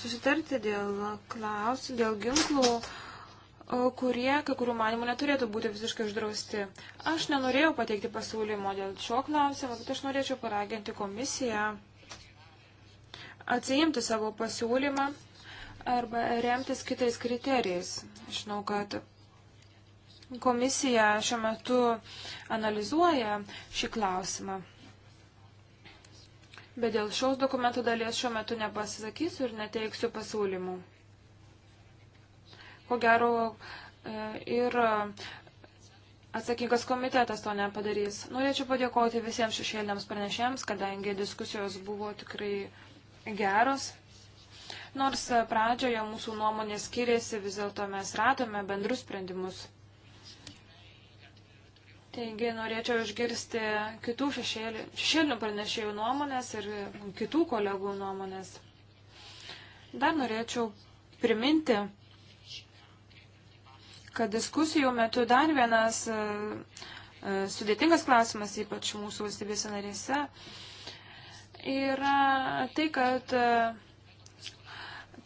susitarti dėl klaus, dėl ginklų, kurie, kai kurių manimų, neturėtų būti visiškai uždrausti. Aš nenorėjau pateikti pasiūlymo dėl šio klausimo, bet aš norėčiau paraginti komisiją atsiimti savo pasiūlymą arba remtis kitais kriterijais. Žinau, kad komisija šiuo metu analizuoja šį klausimą bet dėl šios dokumento dalies šiuo metu nepasisakysiu ir neteiksiu pasiūlymų. Ko gero e, ir atsakingas komitetas to nepadarys. Norėčiau padėkoti visiems šešėliniams pranešėjams, kadangi diskusijos buvo tikrai geros. Nors pradžioje mūsų nuomonės skiriasi, vis dėlto mes radome bendrus sprendimus. Taigi norėčiau išgirsti kitų šešėlių, šešėlių pranešėjų nuomonės ir kitų kolegų nuomonės. Dar norėčiau priminti, kad diskusijų metu dar vienas e, e, sudėtingas klausimas, ypač mūsų valstybėse narėse, yra tai, kad e,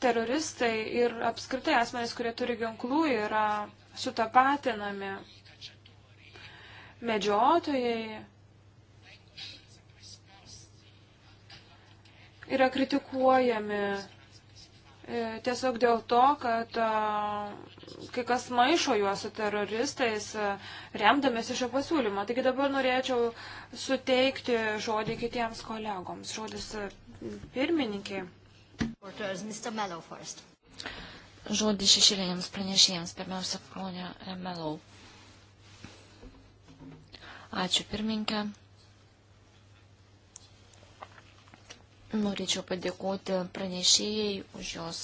teroristai ir apskritai asmenys, kurie turi ginklų, yra sutapatinami medžiotojai yra kritikuojami e, tiesiog dėl to, kad e, kai kas maišo juos su teroristais, e, remdamėsi šio pasiūlymo. Taigi dabar norėčiau suteikti žodį kitiems kolegoms. Žodis pirmininkiai. Žodis šešėliniams pranešėjams, pirmiausia, ponia Melau. Ačiū pirmininkė. Norėčiau padėkoti pranešėjai už jos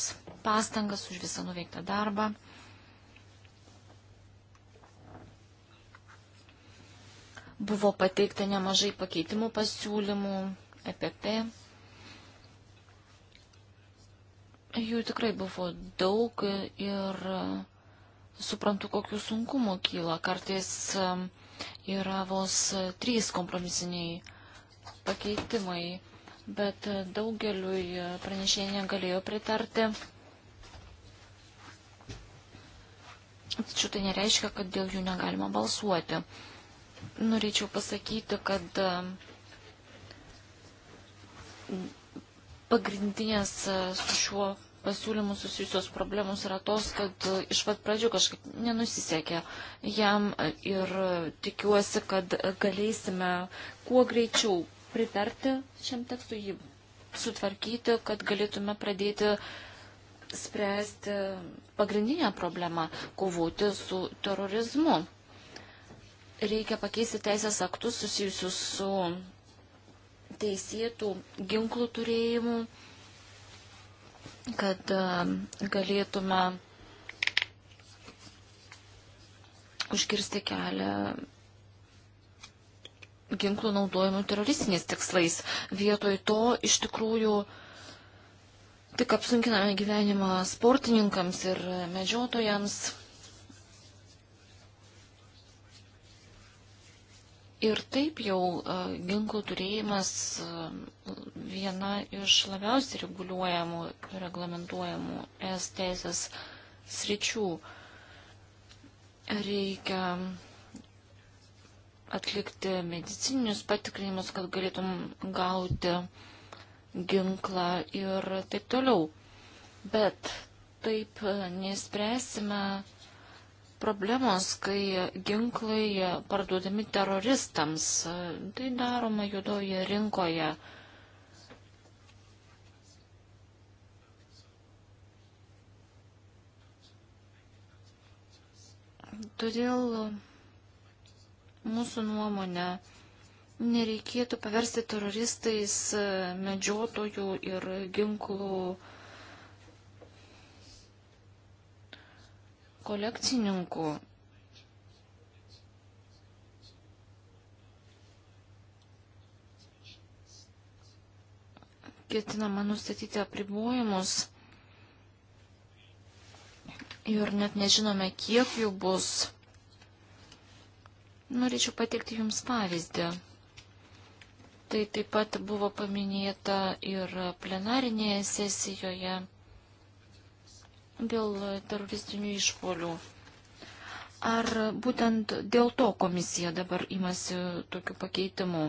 pastangas, už visą nuveiktą darbą. Buvo pateikta nemažai pakeitimų pasiūlymų EPP. Jų tikrai buvo daug ir suprantu, kokių sunkumų kyla. Kartais uh, yra vos trys kompromisiniai pakeitimai, bet daugeliui pranešėjai negalėjo pritarti. Tačiau tai nereiškia, kad dėl jų negalima balsuoti. Norėčiau pasakyti, kad pagrindinės su šiuo pasiūlymų susijusios problemos yra tos, kad e, iš pat pradžių kažkaip nenusisekė jam ir tikiuosi, kad galėsime kuo greičiau pritarti šiam tekstui, jį sutvarkyti, kad galėtume pradėti spręsti pagrindinę problemą - kovoti su terorizmu. Reikia pakeisti teisės aktus susijusius su teisėtų ginklų turėjimu kad um, galėtume užkirsti kelią ginklų naudojimų teroristiniais tikslais. Vietoj to iš tikrųjų tik apsunkiname gyvenimą sportininkams ir medžiotojams. Ir taip jau e, ginklų turėjimas e, viena iš labiausiai reguliuojamų, reglamentuojamų es teisės sričių. Reikia atlikti medicininius patikrinimus, kad galėtum gauti ginklą ir taip toliau. Bet taip e, nespręsime problemos, kai ginklai parduodami teroristams. Tai daroma judoje rinkoje. Todėl mūsų nuomonė nereikėtų paversti teroristais medžiotojų ir ginklų uh, kolekcininkų. Ketinama nustatyti apribojimus ir net nežinome, kiek jų bus. Norėčiau pateikti Jums pavyzdį. Tai taip pat buvo paminėta ir plenarinėje sesijoje dėl teroristinių išpolių. Ar būtent dėl to komisija dabar imasi tokių pakeitimų?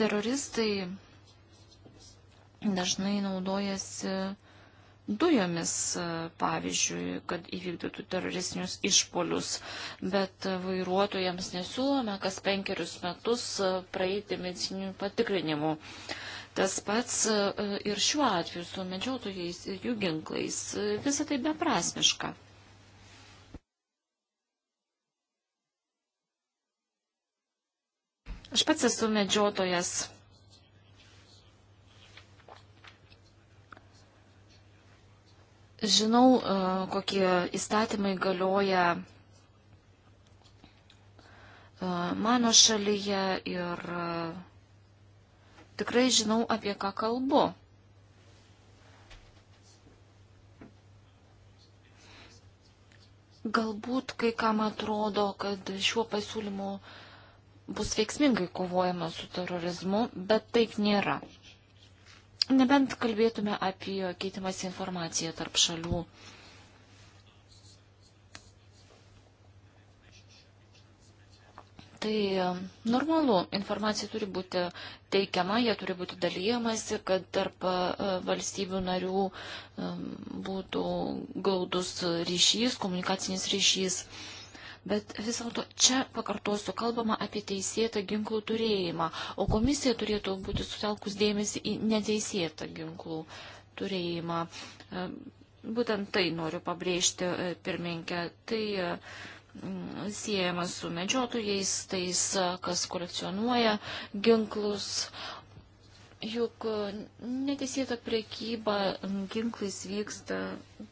Teroristai dažnai naudojasi dujomis, pavyzdžiui, kad įvykdytų teroristinius išpolius, bet vairuotojams nesiūlome kas penkerius metus praeiti medicininių patikrinimų. Uh, Tas pats e, e, ir šiuo atveju su medžiotojais ir jų ginklais. E, Visą tai beprasmiška. Aš pats esu medžiotojas. Žinau, kokie įstatymai galioja mano šalyje ir tikrai žinau, apie ką kalbu. Galbūt kai kam atrodo, kad šiuo pasiūlymu bus veiksmingai kovojama su terorizmu, bet taip nėra. Nebent kalbėtume apie keitimas informaciją tarp šalių. tai normalu, informacija turi būti teikiama, jie turi būti dalyjamasi, kad tarp e, valstybių narių būtų gaudus ryšys, komunikacinis ryšys. Bet vis dėlto čia, pakartosiu, kalbama apie teisėtą ginklų turėjimą, o komisija turėtų būti sutelkus dėmesį į neteisėtą ginklų turėjimą. Būtent tai noriu pabrėžti, e, pirmininkė. Tai e, siejamas su medžiotojais, tais, kas kolekcionuoja ginklus. Juk neteisėta priekyba ginklais vyksta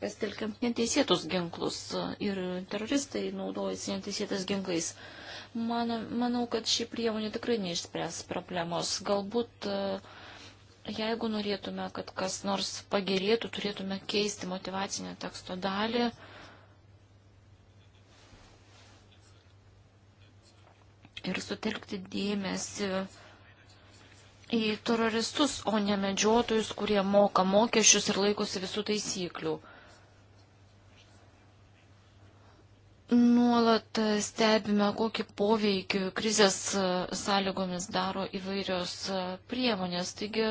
pasitelkiant neteisėtus ginklus ir teroristai naudojasi neteisėtais ginklais. Man, manau, kad ši priemonė tikrai neišspręs problemos. Galbūt uh, jeigu norėtume, kad kas nors pagerėtų, turėtume keisti motivacinę teksto dalį, ir sutelkti dėmesį į teroristus, o ne medžiotojus, kurie moka mokesčius ir laikosi visų taisyklių. Nuolat stebime, kokį poveikį krizės sąlygomis daro įvairios priemonės, taigi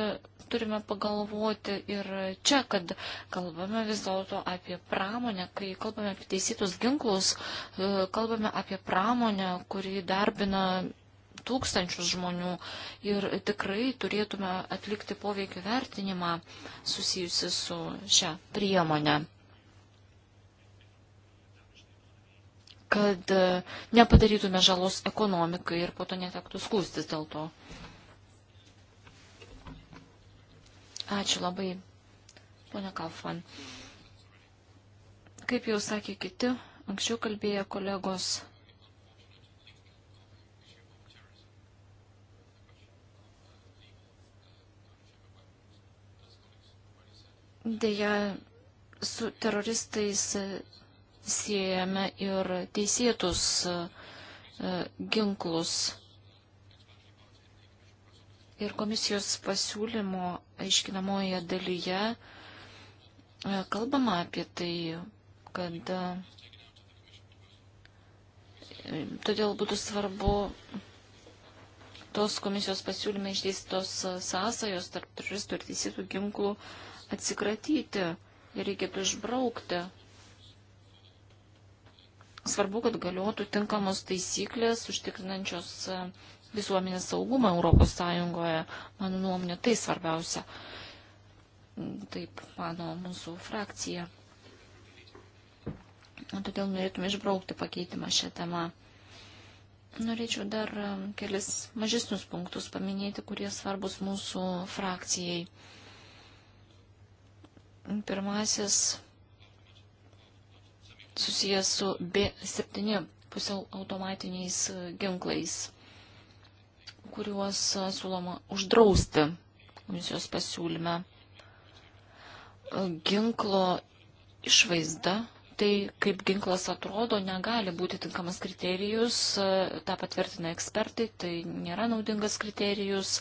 turime pagalvoti ir čia, kad kalbame vis dėlto apie pramonę, kai kalbame apie teisytus ginklus, e, kalbame apie pramonę, kuri darbina tūkstančius žmonių ir tikrai turėtume atlikti poveikio vertinimą susijusi su šią priemonę. Kad e, nepadarytume žalos ekonomikai ir po to netektų skūstis dėl to. Ačiū labai, ponia Kaufman. Kaip jau sakė kiti, anksčiau kalbėję kolegos, Deja, su teroristais siejame ir teisėtus e, ginklus Ir komisijos pasiūlymo aiškinamoje dalyje e, kalbama apie tai, kad e, todėl būtų svarbu tos komisijos pasiūlyme išdėstos sąsajos tarp teroristų ir teisėtų ginklų atsikratyti ir reikėtų išbraukti. Svarbu, kad galiotų tinkamos taisyklės užtikrinančios e, visuomenės saugumą Europos Sąjungoje. Mano nuomonė, tai svarbiausia. Taip mano mūsų frakcija. Todėl norėtume išbraukti pakeitimą šią temą. Norėčiau dar um, kelis mažesnius punktus paminėti, kurie svarbus mūsų frakcijai. Pirmasis susijęs su B7 pusiau automatiniais uh, ginklais kuriuos siūloma uždrausti komisijos pasiūlyme. Ginklo išvaizda, tai kaip ginklas atrodo, negali būti tinkamas kriterijus, tą patvirtina ekspertai, tai nėra naudingas kriterijus.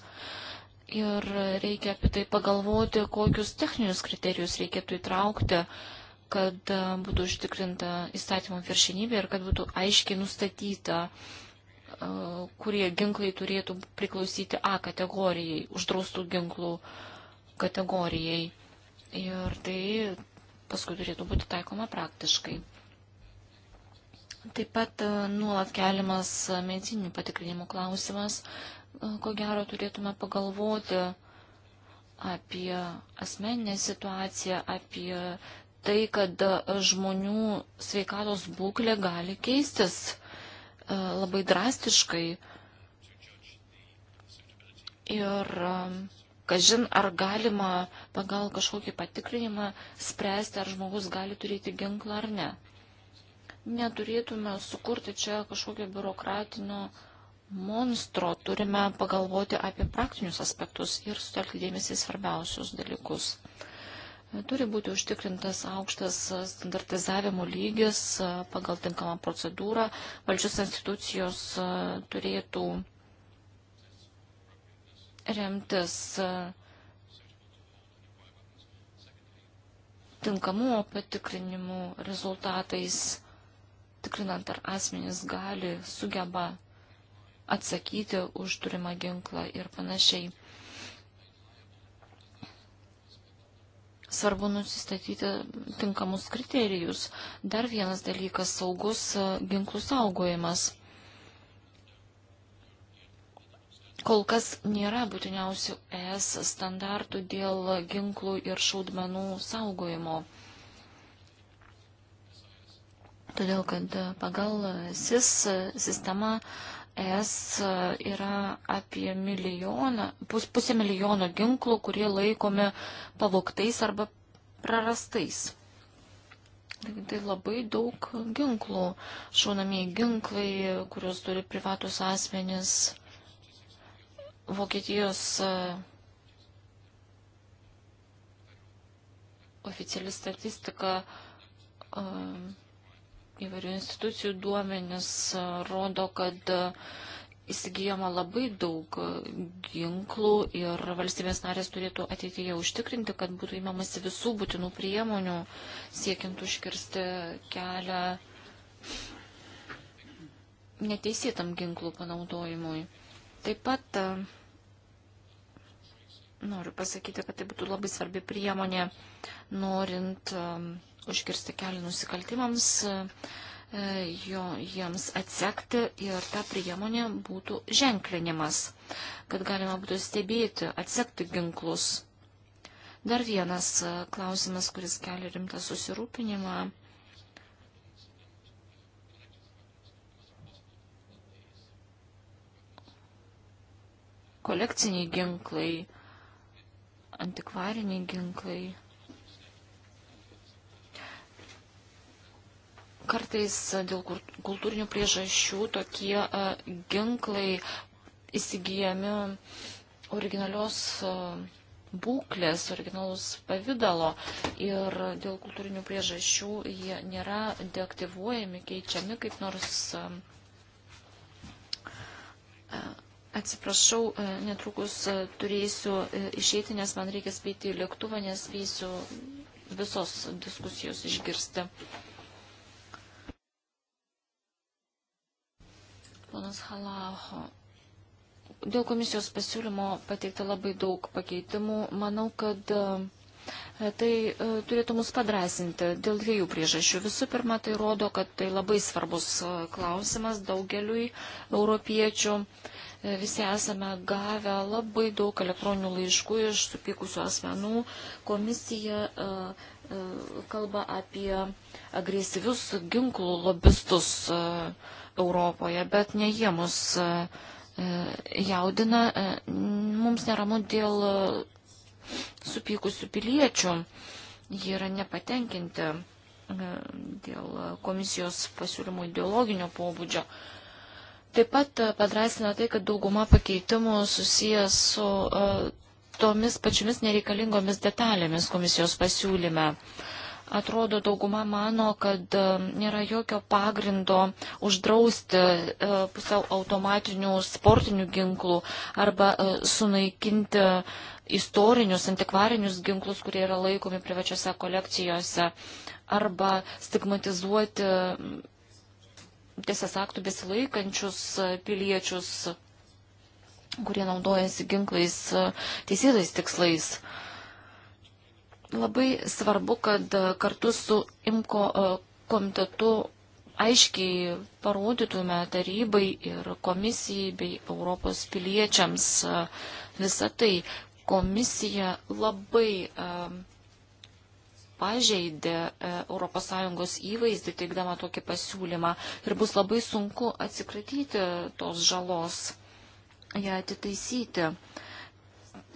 Ir reikia apie tai pagalvoti, kokius techninius kriterijus reikėtų įtraukti, kad būtų užtikrinta įstatymo viršinybė ir kad būtų aiškiai nustatyta uh, kurie ginklai turėtų priklausyti A kategorijai, uždraustų ginklų kategorijai. Ir tai paskui turėtų būti taikoma praktiškai. Taip pat e, nuolat keliamas medicininių patikrinimų klausimas, e, ko gero turėtume pagalvoti apie asmeninę situaciją, apie tai, kad žmonių sveikatos būklė gali keistis E, labai drastiškai. Ir e, kažin ar galima pagal kažkokį patikrinimą spręsti, ar žmogus gali turėti ginklą ar ne. Neturėtume sukurti čia kažkokio biurokratinio monstro, turime pagalvoti apie praktinius aspektus ir sutelkti dėmesį svarbiausius dalykus. Turi būti užtikrintas aukštas standartizavimo lygis pagal tinkamą procedūrą. Valdžios institucijos turėtų remtis tinkamumo patikrinimų rezultatais, tikrinant ar asmenys gali, sugeba atsakyti už turimą ginklą ir panašiai. Svarbu nusistatyti tinkamus kriterijus. Dar vienas dalykas - saugus e, ginklų saugojimas. Kol kas nėra būtiniausių ES standartų dėl ginklų ir šaudmenų saugojimo. Todėl, kad e, pagal SIS e, sistema ES yra apie milijoną, pus, pusę milijono ginklų, kurie laikomi pavoktais arba prarastais. Tai labai daug ginklų, šaunamieji ginklai, kuriuos turi privatus asmenys. Vokietijos e, oficiali statistika e, įvairių institucijų duomenis e, rodo, kad e, įsigijama labai daug e, ginklų ir valstybės narės turėtų ateityje užtikrinti, kad būtų įmamasi visų būtinų priemonių siekiant užkirsti kelią neteisėtam ginklų panaudojimui. Taip pat noriu pasakyti, kad tai būtų labai svarbi priemonė, norint užkirsti kelią nusikaltimams, e, jo, jiems atsekti ir ta priemonė būtų ženklinimas, kad galima būtų stebėti, atsekti ginklus. Dar vienas e, klausimas, kuris kelia rimtą susirūpinimą. kolekciniai ginklai, antikvariniai ginklai. Kartais dėl kultūrinių priežasčių tokie e, ginklai įsigijami originalios e, būklės, originalus pavydalo ir dėl kultūrinių priežasčių jie nėra deaktyvuojami, keičiami kaip nors. E, atsiprašau, netrukus turėsiu išeiti, nes man reikia spėti į lėktuvą, nes spėsiu visos diskusijos išgirsti. Ponas Halaho. Dėl komisijos pasiūlymo pateikta labai daug pakeitimų. Manau, kad e, Tai e, turėtų mus padrasinti dėl dviejų priežasčių. Visų pirma, tai rodo, kad tai labai svarbus e, klausimas daugeliui europiečių. Visi esame gavę labai daug elektroninių laiškų iš supykusių asmenų. Komisija kalba apie agresyvius ginklų lobistus Europoje, bet ne jie mus e, e, jaudina, e, mums neramu dėl supykusių piliečių, jie yra nepatenkinti dėl komisijos pasiūlymų ideologinio pobūdžio. Taip pat padrasina tai, kad dauguma pakeitimų susijęs su tomis pačiomis nereikalingomis detalėmis komisijos pasiūlyme. Uh, Atrodo, dauguma mano, kad e, nėra jokio pagrindo uždrausti e, pusiau automatinių sportinių ginklų arba e, sunaikinti istorinius, antikvarinius ginklus, kurie yra laikomi privačiose kolekcijose, arba stigmatizuoti tiesias aktų besilaikančius piliečius, kurie naudojasi ginklais teisėtais tikslais. Labai svarbu, kad e, kartu su IMKO e, komitetu aiškiai parodytume tarybai ir komisijai bei Europos piliečiams e, visą tai. Komisija labai pažeidė ES įvaizdį, teikdama tokį pasiūlymą ir bus labai sunku atsikratyti tos žalos, ją atitaisyti.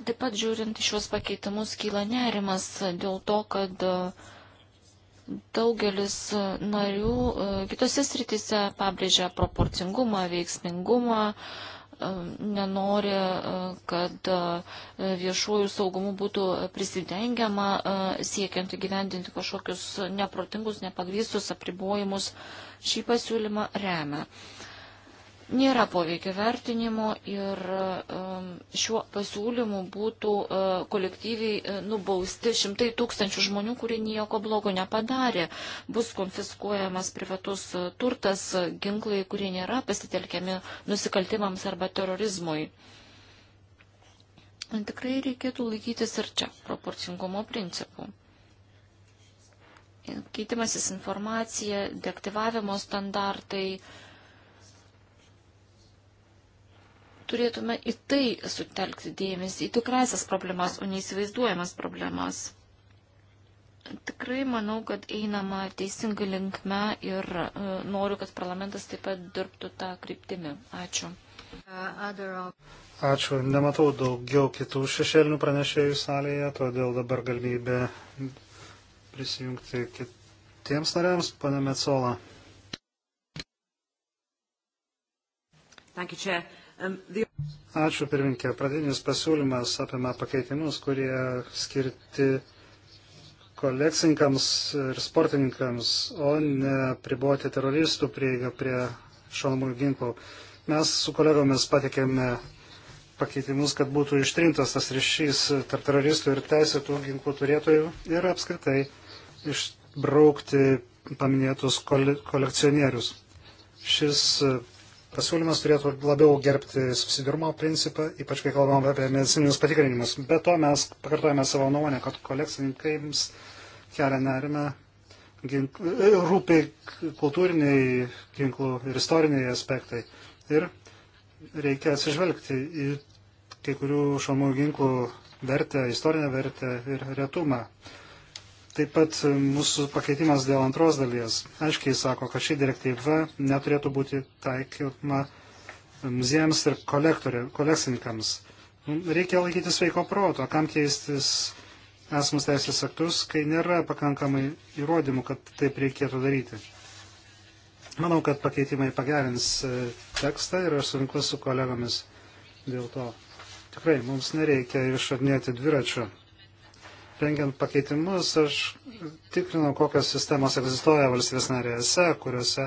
Taip pat žiūrint šios pakeitimus kyla nerimas dėl to, kad e, daugelis e, narių e, kitose sritise pabrėžia proporcingumą, veiksmingumą, nenori, kad viešuoju saugumu būtų prisidengiama siekiant įgyvendinti kažkokius neprotingus, nepagrystus apribojimus. Šį pasiūlymą remia. Nėra poveikio vertinimo ir um, šiuo pasiūlymu būtų uh, kolektyviai uh, nubausti šimtai tūkstančių žmonių, kurie nieko blogo nepadarė. Bus konfiskuojamas privatus uh, turtas, ginklai, kurie nėra pasitelkiami nusikaltimams arba terorizmui. Tikrai reikėtų laikytis ir čia proporcingumo principų keitimasis informacija, deaktyvavimo standartai, turėtume į tai sutelkti dėmesį, į tikrasias problemas, o neįsivaizduojamas problemas. Tikrai manau, kad einama teisinga linkme ir uh, noriu, kad parlamentas taip pat dirbtų tą kryptimį. Ačiū. Ačiū. Nematau daugiau kitų šešėlinių pranešėjų salėje, todėl dabar galimybė prisijungti kitiems nariams. Pane Metsola. Thank you, Chair. Um, Ačiū pirminkė. Pradinis pasiūlymas apima pakeitimus, kurie skirti kolekcininkams ir sportininkams, o ne priboti teroristų prieigą prie šaunamųjų ginklų. Mes su kolegomis patikėme pakeitimus, kad būtų ištrintas tas ryšys tarp teroristų ir teisėtų ginklų turėtojų ir apskritai išbraukti paminėtus kole kolekcionierius. Šis Pasiūlymas turėtų labiau gerbti susidirmo principą, ypač kai kalbam apie medicininius patikrinimus. Be to mes pakartojame savo nuomonę, kad kolekcininkams kelia nerime, ginkl... E, rūpi kultūriniai ginklų ir istoriniai aspektai. Ir reikia atsižvelgti į kai kurių šamų ginklų vertę, istorinę vertę ir retumą. Taip pat e, mūsų pakeitimas dėl antros dalies aiškiai sako, kad ši direktyva neturėtų būti taikymą e, muziejams ir kolekcininkams. Nu, reikia laikyti sveiko proto, kam keistis esamus teisės aktus, kai nėra pakankamai įrodymų, kad taip reikėtų daryti. Manau, kad pakeitimai pagerins e, tekstą ir aš sunku su kolegomis dėl to. Tikrai mums nereikia išradinėti dviračio rengiant pakeitimus, aš tikrinau, kokios sistemos egzistuoja valstybės narėse, kuriuose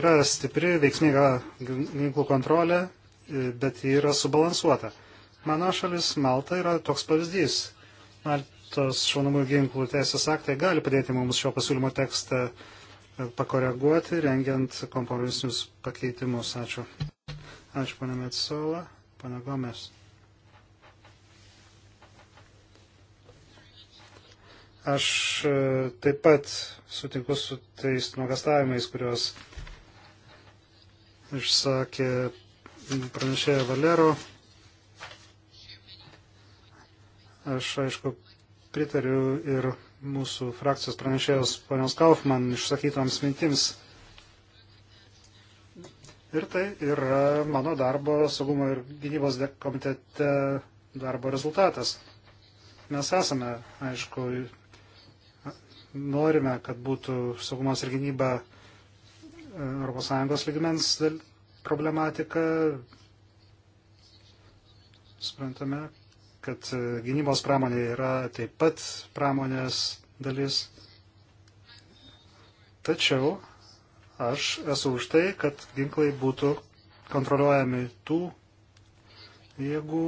yra stipri, veiksminga ginklų kontrolė, bet ji yra subalansuota. Mano šalis Malta yra toks pavyzdys. Maltos šaunamųjų ginklų teisės aktai gali padėti mums šio pasiūlymo tekstą e, pakoreguoti, rengiant kompromisinius pakeitimus. Ačiū. Ačiū, pana Metsola, pana Gomes. Aš e, taip pat sutinku su tais nuogastavimais, kuriuos išsakė pranešėja Valero. Aš, aišku, pritariu ir mūsų frakcijos pranešėjos ponios Kaufman išsakytoms mintims. Ir tai yra mano darbo saugumo ir gynybos komitete darbo rezultatas. Mes esame, aišku, norime, kad būtų saugumas ir gynyba ES lygmens problematika. Suprantame, kad e, gynybos pramonė yra taip pat pramonės dalis. Tačiau aš esu už tai, kad ginklai būtų kontroliuojami tų jėgų,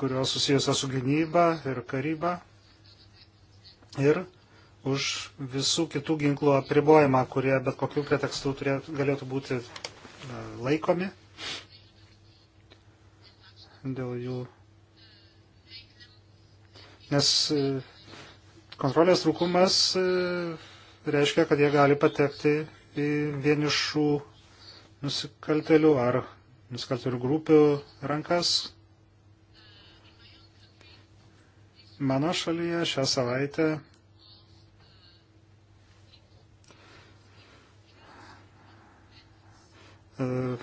kurios susijusios su gynyba ir karyba ir už visų kitų ginklų apribojimą, kurie bet kokiu pretekstu turė, galėtų būti e, laikomi dėl jų. Nes e, kontrolės trūkumas e, reiškia, kad jie gali patekti į vienišų nusikaltelių ar nusikaltelių grupių rankas, Mano šalyje šią savaitę e,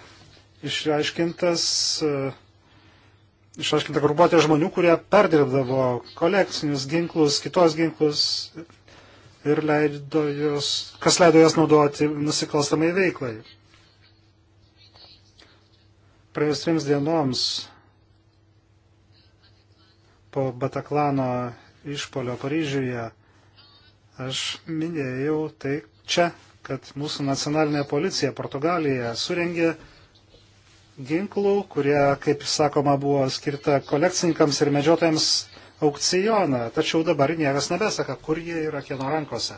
išreiškintas, e, išreiškinta grupuotė žmonių, kurie perdirbdavo kolekcinius ginklus, kitos ginklus ir leido jos, kas leido jas naudoti nusikalstamai veiklai. Praėjus trims dienoms po Bataklano išpolio Paryžiuje aš minėjau tai čia, kad mūsų nacionalinė policija Portugalija surengė ginklų, kurie, kaip sakoma, buvo skirta kolekcininkams ir medžiotojams aukcioną, tačiau dabar niekas nebesaka, kur jie yra kieno rankose.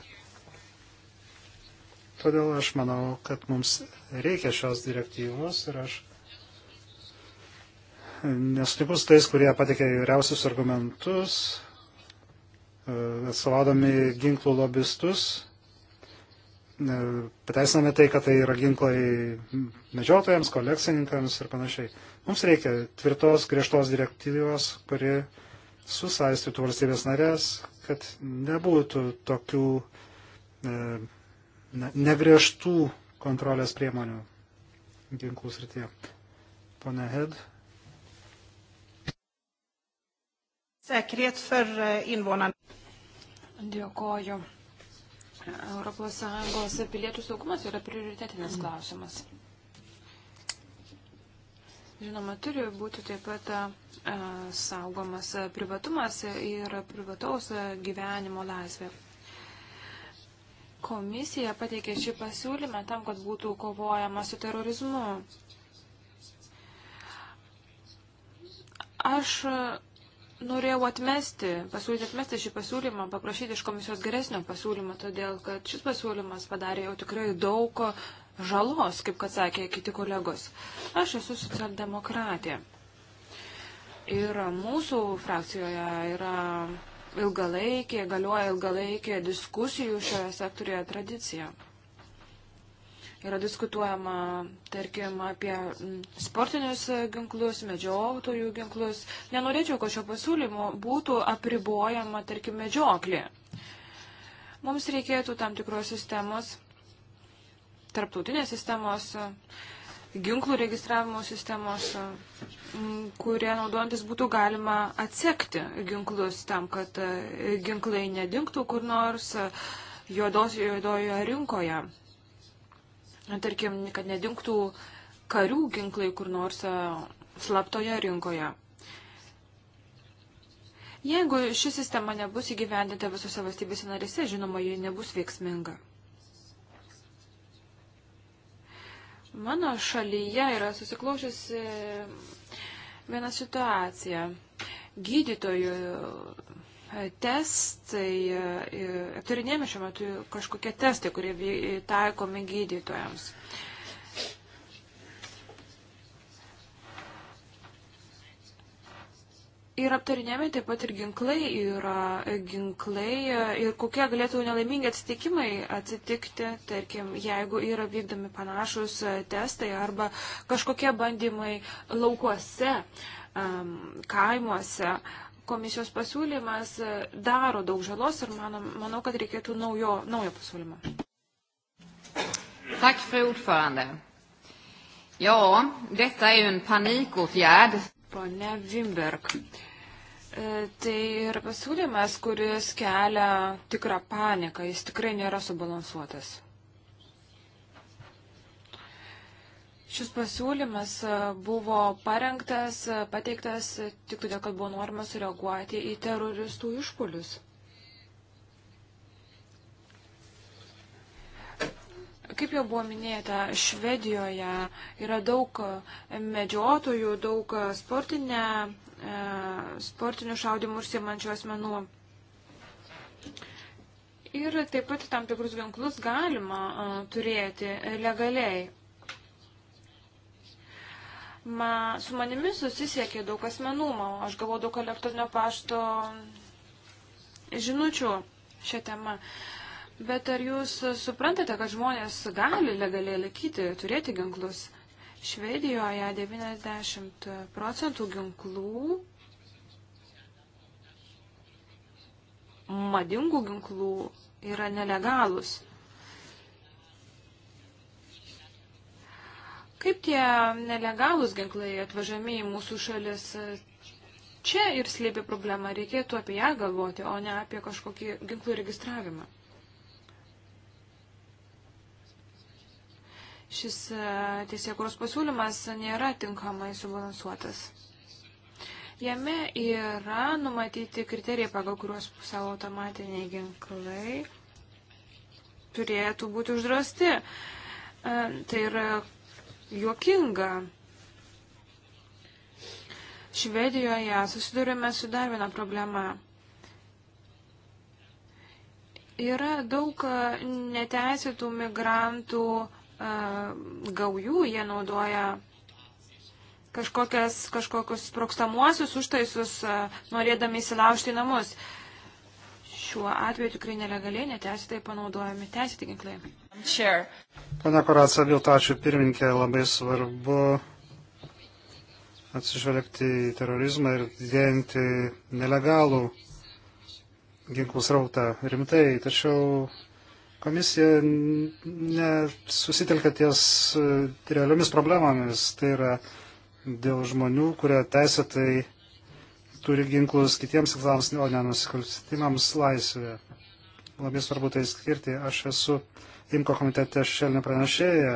Todėl aš manau, kad mums reikia šios direktyvos ir aš nesutiku su tais, kurie patikė įvairiausius argumentus, e, atstovaudami ginklų lobistus. E, pateisiname tai, kad tai yra ginklai medžiotojams, kolekcininkams ir panašiai. Mums reikia tvirtos, griežtos direktyvos, kuri susaistytų valstybės narės, kad nebūtų tokių e, negriežtų kontrolės priemonių ginklų srityje. Pone Hed. Säkerhet för eh, invånarna. Dėkoju. ES piliečių saugumas yra prioritetinis klausimas. Žinoma, turi būti taip pat saugomas privatumas ir privataus gyvenimo laisvė. Komisija pateikė šį pasiūlymą tam, kad būtų kovojama su terorizmu. Aš norėjau atmesti, pasiūlyti atmesti šį pasiūlymą, paprašyti iš komisijos geresnio pasiūlymo, todėl kad šis pasiūlymas padarė jau tikrai daug žalos, kaip kad sakė kiti kolegos. Aš esu socialdemokratė. Ir mūsų frakcijoje yra ilgalaikė, galioja ilgalaikė diskusijų šioje sektorijoje tradicija. Yra diskutuojama, tarkim, apie mm, sportinius ginklus, medžiotojų ginklus. Nenorėčiau, kad šio pasiūlymo būtų apribojama, tarkim, medžioklė. Mums reikėtų tam tikros sistemos, tarptautinės sistemos, ginklų registravimo sistemos, mm, kurie naudojantis būtų galima atsekti ginklus tam, kad e, ginklai nedingtų kur nors e, juodos, juodojoje rinkoje tarkim, kad nedingtų karių ginklai kur nors e, slaptoje rinkoje. Jeigu ši sistema nebus įgyvendinta visose valstybėse narėse, žinoma, ji nebus veiksminga. Mano šalyje yra susiklošusi e, viena situacija. Gydytojų testai, e, e, aptarinėjami šiuo metu kažkokie testai, kurie taikomi gydytojams. Ir aptarinėjami taip pat ir ginklai, yra ginklai e, ir kokie galėtų nelaimingi atsitikimai atsitikti, tarkim, jeigu yra vykdomi panašus testai arba kažkokie bandymai laukuose, um, kaimuose, uh, komisijos pasiūlymas daro daug žalos ir mano, manau, kad reikėtų naujo, naujo pasiūlymo. Tack för ordförande. Ja, detta är ju en panikåtgärd. Pane Wimberg. E, tai yra pasiūlymas, kuris kelia tikrą paniką, jis tikrai nėra subalansuotas. Šis pasiūlymas e, buvo parengtas, e, pateiktas tik todėl, kad buvo norima sureaguoti į teroristų išpolius. Kaip jau buvo minėta, Švedijoje yra daug medžiotojų, daug sportinę, e, sportinių šaudimų užsimančių asmenų. Ir taip pat tam tikrus ginklus galima turėti legaliai. Ma, su manimi susisiekė daug asmenų, man, aš gavau daug elektroninio pašto žinučių šią temą. Bet ar jūs suprantate, kad žmonės gali legaliai laikyti, turėti ginklus? Švedijoje 90 procentų ginklų, madingų ginklų yra nelegalus. Kaip tie nelegalūs ginklai atvažiami į mūsų šalis? Čia ir slėpia problema, reikėtų apie ją galvoti, o ne apie kažkokį ginklų registravimą. Šis e, teisėkuros pasiūlymas nėra tinkamai subalansuotas. Jame yra numatyti kriterijai, pagal kuriuos pusiau automatiniai ginklai turėtų būti uždrausti. E, tai yra juokinga. Švedijoje susidurime su dar viena problema. Yra daug e, neteisėtų migrantų e, gaujų, jie naudoja kažkokias, kažkokius sprokstamuosius užtaisus, e, norėdami įsilaužti į namus šiuo atveju tikrai nelegaliai neteisėtai panaudojami teisėti ginklai. Sure. Pane Koratsa, Viltačių pirmininkė, labai svarbu atsižvelgti į terorizmą ir didėjantį nelegalų ginklų srautą rimtai, tačiau komisija nesusitelkia ties e, realiomis problemomis, tai yra dėl žmonių, kurie teisėtai turi ginklus kitiems tikslams, o ne nusikaltimams laisvė. Labai svarbu tai skirti. Aš esu Imko komitete šelnė pranešėja,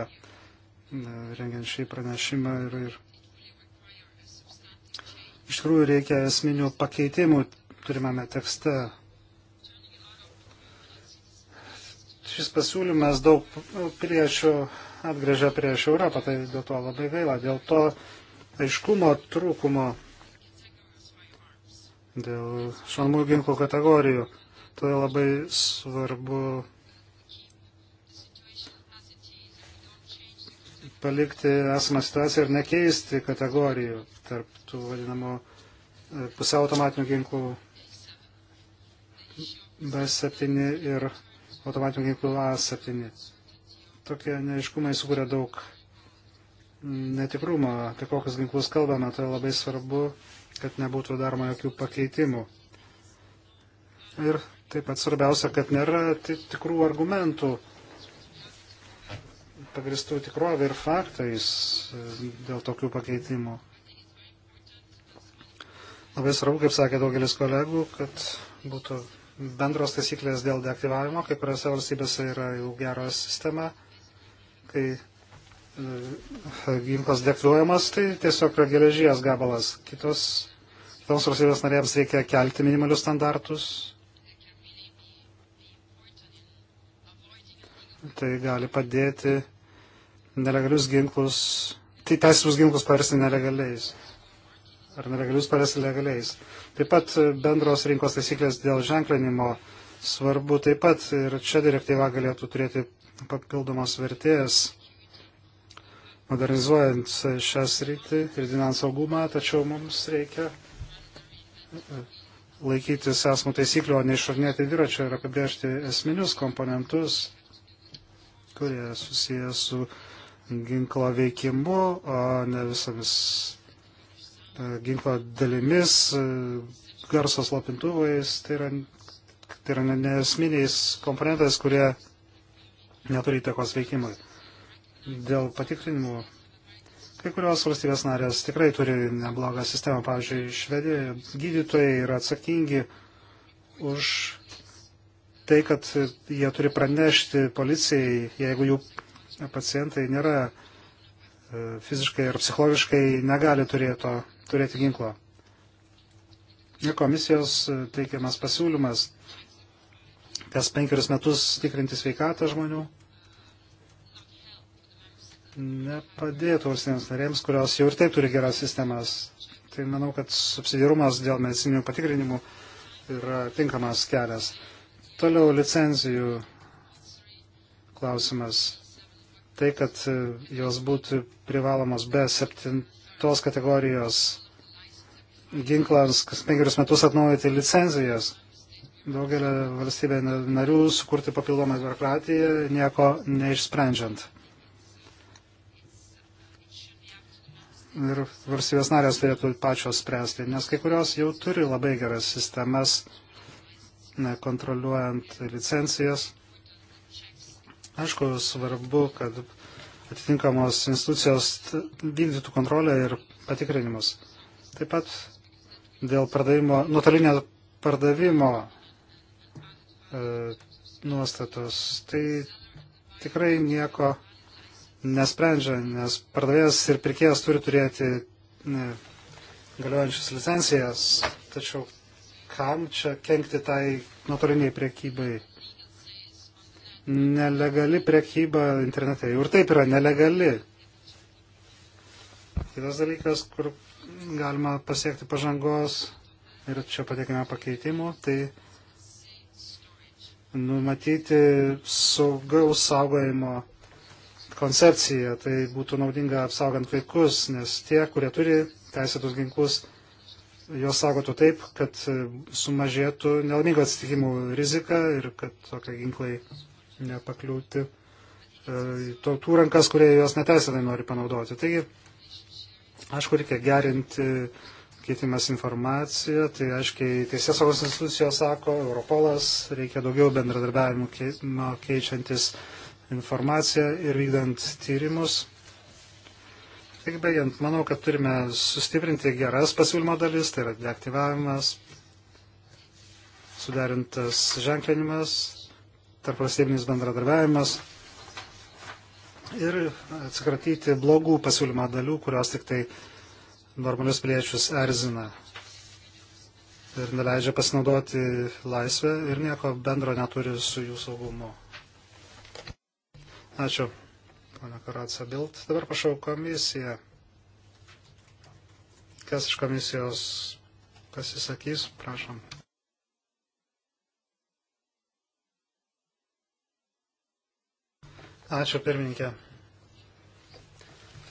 rengiant šį pranešimą ir, ir iš tikrųjų reikia esminių pakeitimų turimame tekste. Šis pasiūlymas daug piliečių atgrėžia prieš Europą, tai dėl to labai gaila. Dėl to aiškumo trūkumo dėl šalmų ginklų kategorijų. Todėl tai labai svarbu palikti esamą situaciją ir nekeisti kategorijų tarp tų vadinamų e, pusiau automatinių ginklų B7 ir automatinių ginklų A7. Tokie neiškumai sukuria daug netikrumo, apie kokius ginklus kalbame, tai labai svarbu, kad nebūtų daroma jokių pakeitimų. Ir taip pat svarbiausia, kad nėra tikrų argumentų pagristų tikrovė ir faktais e, dėl tokių pakeitimų. Labai svarbu, kaip sakė daugelis kolegų, kad būtų bendros taisyklės dėl deaktyvavimo, kai kuriuose valstybėse yra jau gera sistema, kai ginklas deklaruojamas, tai tiesiog yra geležies gabalas. Kitos, kitoms valstybės narėms reikia kelti minimalius standartus. Tai gali padėti nelegalius ginklus, tai teisėtus ginklus paversti nelegaliais. Ar nelegalius paversti legaliais. Taip pat bendros rinkos taisyklės dėl ženklinimo svarbu taip pat ir čia direktyva galėtų turėti papildomos vertės modernizuojant šią sritį ir dinant saugumą, tačiau mums reikia e, laikytis esmų taisyklių, o ne išradinėti dviračio ir apibriežti esminius komponentus, kurie susijęs su ginklo veikimu, o ne visomis e, ginklo dalimis, e, garso slopintuvais. Tai yra, tai yra nesminiais komponentais, kurie neturi įtakos veikimui dėl patikrinimų. Kai kurios valstybės narės tikrai turi neblogą sistemą. Pavyzdžiui, Švedijoje gydytojai yra atsakingi už tai, kad jie turi pranešti policijai, jeigu jų pacientai nėra e, fiziškai ar psichologiškai negali turėto, turėti ginklo. Ir komisijos e, teikiamas pasiūlymas kas penkerius metus tikrinti sveikatą žmonių nepadėtų valstybėms narėms, kurios jau ir taip turi geras sistemas. Tai manau, kad subsidiarumas dėl medicininių patikrinimų yra tinkamas kelias. Toliau licenzijų klausimas. Tai, kad e, jos būtų privalomos be septintos kategorijos ginklams kas penkerius metus atnaujinti licenzijas. Daugelio valstybė narių sukurti papildomą biurokratiją, nieko neišsprendžiant. ir valstybės narės turėtų pačios spręsti, nes kai kurios jau turi labai geras sistemas ne, kontroliuojant licencijas. Aišku, svarbu, kad atitinkamos institucijos vykdytų kontrolę ir patikrinimus. Taip pat dėl pardavimo, nuotolinio pardavimo e, nuostatos, tai tikrai nieko nesprendžia, nes pardavėjas ir pirkėjas turi turėti ne, galiojančias licencijas, tačiau kam čia kenkti tai nuotoliniai priekybai? Nelegali priekyba internete jau ir taip yra nelegali. Kitas dalykas, kur galima pasiekti pažangos ir čia pateikime pakeitimų, tai numatyti saugaus saugojimo koncepciją. Tai būtų naudinga apsaugant vaikus, nes tie, kurie turi teisėtus ginklus, juos saugotų taip, kad e, sumažėtų nelaimingų atsitikimų rizika ir kad tokie ginklai nepakliūti e, tautų rankas, kurie juos neteisėtai nori panaudoti. Taigi, aišku, reikia gerinti keitimas informaciją, tai aiškiai Teisės saugos institucijos sako, Europolas, reikia daugiau bendradarbiavimo keičiantis informaciją ir vykdant tyrimus. Tik baigiant, manau, kad turime sustiprinti geras pasiūlymo dalis, tai yra deaktyvavimas, suderintas ženklinimas, tarpvalstybinis bendradarbiavimas ir atsikratyti blogų pasiūlymo dalių, kurios tik tai normalius piliečius erzina ir neleidžia pasinaudoti laisvę ir nieko bendro neturi su jų saugumu. Ačiū, pana Karatsa Bild. Dabar prašau komisiją. Kas iš komisijos pasisakys, prašom. Ačiū pirmininkė.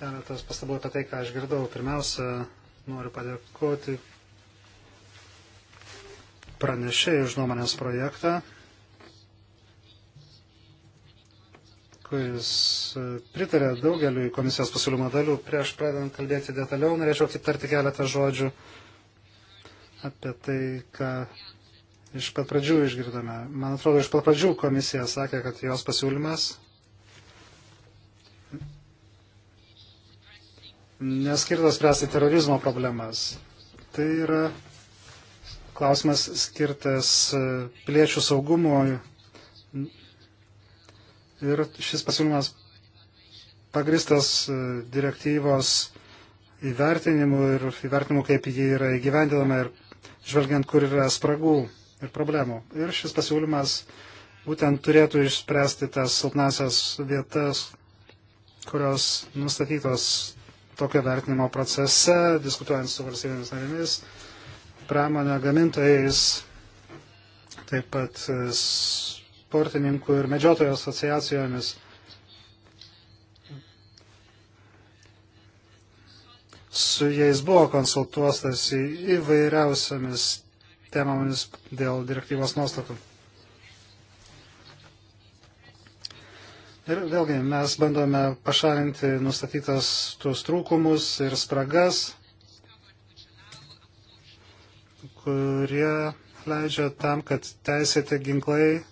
Keletas pastabų apie tai, ką aš girdau. Pirmiausia, noriu padėkoti pranešėjai už nuomonės projektą. kuris e, pritarė daugeliu komisijos pasiūlymo dalių. Prieš pradedant kalbėti detaliau, norėčiau aptarti keletą žodžių apie tai, ką iš pat pradžių išgirdome. Man atrodo, iš pat pradžių komisija sakė, kad jos pasiūlymas neskirtas spręsti terorizmo problemas. Tai yra klausimas skirtas e, piliečių saugumui Ir šis pasiūlymas pagristas e, direktyvos įvertinimu ir įvertinimu, kaip ji yra įgyvendinama ir žvelgiant, kur yra spragų ir problemų. Ir šis pasiūlymas būtent turėtų išspręsti tas silpnasias vietas, kurios nustatytos tokio vertinimo procese, diskutuojant su valstybėmis narėmis, pramonė gamintojais, taip pat e, sportininkų ir medžiotojų asociacijomis. Su jais buvo konsultuostas įvairiausiamis temomis dėl direktyvos nuostatų. Ir vėlgi mes bandome pašalinti nustatytas tuos trūkumus ir spragas, kurie leidžia tam, kad teisėti ginklai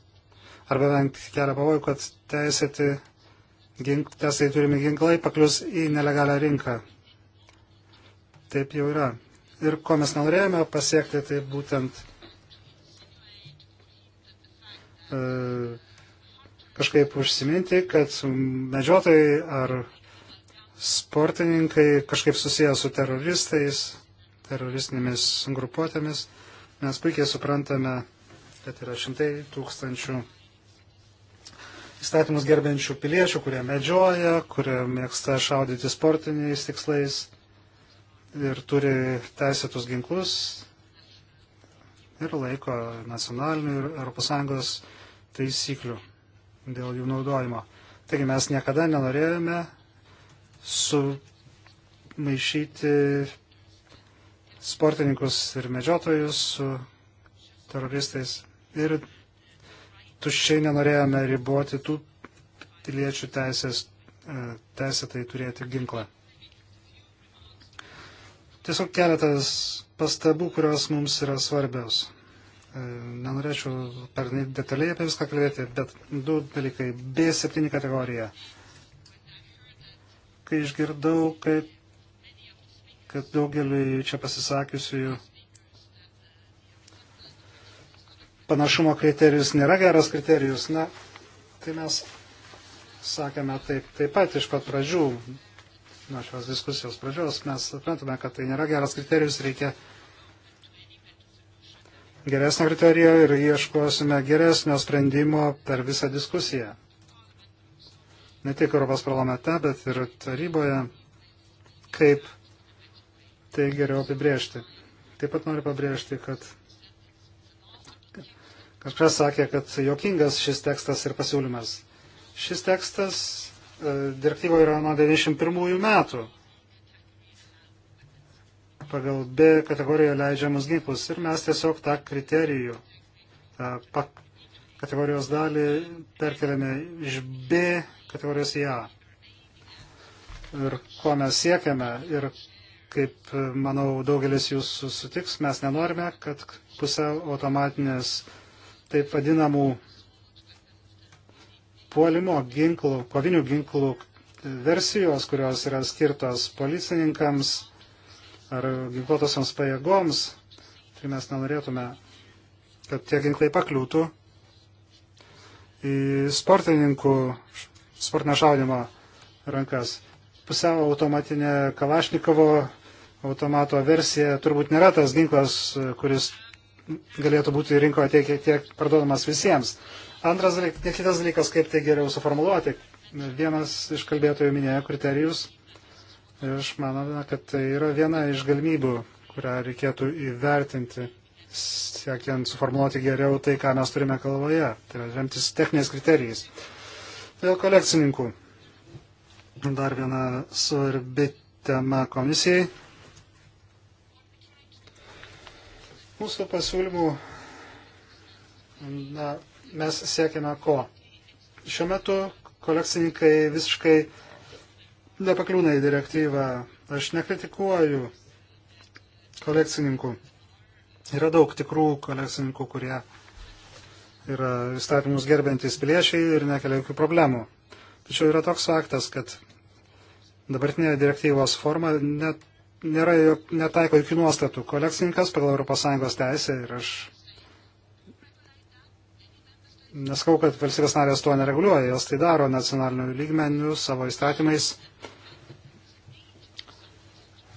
arba bent kelia pavojų, kad teisėti, gink, teisėti turimi ginklai paklius į nelegalią rinką. Taip jau yra. Ir ko mes norėjome pasiekti, tai būtent e, kažkaip užsiminti, kad medžiotojai ar sportininkai kažkaip susiję su teroristais, teroristinėmis grupuotėmis. Mes puikiai suprantame, kad yra šimtai tūkstančių įstatymus gerbiančių piliečių, kurie medžioja, kurie mėgsta šaudyti sportiniais tikslais ir turi teisėtus ginklus ir laiko nacionalinių ir ES taisyklių dėl jų naudojimo. Taigi mes niekada nenorėjome sumaišyti sportininkus ir medžiotojus su teroristais. Ir tuščiai nenorėjome riboti tų piliečių teisės e, teisėtai turėti ginklą. Tiesiog keletas pastabų, kurios mums yra svarbios. E, nenorėčiau per detaliai apie viską kalbėti, bet du dalykai. B7 kategorija. Kai išgirdau, kad, kad daugeliu čia pasisakiusiųjų panašumo kriterijus nėra geras kriterijus, na, tai mes sakėme taip, taip pat iš pat pradžių, nuo šios diskusijos pradžios, mes atmetame, kad tai nėra geras kriterijus, reikia geresnio kriterijo ir ieškosime geresnio sprendimo per visą diskusiją. Ne tik Europos parlamente, bet ir taryboje, kaip tai geriau apibriežti. Taip pat noriu pabrėžti, kad Kažkas sakė, kad jokingas šis tekstas ir pasiūlymas. Šis tekstas e, direktyvoje yra nuo 91 metų. Pagal B kategoriją leidžiamus ginklus. Ir mes tiesiog tą kriterijų, tą pak, kategorijos dalį perkeliame iš B kategorijos į A. Ir ko mes siekiame ir kaip, manau, daugelis jūsų sutiks, mes nenorime, kad pusiau automatinės taip vadinamų puolimo ginklų, kovinių ginklų versijos, kurios yra skirtos policininkams ar ginkluotosiams pajėgoms. Tai mes nenorėtume, kad tie ginklai pakliūtų į sportininkų sportinio šaudimo rankas. Pusiau automatinė Kalašnikovo automato versija turbūt nėra tas ginklas, kuris galėtų būti rinkoje tiek, tiek parduodamas visiems. Antras dalykas, kitas dalykas, kaip tai geriau suformuluoti. Vienas iš kalbėtojų minėjo kriterijus ir aš manau, kad tai yra viena iš galimybių, kurią reikėtų įvertinti, siekiant suformuluoti geriau tai, ką mes turime kalvoje, tai yra remtis techniniais kriterijais. Dėl kolekcininkų. Dar viena svarbi tema komisijai Mūsų pasiūlymų na, mes siekiame ko? Šiuo metu kolekcininkai visiškai nepakliūna į direktyvą. Aš nekritikuoju kolekcininkų. Yra daug tikrų kolekcininkų, kurie yra įstatymus gerbiantys piliečiai ir nekelia jokių problemų. Tačiau yra toks faktas, kad dabartinė direktyvos forma net nėra, netaiko jokių nuostatų. Kolekcininkas pagal ES teisę ir aš neskau, kad valstybės narės tuo nereguliuoja, jos tai daro nacionaliniu lygmeniu savo įstatymais.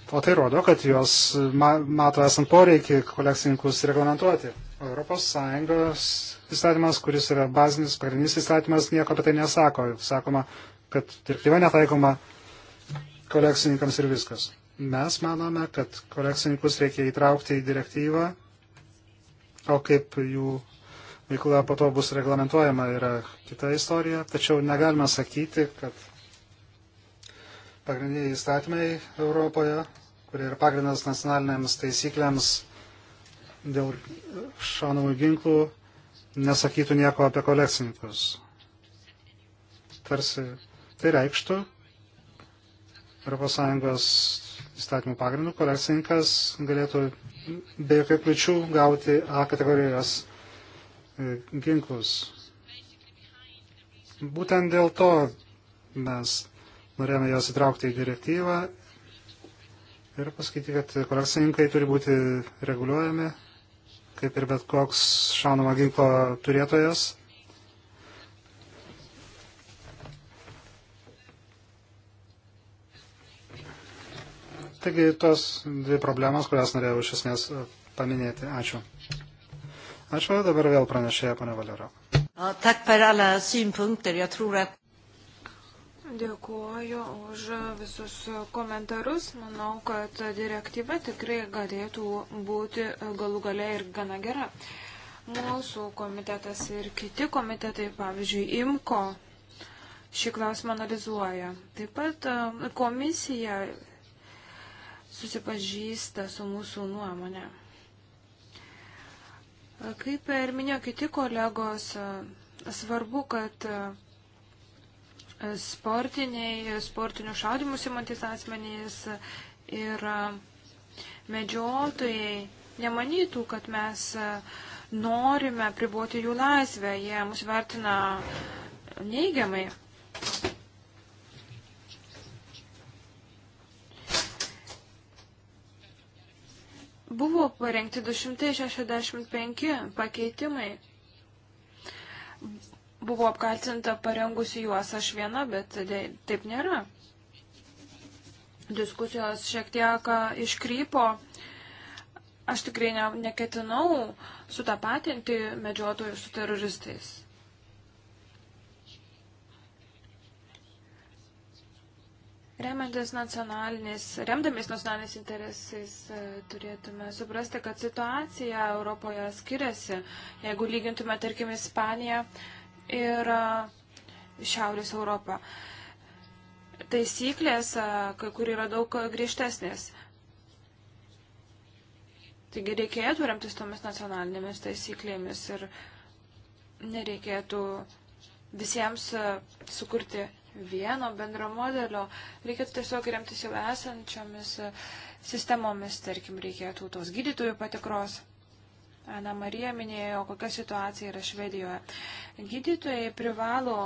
O tai rodo, kad jos ma mato esant poreikį kolekcininkus reglamentuoti. ES įstatymas, kuris yra bazinis, pagrindinis įstatymas, nieko apie tai nesako. Sakoma, kad direktyva netaikoma kolekcininkams ir viskas. Mes manome, kad kolekcininkus reikia įtraukti į direktyvą, o kaip jų veikla po to bus reglamentuojama yra kita istorija, tačiau negalime sakyti, kad pagrindiniai įstatymai Europoje, kurie yra pagrindas nacionalinėms taisyklėms dėl šaunamų ginklų, nesakytų nieko apie kolekcininkus. Tarsi tai reikštų ES įstatymų pagrindų kolekcininkas galėtų be jokių kliučių gauti A kategorijos e, ginklus. Būtent dėl to mes norėjome jos įtraukti į direktyvą ir pasakyti, kad kolekcininkai turi būti reguliuojami, kaip ir bet koks šaunamo ginklo turėtojas Taigi tos dvi problemos, kurias norėjau iš esmės e, paminėti. Ačiū. Ačiū, dabar vėl pranešėja, pane Valero. Dėkuoju už visus komentarus. Manau, kad direktyva tikrai galėtų būti galų gale ir gana gera. Mūsų komitetas ir kiti komitetai, pavyzdžiui, IMKO, šį klausimą analizuoja. Taip pat e, komisija susipažįsta su mūsų nuomonė. Kaip ir minėjo kiti kolegos, svarbu, kad sportiniai, sportinių šaudimų simantis asmenys ir medžiotojai nemanytų, kad mes norime priboti jų laisvę, jie mus vertina neigiamai. Buvo parengti 265 pakeitimai. Buvo apkaltinta parengusi juos aš viena, bet taip nėra. Diskusijos šiek tiek iškrypo. Aš tikrai ne, neketinau sutapatinti medžiotojų su teroristais. Remantis nacionaliniais, remdamis nacionaliniais interesais e, turėtume suprasti, kad situacija Europoje skiriasi, jeigu lygintume, tarkim, Ispaniją ir e, Šiaurės Europą. Taisyklės, e, kai kur yra daug griežtesnės. Taigi reikėtų remtis tomis nacionalinėmis taisyklėmis ir nereikėtų visiems sukurti vieno bendro modelio, reikėtų tiesiog remtis jau esančiomis e, sistemomis, tarkim, reikėtų tos gydytojų patikros. Ana Marija minėjo, kokia situacija yra Švedijoje. Gydytojai privalo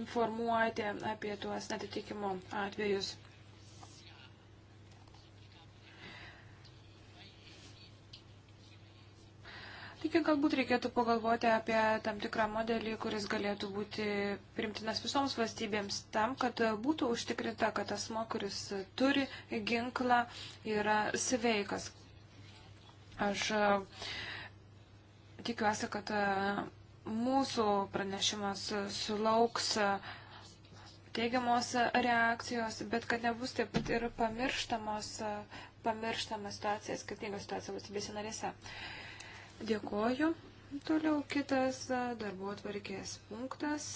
informuoti apie tuos netitikimo atvejus. Taigi galbūt reikėtų pagalvoti apie tam tikrą modelį, kuris galėtų būti primtinas visoms valstybėms tam, kad būtų užtikrinta, kad asmo, kuris turi ginklą, yra sveikas. Aš e, tikiuosi, kad e, mūsų pranešimas sulauks e, teigiamos reakcijos, bet kad nebus taip pat ir pamirštamos, pamirštama situacija, skirtinga situacija valstybėse narėse. Uh, Dėkoju. Toliau kitas darbo atvarkės punktas.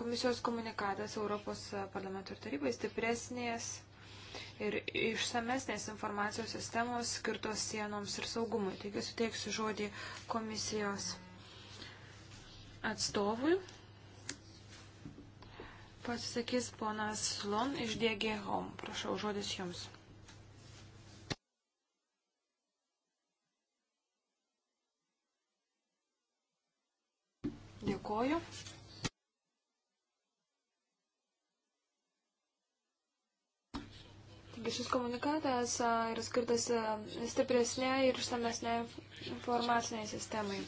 Komisijos komunikatas Europos parlamento ir tarybai stipresnės ir išsamesnės informacijos sistemos skirtos sienoms ir saugumui. Taigi suteiksiu žodį komisijos atstovui. Pasisakys ponas Slon iš DG Home. Prašau, žodis jums. Dėkoju. Taigi šis komunikatas yra skirtas stipresniai ir išsamesniai informaciniai sistemai.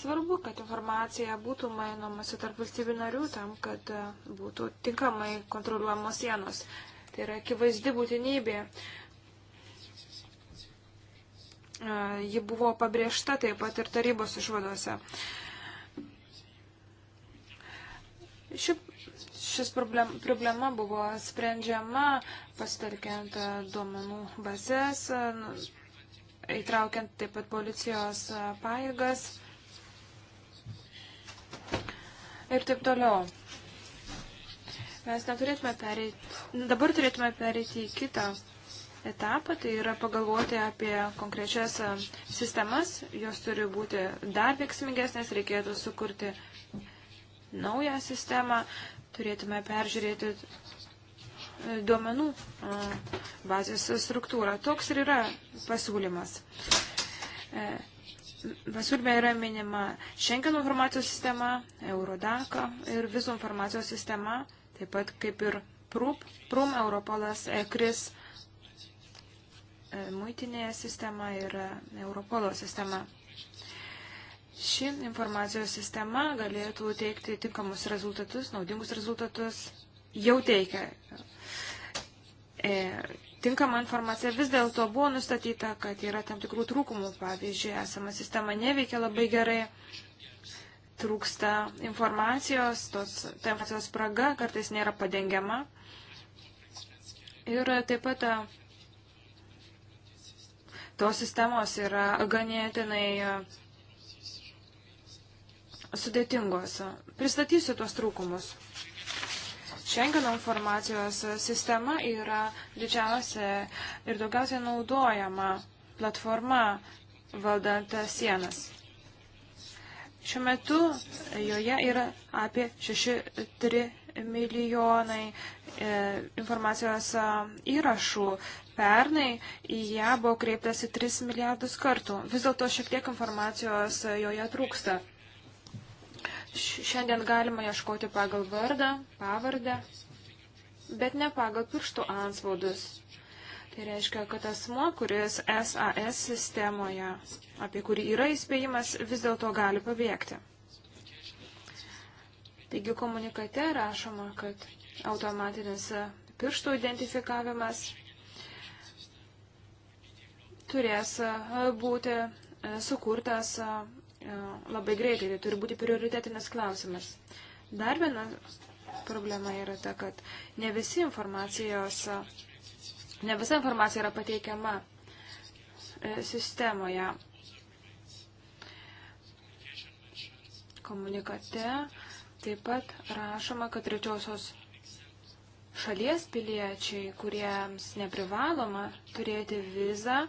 Svarbu, kad informacija būtų mainomasi tarp valstybių narių tam, kad būtų tinkamai kontroliuojamos sienos. Tai yra akivaizdi būtinybė. Ji buvo pabrėžta taip pat ir tarybos išvadose. Ši, šis problem, problema buvo sprendžiama pasitelkiant e, duomenų bazės, e, įtraukiant taip pat policijos e, pajėgas ir taip toliau. Mes neturėtume pereiti, dabar turėtume pereiti į kitą etapą, tai yra pagalvoti apie konkrečias sistemas, jos turi būti dar veiksmingesnės, reikėtų sukurti naują sistemą, turėtume peržiūrėti e, duomenų e, bazės struktūrą. Toks ir yra pasiūlymas. E, pasiūlyme yra minima Schengen informacijos sistema, Eurodaka ir vizų informacijos sistema, taip pat kaip ir PRUP, PRUM, Europolas, ECRIS, muitinėje sistema ir Europolo sistema. Ši informacijos sistema galėtų teikti tinkamus rezultatus, naudingus rezultatus, jau teikia. E, tinkama informacija vis dėlto buvo nustatyta, kad yra tam tikrų trūkumų. Pavyzdžiui, esama sistema neveikia labai gerai, trūksta informacijos, tos, ta informacijos spraga kartais nėra padengiama. Ir taip pat tos sistemos yra ganėtinai sudėtingos. Pristatysiu tuos trūkumus. Šengeno informacijos sistema yra didžiausia ir daugiausiai naudojama platforma valdant sienas. Šiuo metu joje yra apie 6-3 milijonai e, informacijos e, įrašų. Pernai į ją buvo kreiptasi 3 milijardus kartų. Vis dėlto šiek tiek informacijos e, joje trūksta. Šiandien galima ieškoti pagal vardą, pavardę, bet ne pagal pirštų ansvaudus. Tai reiškia, kad asmo, kuris SAS sistemoje, apie kurį yra įspėjimas, vis dėlto gali pabėgti. Taigi komunikate rašoma, kad automatinis pirštų identifikavimas turės būti sukurtas E, labai greitai, tai turi būti prioritetinis klausimas. Dar viena problema yra ta, kad ne visi informacijos, ne visa informacija yra pateikiama e, sistemoje. Komunikate taip pat rašoma, kad trečiosios šalies piliečiai, kuriems neprivaloma turėti vizą,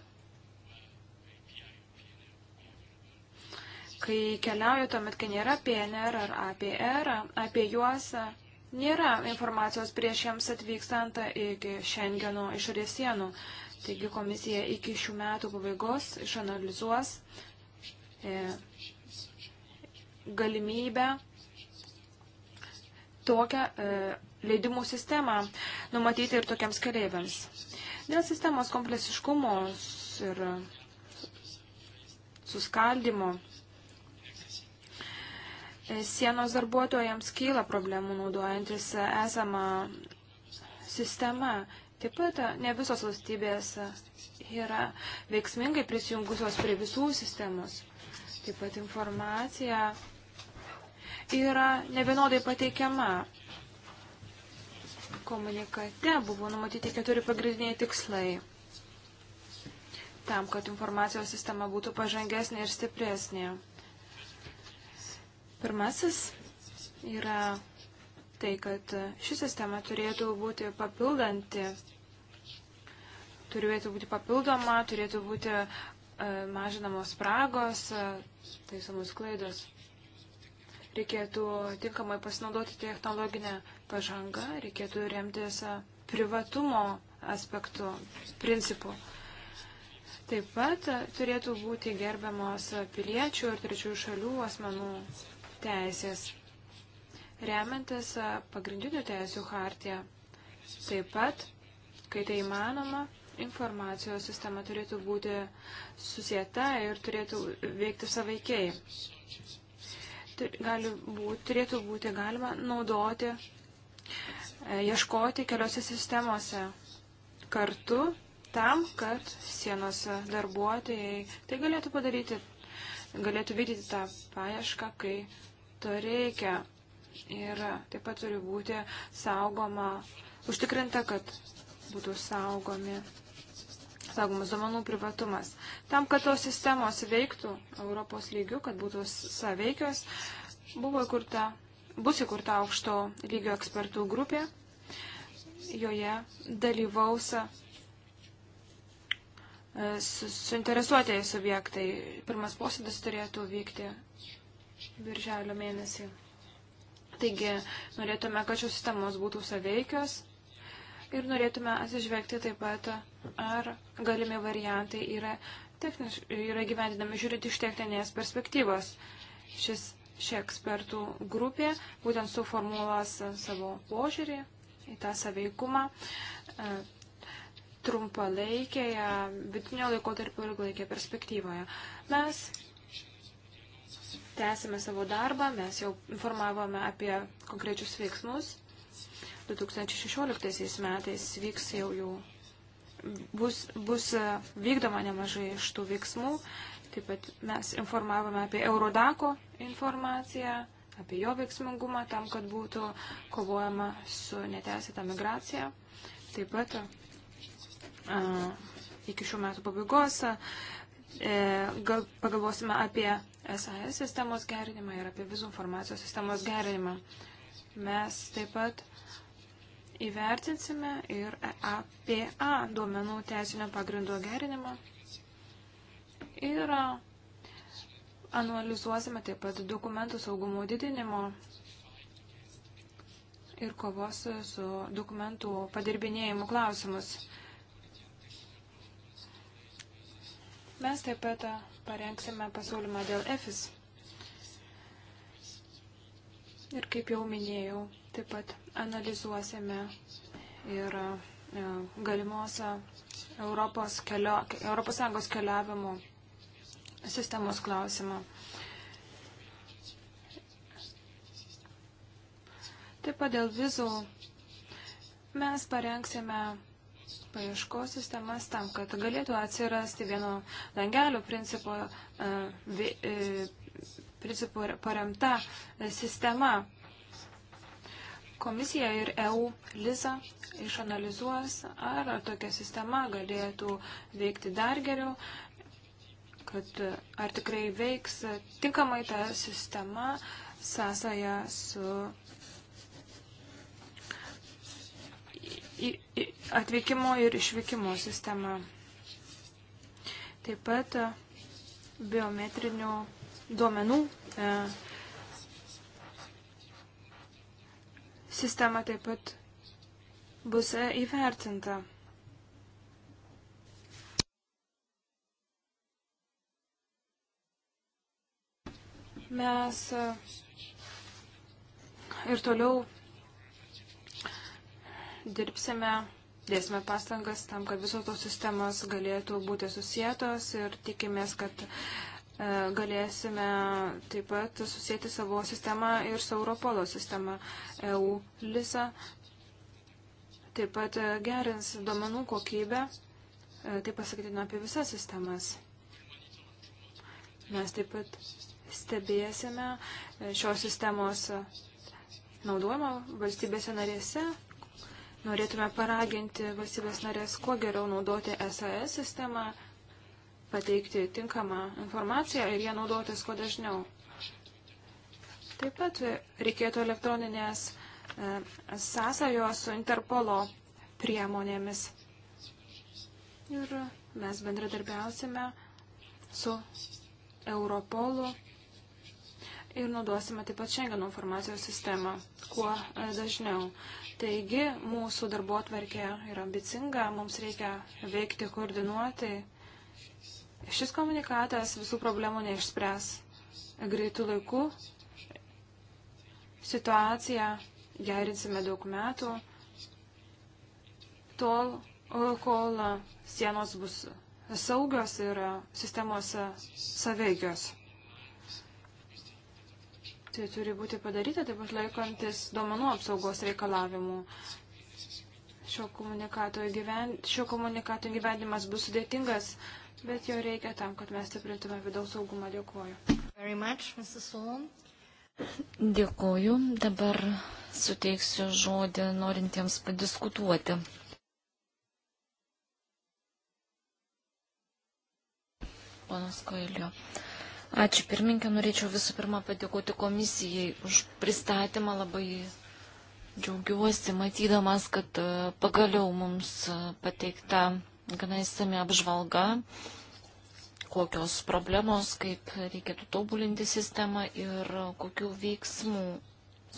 kai keliauju tuomet, kai nėra PNR ar APR, apie juos nėra informacijos prieš jiems atvykstant iki Šengeno išorės sienų. Taigi komisija iki šių metų pabaigos išanalizuos e, galimybę tokią e, leidimų sistemą numatyti ir tokiems keleiviams. Dėl sistemos kompleksiškumo ir suskaldimo sienos darbuotojams kyla problemų naudojantis esamą sistemą. Taip pat ne visos valstybės yra veiksmingai prisijungusios prie visų sistemos. Taip pat informacija yra nevienodai pateikiama. Komunikate buvo numatyti keturi pagrindiniai tikslai tam, kad informacijos sistema būtų pažangesnė ir stipresnė. Pirmasis yra tai, kad ši sistema turėtų būti papildanti, turėtų būti papildoma, turėtų būti e, mažinamos spragos, e, taisomos klaidos. Reikėtų tinkamai pasinaudoti technologinę pažangą, reikėtų remtis e, privatumo aspektų, principų. Taip pat turėtų būti gerbiamos piliečių ir trečiųjų šalių asmenų teisės, remiantis pagrindinių teisų hartiją. Taip pat, kai tai įmanoma, informacijos sistema turėtų būti susieta ir turėtų veikti savaikiai. Gali būti, turėtų būti galima naudoti, e, ieškoti keliose sistemose kartu tam, kad sienos darbuotojai tai galėtų padaryti, galėtų vykdyti tą paiešką, kai to reikia. Ir taip pat turi būti saugoma, užtikrinta, kad būtų saugomi, saugomas duomenų privatumas. Tam, kad tos sistemos veiktų Europos lygių, kad būtų saveikios, buvo įkurta, bus įkurta aukšto lygio ekspertų grupė. Joje dalyvaus e, suinteresuotieji subjektai. Pirmas posėdis turėtų vykti birželio mėnesį. Taigi norėtume, kad šios sistemos būtų saveikios ir norėtume atsižvelgti taip pat, ar galimi variantai yra, techniš, yra gyvendinami žiūrint iš techninės perspektyvos. Šis ši ekspertų grupė būtent suformuolas savo požiūrį į tą saveikumą e, trumpalaikėje, vidutinio laiko tarp ilgalaikėje perspektyvoje. Mes tęsime savo darbą, mes jau informavome apie konkrečius veiksmus. 2016 metais vyks jau jų, bus, bus e, vykdoma nemažai iš tų veiksmų. Taip pat mes informavome apie Eurodako informaciją, apie jo veiksmingumą tam, kad būtų kovojama su neteisėta migracija. Taip pat a, e, iki šių metų pabaigos a, e, E, gal pagalvosime apie SAS sistemos gerinimą ir apie vizų informacijos sistemos gerinimą. Mes taip pat įvertinsime ir APA e duomenų teisinio pagrindo gerinimą ir analizuosime taip pat dokumentų saugumo didinimo ir kovos su dokumentų padirbinėjimu klausimus. Mes taip pat parengsime pasiūlymą dėl EFIS. Ir kaip jau minėjau, taip pat analizuosime ir e, galimos e, Europos, kelio, Europos Sąjungos keliavimo sistemos klausimą. Taip pat dėl vizų mes parengsime paieškos sistemas tam, kad galėtų atsirasti vieno langelio principo, e, e, principo paremta e, sistema. Komisija ir EU Liza išanalizuos, ar tokia sistema galėtų veikti dar geriau, kad ar tikrai veiks tinkamai ta sistema sąsąją su atvykimo ir išvykimo sistema. Taip pat e, biometrinių duomenų e, sistema taip pat bus e, įvertinta. Mes ir toliau dirbsime, dėsime pastangas tam, kad visos tos sistemos galėtų būti susijėtos ir tikimės, kad e, galėsime taip pat susijęti savo sistemą ir su Europolo sistema EU LISA. Taip pat e, gerins duomenų kokybę, e, taip pasakytina apie visas sistemas. Mes taip pat stebėsime šios sistemos naudojimą valstybėse narėse, Norėtume paraginti valstybės narės kuo geriau naudoti SAS sistemą, pateikti tinkamą informaciją ir ją naudotis kuo dažniau. Taip pat reikėtų elektroninės e, sąsajos su Interpolo priemonėmis. Ir mes bendradarbiausime su Europolu ir naudosime taip pat Schengeno informacijos sistemą kuo e, dažniau. Taigi mūsų darbo atverkė yra ambicinga, mums reikia veikti koordinuotai. Šis komunikatas visų problemų neišspręs greitų laikų. Situaciją gerinsime daug metų, tol, kol sienos bus saugios ir sistemos saveigios. Tai turi būti padaryta, tai bus laikantis duomenų apsaugos reikalavimų. Šio komunikato, gyven... šio komunikato gyvenimas bus sudėtingas, bet jo reikia tam, kad mes stiprintume vidaus saugumą. Dėkuoju. Much, Dėkuoju. Dabar suteiksiu žodį norintiems padiskutuoti. Ponas Koilio. Ačiū pirminkė, norėčiau visų pirma padėkoti komisijai už pristatymą. Labai džiaugiuosi matydamas, kad e, pagaliau mums e, pateikta gana įsami apžvalga, kokios problemos, kaip reikėtų tobulinti sistemą ir kokių veiksmų,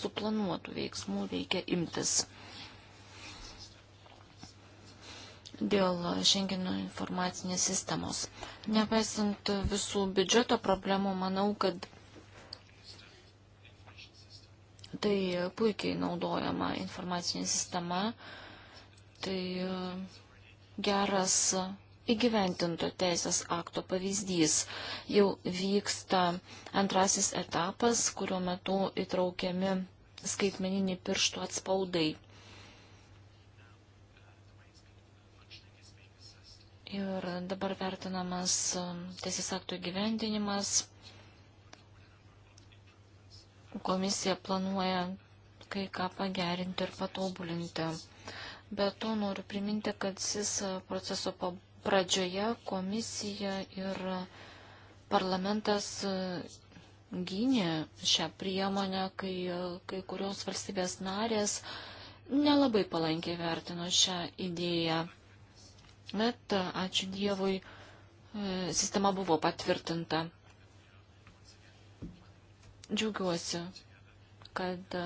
suplanuotų veiksmų reikia imtis. dėl Šengeno informacinės sistemos. Nepaisant visų biudžeto problemų, manau, kad tai puikiai naudojama informacinė sistema. Tai e, geras įgyventinto teisės akto pavyzdys. Jau vyksta antrasis etapas, kurio metu įtraukiami skaitmeniniai pirštų atspaudai. Ir dabar vertinamas um, teisės aktų gyvendinimas. Komisija planuoja kai ką pagerinti ir patobulinti. Be to noriu priminti, kad SIS proceso pradžioje komisija ir parlamentas uh, gynė šią priemonę, kai uh, kai kurios valstybės narės nelabai palankiai vertino šią idėją. Bet, ačiū Dievui, e, sistema buvo patvirtinta. Džiaugiuosi, kad e,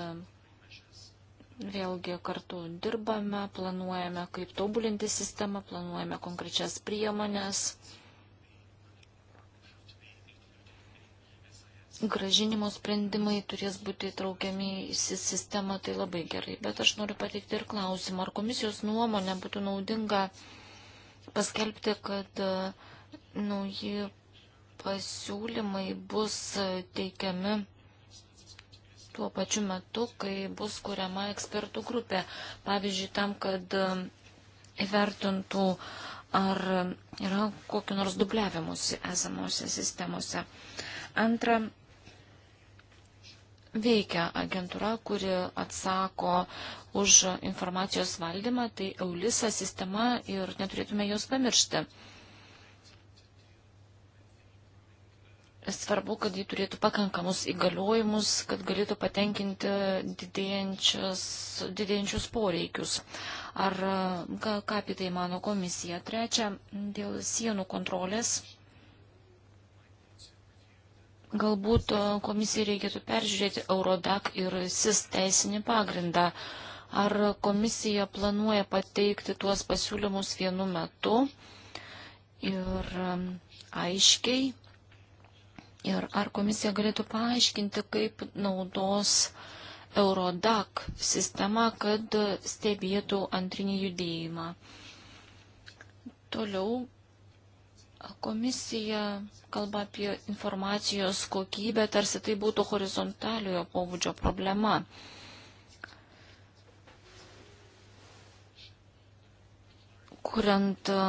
vėlgi kartu dirbame, planuojame, kaip tobulinti sistemą, planuojame konkrečias priemonės. Gražinimo sprendimai turės būti įtraukiami į sistemą, tai labai gerai. Bet aš noriu pateikti ir klausimą, ar komisijos nuomonė būtų naudinga uh, paskelbti, kad e, nauji pasiūlymai bus teikiami tuo pačiu metu, kai bus kuriama ekspertų grupė. Pavyzdžiui, tam, kad e, įvertintų, ar yra kokiu nors dubliavimusi esamose sistemose. Antra, veikia agentūra, kuri atsako už informacijos valdymą, tai Eulisa sistema ir neturėtume jos pamiršti. Svarbu, kad ji turėtų pakankamus įgaliojimus, kad galėtų patenkinti didėjančius poreikius. Ar ką, ką apie tai mano komisija? Trečia, dėl sienų kontrolės. Galbūt komisijai reikėtų peržiūrėti Eurodac ir SIS teisinį pagrindą. Uh, Ar komisija planuoja pateikti tuos pasiūlymus vienu metu ir um, aiškiai? Ir ar komisija galėtų paaiškinti, kaip naudos Eurodac sistema, kad stebėtų antrinį judėjimą? Toliau Komisija kalba apie informacijos kokybę, tarsi tai būtų horizontaliojo pobūdžio problema. kuriant e,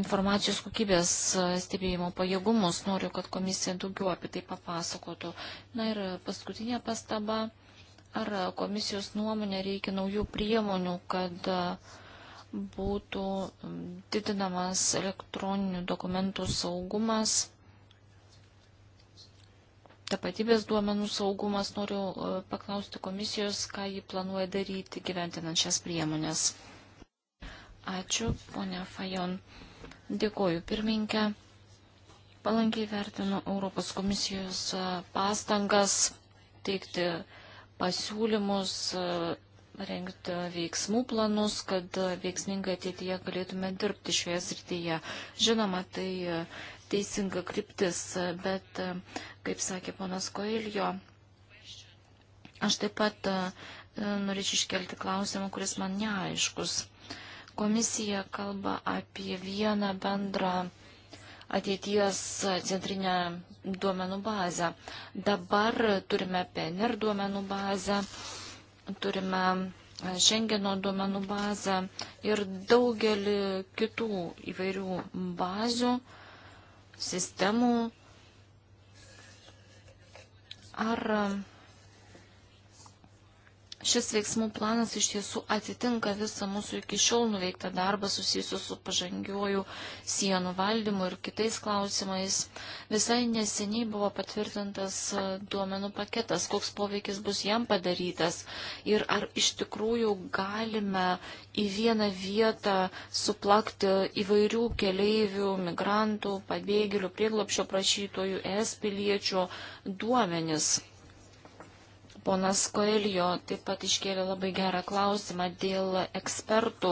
informacijos kokybės e, stebėjimo pajėgumus. Noriu, kad komisija daugiau apie tai papasakotų. Na ir paskutinė pastaba. Ar komisijos nuomonė reikia naujų priemonių, kad e, būtų didinamas elektroninių dokumentų saugumas, tapatybės duomenų saugumas? Noriu paklausti komisijos, ką jį planuoja daryti gyventinant šias priemonės. Ačiū, ponia Fajon. Dėkoju, pirmininkė. Palankiai vertinu Europos komisijos pastangas teikti pasiūlymus, rengti veiksmų planus, kad veiksmingai ateityje galėtume dirbti šioje srityje. Žinoma, tai teisinga kryptis, bet, kaip sakė ponas Koiljo, aš taip pat norėčiau iškelti klausimą, kuris man neaiškus. Komisija kalba apie vieną bendrą ateities centrinę duomenų bazę. Dabar turime PNR duomenų bazę, turime Šengeno duomenų bazę ir daugelį kitų įvairių bazių, sistemų. Ar Šis veiksmų planas iš tiesų atitinka visą mūsų iki šiol nuveiktą darbą susijusiu su pažangiuoju sienų valdymu ir kitais klausimais. Visai neseniai buvo patvirtintas e, duomenų paketas, koks poveikis bus jam padarytas ir ar iš tikrųjų galime į vieną vietą suplakti įvairių keleivių, migrantų, pabėgėlių, prieglopšio prašytojų, es piliečių duomenis. Ponas Koelio taip pat iškėlė labai gerą klausimą dėl ekspertų,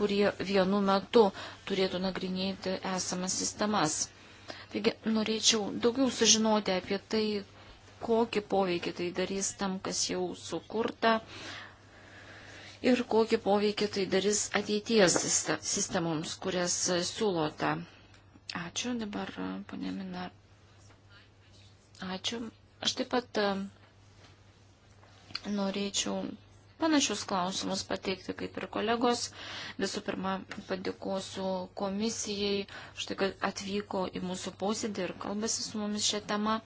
kurie vienu metu turėtų nagrinėti esamas sistemas. Taigi norėčiau daugiau sužinoti apie tai, kokį poveikį tai darys tam, kas jau sukurta ir kokį poveikį tai darys ateities sistemoms, kurias siūlote. Ačiū dabar, ponė Minar. Ačiū. Aš taip pat norėčiau panašius klausimus pateikti kaip ir kolegos. Visų pirma, padėkosiu komisijai, štai kad atvyko į mūsų posėdį ir kalbasi su mumis šią temą.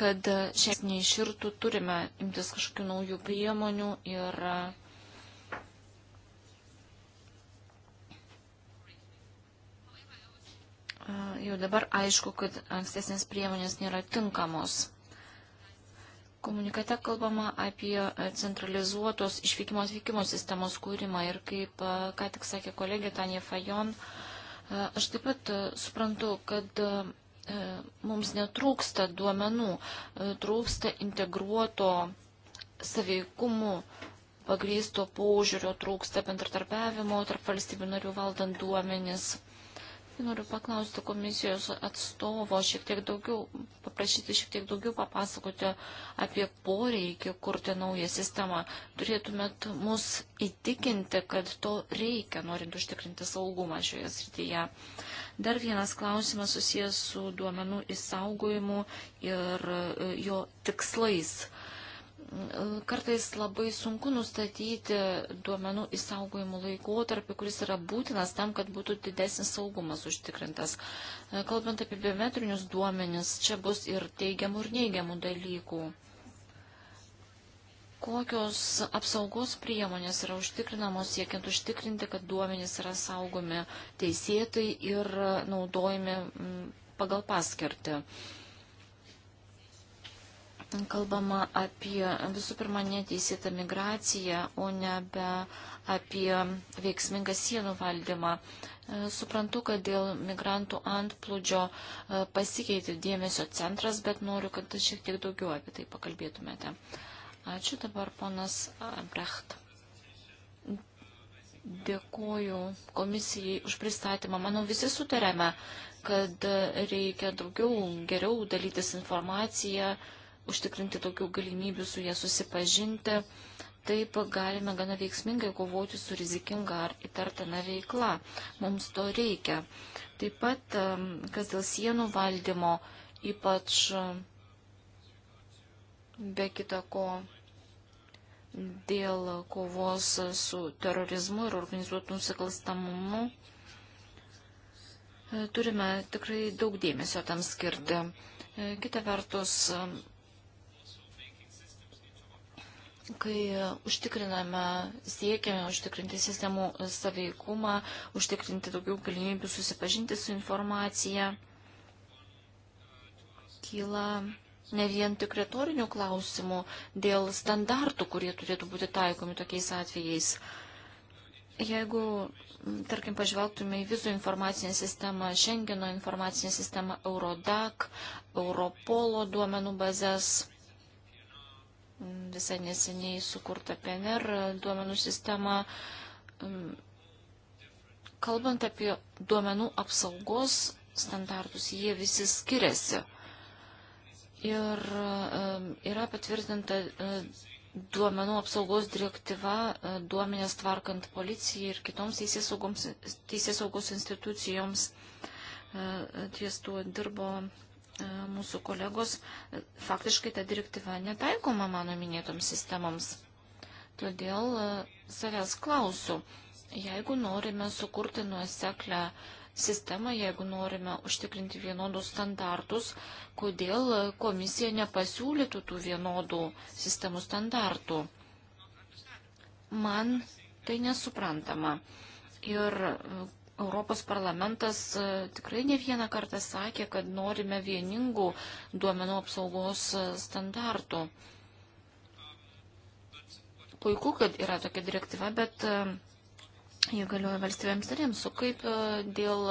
Kad šiaip neiširtų, turime imtis kažkokių naujų priemonių ir uh, jau dabar aišku, kad ankstesnės priemonės nėra tinkamos. Komunikate kalbama apie centralizuotos išvykimo atvykimo sistemos kūrimą ir kaip, ką tik sakė kolegė Tanja Fajon, aš taip pat suprantu, kad mums netrūksta duomenų, trūksta integruoto saveikumų pagrysto požiūrio, trūksta bendratarpiavimo tarp valstybių narių valdant duomenis. Noriu paklausti komisijos atstovo šiek tiek daugiau, paprašyti šiek tiek daugiau papasakoti apie poreikį kurti naują sistemą. Turėtumėt mus įtikinti, kad to reikia, norint užtikrinti saugumą šioje srityje. Dar vienas klausimas susijęs su duomenų įsaugojimu ir e, jo tikslais kartais labai sunku nustatyti duomenų įsaugojimo laikotarpį, kuris yra būtinas tam, kad būtų didesnis saugumas užtikrintas. E, kalbant apie biometrinius duomenis, čia bus ir teigiamų ir neigiamų dalykų. Kokios apsaugos priemonės yra užtikrinamos siekiant užtikrinti, kad duomenys yra saugomi teisėtai ir naudojami pagal paskirtį kalbama apie visų pirma neteisėtą migraciją, o nebe apie veiksmingą sienų valdymą. E, suprantu, kad dėl migrantų antplūdžio e, pasikeitė dėmesio centras, bet noriu, kad šiek tiek daugiau apie tai pakalbėtumėte. Ačiū dabar ponas Brecht. Dėkuoju komisijai už pristatymą. Manau, visi sutarėme, kad reikia daugiau, geriau dalytis informaciją, uh, užtikrinti tokių galimybių su jie susipažinti. Taip galime gana veiksmingai kovoti su rizikinga ar įtartina veikla. Mums to reikia. Taip pat, kas dėl sienų valdymo, ypač be kita ko dėl kovos su terorizmu ir organizuotų nusikalstamumu. E, turime tikrai daug dėmesio tam skirti. E, kita vertus, kai užtikriname, siekiame užtikrinti sistemų saveikumą, užtikrinti daugiau galimybių susipažinti su informacija, kyla ne vien tik retorinių klausimų dėl standartų, kurie turėtų būti taikomi tokiais atvejais. Jeigu, tarkim, pažvelgtume į vizų informacinę sistemą, Schengeno informacinę sistemą, Eurodac, Europolo duomenų bazės, visai neseniai sukurtą PNR duomenų sistemą. Mm, kalbant apie duomenų apsaugos standartus, jie visi skiriasi. Ir mm, yra patvirtinta mm, duomenų apsaugos direktyva, duomenės tvarkant policijai ir kitoms teisės saugos institucijoms ties tuo dirbo E, mūsų kolegos, e, faktiškai ta direktyva netaikoma mano minėtoms sistemoms. Todėl e, savęs klausiu, jeigu norime sukurti nuoseklę sistemą, jeigu norime užtikrinti vienodus standartus, kodėl komisija nepasiūlytų tų vienodų sistemų standartų. Man tai nesuprantama. Ir Europos parlamentas e, tikrai ne vieną kartą sakė, kad norime vieningų duomenų apsaugos e, standartų. Puiku, kad yra tokia direktyva, bet e, jie galioja valstybėms narėms. O kaip dėl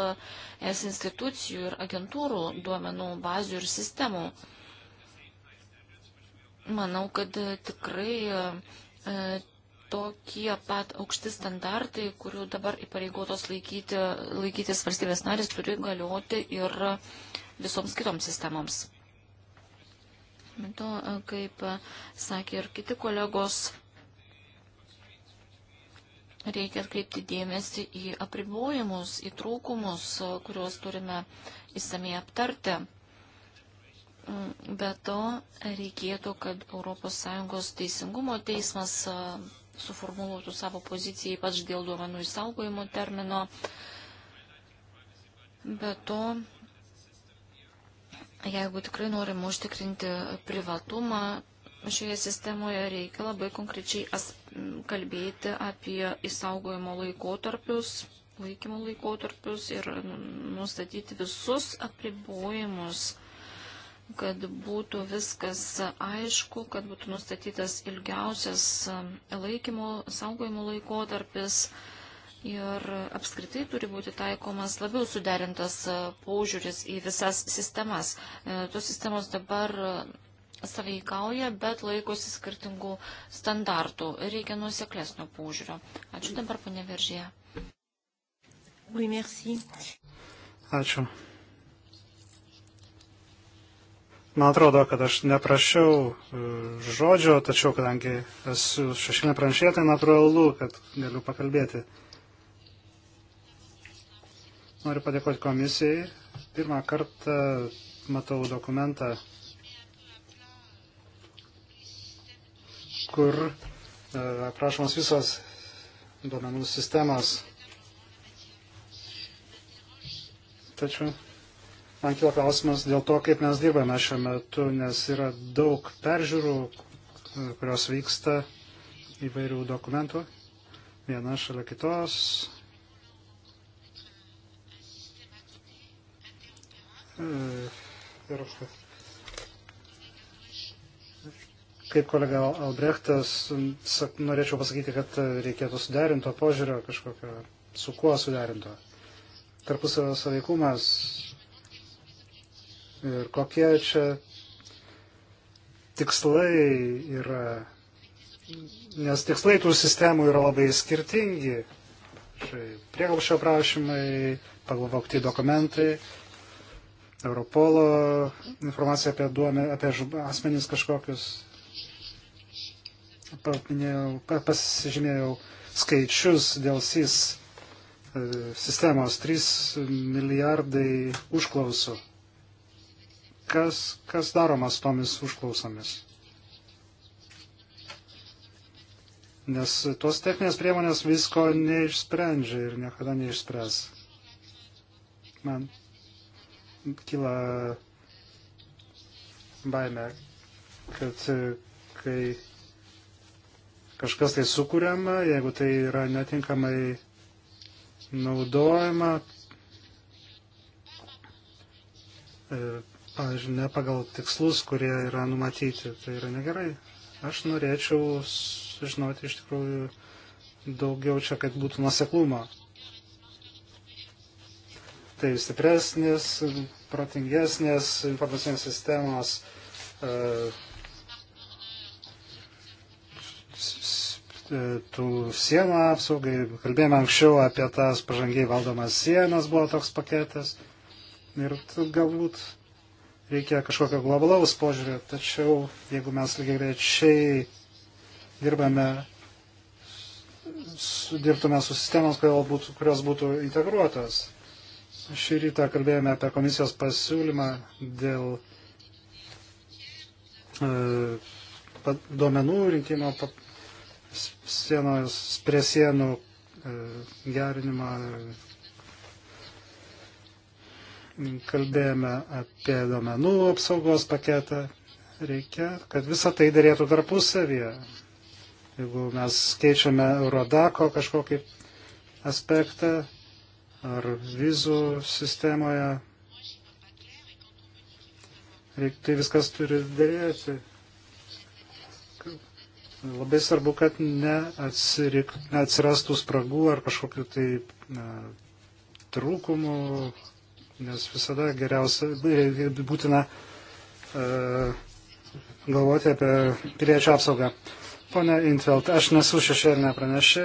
es institucijų ir agentūrų duomenų bazių ir sistemų? Manau, kad tikrai tokie pat aukšti standartai, kurių dabar įpareigotos laikyti, laikytis valstybės narės, turi galioti ir visoms kitoms sistemoms. To, kaip sakė ir kiti kolegos, reikia atkreipti dėmesį į apribojimus, į trūkumus, kuriuos turime įsamei aptarti. Be to, reikėtų, kad ES teisingumo teismas suformuoluotų savo poziciją, ypač dėl duomenų išsaugojimo termino. Be to, jeigu tikrai norim užtikrinti privatumą šioje sistemoje, reikia labai konkrečiai as, kalbėti apie įsaugojimo laikotarpius, laikymo laikotarpius ir nu, nustatyti visus apribojimus kad būtų viskas aišku, kad būtų nustatytas ilgiausias um, laikymo, saugojimo laikotarpis ir apskritai turi būti taikomas labiau suderintas uh, paužiūris į visas sistemas. Uh, tos sistemos dabar uh, saveikauja, bet laikosi skirtingų standartų. Reikia nuoseklesnio paužiūrio. Ačiū dabar, ponė Veržė. Oui, merci. Ačiū. Man atrodo, kad aš neprašiau e, žodžio, tačiau kadangi esu šešinė pranešė, tai natūralu, kad galiu pakalbėti. Noriu padėkoti komisijai. Pirmą kartą matau dokumentą, kur e, aprašomos visos duomenų sistemos. Tačiau man kilo klausimas dėl to, kaip mes dirbame šiuo metu, nes yra daug peržiūrų, kurios vyksta įvairių dokumentų, viena šalia kitos. E, ir kaip kolega Albrechtas, norėčiau pasakyti, kad reikėtų suderinto požiūrio kažkokio, su kuo suderinto. Tarpusavio saveikumas ir kokie čia tikslai yra, nes tikslai tų sistemų yra labai skirtingi. Prieglapšio prašymai, pagalvokti dokumentai, Europolo informacija apie, duome, apie asmenys kažkokius. Paminėjau, pasižymėjau skaičius dėl SIS e, sistemos 3 milijardai užklausų kas, kas daromas tomis užklausomis. Nes tos techninės priemonės visko neišsprendžia ir niekada neišspręs. Man kyla baime, kad e, kai kažkas tai sukūriama, jeigu tai yra netinkamai naudojama, e, pavyzdžiui, ne pagal tikslus, kurie yra numatyti. Tai yra negerai. Aš norėčiau sužinoti iš tikrųjų daugiau čia, kad būtų nuseklumo. Tai stipresnės, protingesnės informacinės sistemos e, e, tų sienų apsaugai. Kalbėjome anksčiau apie tas pažangiai valdomas sienas, buvo toks paketas. Ir galbūt reikia kažkokio globalaus požiūrio, tačiau jeigu mes lygiai greičiai dirbame, dirbtume su sistemos, būtų, kurios būtų integruotos. Šį rytą kalbėjome apie komisijos pasiūlymą dėl e, duomenų rinkimo sienos prie sienų e, gerinimą kalbėjome apie domenų apsaugos paketą, reikia, kad visa tai dėrėtų tarpusavyje. Jeigu mes keičiame Eurodako kažkokį aspektą ar vizų sistemoje, reik, tai viskas turi dėrėti. Labai svarbu, kad neatsirik, neatsirastų spragų ar kažkokiu tai na, trūkumų nes visada geriausia e, būtina uh, galvoti apie piliečių apsaugą. Pone Intveld, aš nesu šešėlinė pranešė,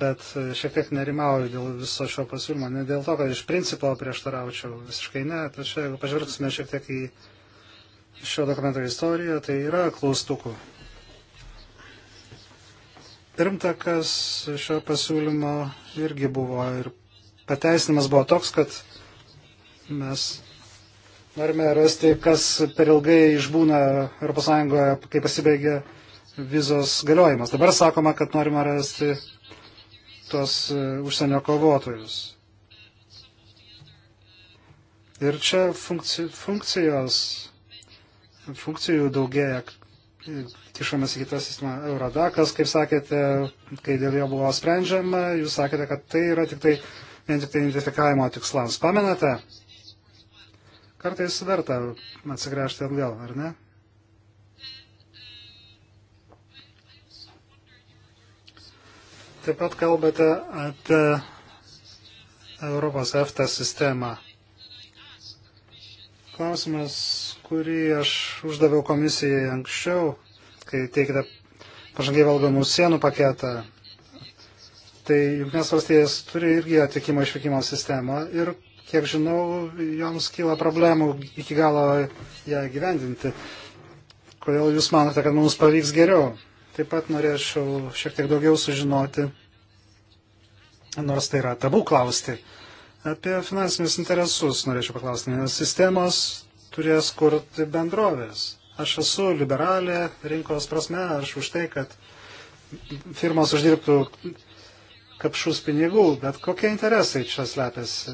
bet šiek tiek nerimauju dėl viso šio pasiūlymo. Ne dėl to, kad iš principo prieštaraučiau, visiškai ne. Tačiau jeigu pažvelgsime šiek tiek į šio dokumento istoriją, tai yra klaustukų. Pirmtakas šio pasiūlymo irgi buvo ir pateisinimas buvo toks, kad mes norime rasti, kas per ilgai išbūna ES, kai pasibaigia vizos galiojimas. Dabar sakoma, kad norime rasti tos e, užsienio kovotojus. Ir čia funkci funkcijos, funkcijų daugėja, kišamas į kitą sistemą Eurodakas, kaip sakėte, kai dėl jo buvo sprendžiama, jūs sakėte, kad tai yra tik tai vien tik tai identifikavimo tikslams. Pamenate? Kartais verta atsigręžti atgal, ar ne? Taip pat kalbate apie Europos EFTA sistemą. Klausimas, kurį aš uždaviau komisijai anksčiau, kai teikite pažangiai valdomų sienų paketą, tai Junktinės valstijos turi irgi atvykimo išvykimo sistemą ir, kiek žinau, joms kyla problemų iki galo ją gyvendinti. Kodėl jūs manote, kad mums pavyks geriau? Taip pat norėčiau šiek tiek daugiau sužinoti, nors tai yra tabų klausti, apie finansinius interesus norėčiau paklausti, nes sistemos turės kurti bendrovės. Aš esu liberalė rinkos prasme, aš už tai, kad firmas uždirbtų kapšus pinigų, bet kokie interesai čia slepiasi?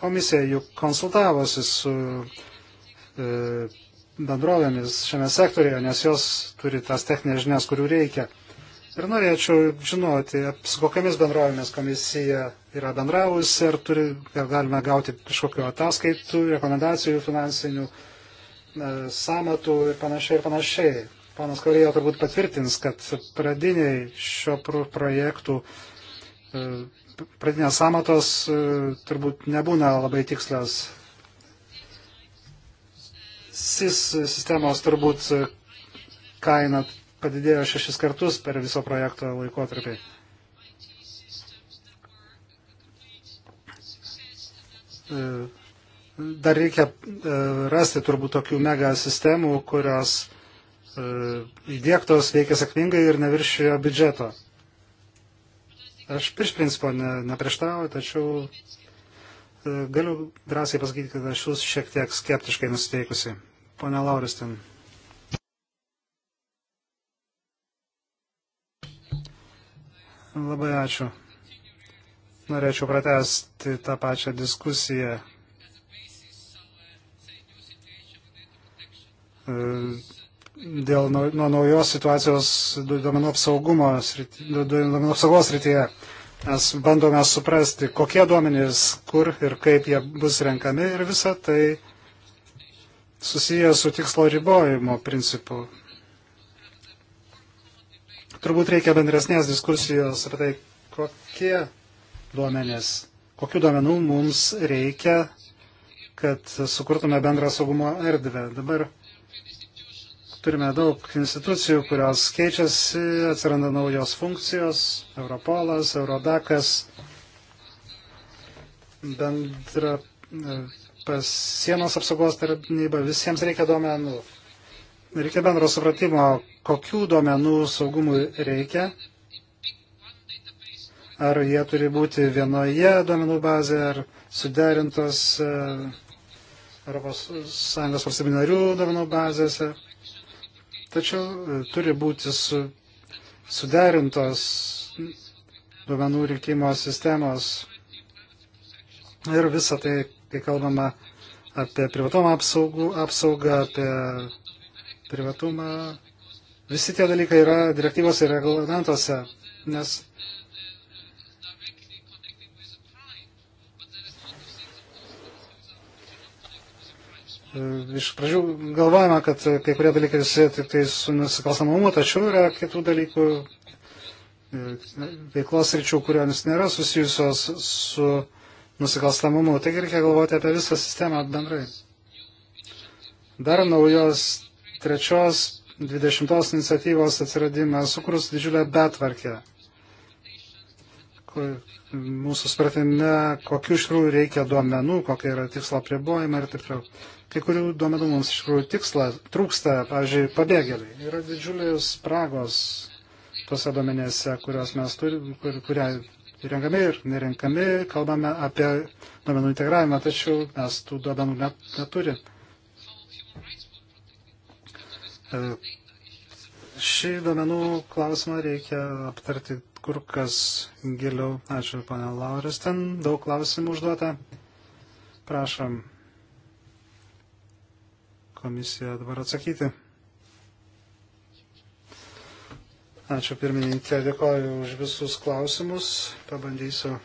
Komisija juk konsultavosi su e, bendrovėmis šiame sektorėje, nes jos turi tas techninės žinias, kurių reikia. Ir norėčiau žinoti, su kokiamis bendrovėmis komisija yra bendravusi, ar turi, ar galime gauti kažkokiu ataskaitų, rekomendacijų finansinių, e, samatų ir panašiai ir panašiai. Panas Korėjo turbūt patvirtins, kad pradiniai šio projektų e, E, pradinės samatos e, turbūt nebūna labai tikslios. SIS sistemos turbūt e, kaina padidėjo šešis kartus per viso projekto laikotarpį. Dar reikia rasti turbūt tokių mega sistemų, kurios įdėktos veikia sėkmingai ir neviršėjo biudžeto. Aš prieš principą ne, neprieštarauju, tačiau e, galiu drąsiai pasakyti, kad aš jūs šiek tiek skeptiškai nusiteikusi. Pone Lauristin. Labai ačiū. Norėčiau pratesti tą pačią diskusiją e, dėl nuo naujos situacijos duomenų apsaugos srityje. Mes bandome suprasti, kokie duomenys, kur ir kaip jie bus renkami ir visa tai susiję su tikslo ribojimo principu. Turbūt reikia bendresnės diskusijos apie tai, kokie duomenys, kokių duomenų mums reikia, kad sukurtume bendrą saugumo erdvę. Dabar turime daug institucijų, kurios keičiasi, atsiranda naujos funkcijos, Europolas, Eurodakas, bendra e, sienos apsaugos tarnyba, visiems reikia duomenų. Reikia bendro supratimo, kokių duomenų saugumui reikia. Ar jie turi būti vienoje duomenų bazėje, ar suderintos ES valstybinarių duomenų bazėse. Tačiau e, turi būti su, suderintos duomenų rinkimo sistemos ir visą tai, kai kalbama apie privatumą apsaugų, apsaugą, apie privatumą, visi tie dalykai yra direktyvos ir reglamentuose, nes iš pradžių galvojame, kad kai kurie dalykai visi tik tai su nusikalstamumu, tačiau yra kitų dalykų e, veiklos ryčių, kuriomis nėra susijusios su nusikalstamumu. Taigi reikia galvoti apie visą sistemą bendrai. Dar naujos trečios dvidešimtos iniciatyvos atsiradimas sukurs didžiulę betvarkę mūsų supratime, kokiu iš tikrųjų reikia duomenų, kokia yra tikslo pribojama ir taip toliau. Kai kurių duomenų mums iš tikrųjų tiksla trūksta, pavyzdžiui, pabėgėliai. Yra didžiulis spragos tose duomenėse, kurios mes turime, kur, kurią renkami ir nerenkami, kalbame apie duomenų integravimą, tačiau mes tų duomenų net, neturime. Šį duomenų klausimą reikia aptarti kur kas giliau. Ačiū, pane Lauris. Ten daug klausimų užduota. Prašom komisiją dabar atsakyti. Ačiū pirmininkė, dėkoju už visus klausimus. Pabandysiu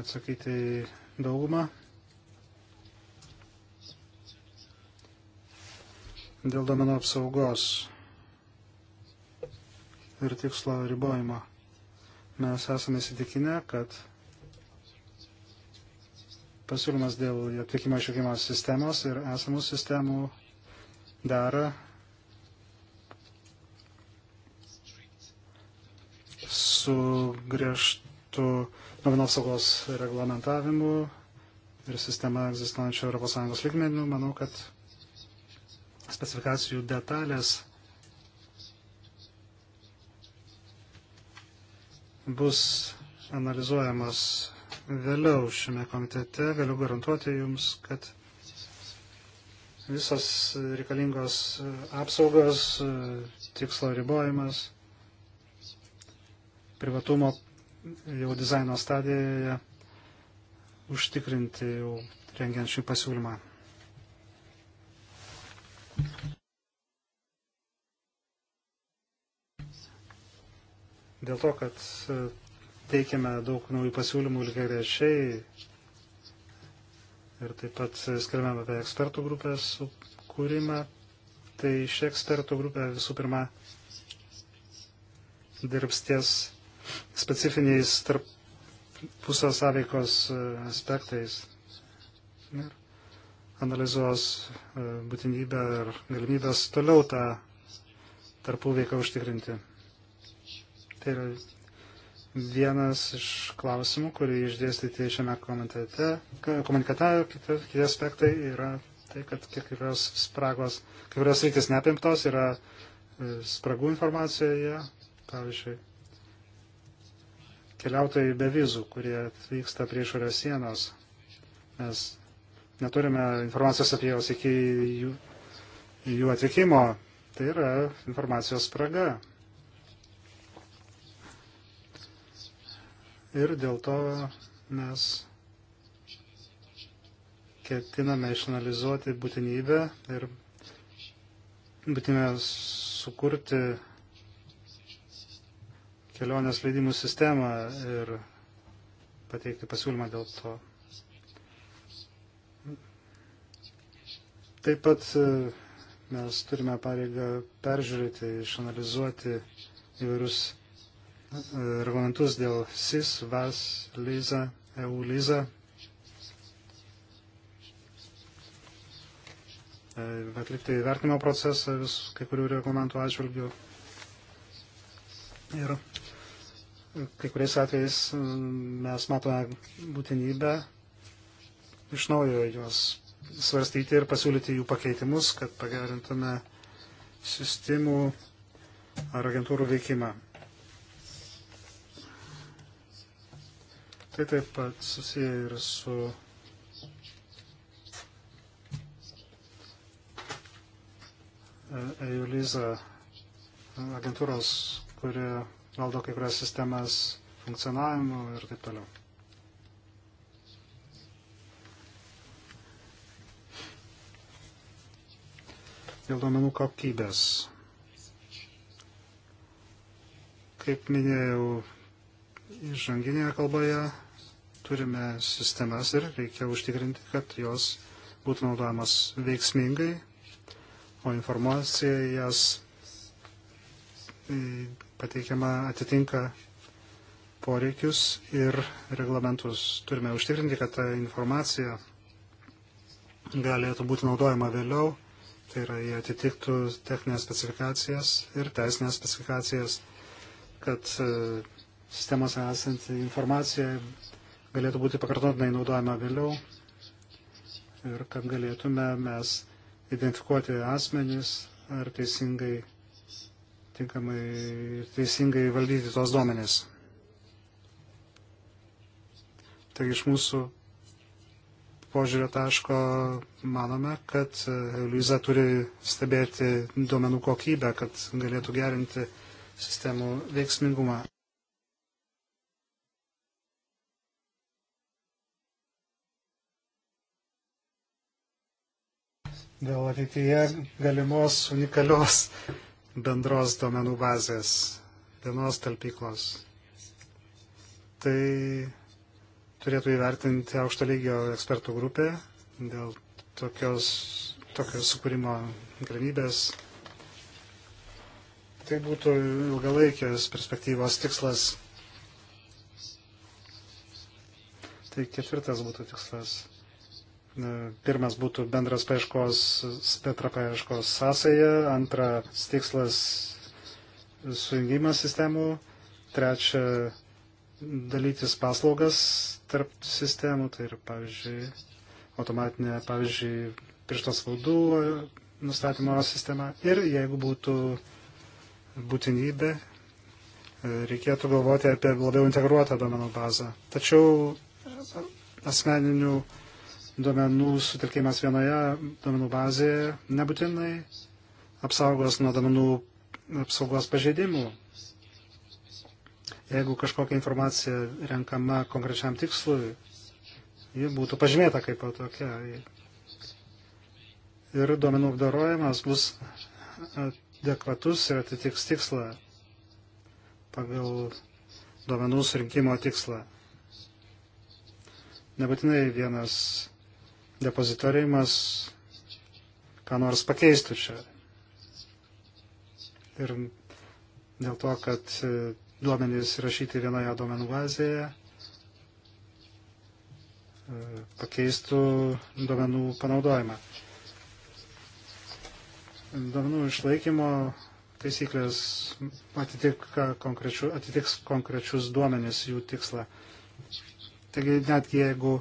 atsakyti į daugumą. Dėl domeno apsaugos ir tikslo ribojimo. Mes esame įsitikinę, kad pasiūlymas dėl atvykimo išvykimo sistemos ir esamų sistemų dera su griežtu duomenų apsaugos reglamentavimu ir sistema egzistuojančio ES lygmenių. Manau, kad specifikacijų detalės bus analizuojamas vėliau šiame komitete. Galiu garantuoti Jums, kad visos reikalingos apsaugos, tikslo ribojimas, privatumo jau dizaino stadijoje užtikrinti jau rengiant šį pasiūlymą. dėl to, kad e, teikiame daug naujų pasiūlymų užgerešiai ir taip pat skelbiame apie ekspertų grupės kūrimą, tai ši ekspertų grupė visų pirma dirbs ties specifiniais tarp pusę sąveikos e, aspektais ir analizuos e, būtinybę ir galimybės toliau tą tarpų veiką užtikrinti. Tai yra vienas iš klausimų, kurį išdėstyti šiame komunikate. Kiti, kiti aspektai yra tai, kad kiekvienos spragos, kiekvienos rytis neapimtos yra e, spragų informacijoje, pavyzdžiui, keliautojai be vizų, kurie atvyksta prie išorės sienos. Mes neturime informacijos apie juos iki jų, jų atvykimo. Tai yra informacijos spraga. ir dėl to mes ketiname išanalizuoti būtinybę ir būtinybę sukurti kelionės leidimų sistemą ir pateikti pasiūlymą dėl to. Taip pat e, mes turime pareigą peržiūrėti, išanalizuoti įvairius reglamentus dėl SIS, VAS, LIZA, EU LIZA. E, atlikti įvertinimo procesą vis kai kurių reglamentų atžvilgių. Ir kai kuriais atvejais mm, mes matome būtinybę iš naujo juos svarstyti ir pasiūlyti jų pakeitimus, kad pagerintume sistemų ar agentūrų veikimą. Tai taip pat susiję ir su EULIZA agentūros, kuri valdo kai kurias sistemas funkcionavimu ir taip toliau. Dėl duomenų kokybės. Kaip minėjau, Žanginėje kalboje turime sistemas ir reikia užtikrinti, kad jos būtų naudojamas veiksmingai, o informacija jas pateikiama atitinka poreikius ir reglamentus. Turime užtikrinti, kad ta informacija galėtų būti naudojama vėliau, tai yra jie atitiktų techninės specifikacijas ir teisinės specifikacijas, kad e, sistemose esanti informacija galėtų būti pakartotinai naudojama vėliau ir kad galėtume mes identifikuoti asmenis ar teisingai, tinkamai, teisingai valdyti tos duomenys. Taigi iš mūsų požiūrio taško manome, kad Luiza turi stebėti duomenų kokybę, kad galėtų gerinti sistemų veiksmingumą. dėl ateityje galimos unikalios bendros duomenų bazės, vienos talpyklos. Tai turėtų įvertinti aukšto lygio ekspertų grupė dėl tokios, tokios sukūrimo galimybės. Tai būtų ilgalaikės perspektyvos tikslas. Tai ketvirtas būtų tikslas. Pirmas būtų bendras paieškos, bendra paieškos sąsaja, antras tikslas sujungimas sistemų, trečia dalytis paslaugas tarp sistemų, tai yra, pavyzdžiui, automatinė, pavyzdžiui, pirštos valdų nustatymo sistema. Ir jeigu būtų būtinybė, reikėtų galvoti apie labiau integruotą domenų bazą. Tačiau asmeninių duomenų sutelkimas vienoje duomenų bazėje nebūtinai apsaugos nuo duomenų apsaugos pažeidimų. Jeigu kažkokia informacija renkama konkrečiam tikslui, ji būtų pažymėta kaip tokia. Ir duomenų apdarojimas bus adekvatus ir atitiks tikslą pagal duomenų surinkimo tikslą. Nebūtinai vienas depozitorimas ką nors pakeistų čia. Ir dėl to, kad e, duomenys rašyti vienoje duomenų bazėje e, pakeistų duomenų panaudojimą. Duomenų išlaikymo taisyklės konkrečių, atitiks konkrečius duomenys jų tikslą. Taigi net jeigu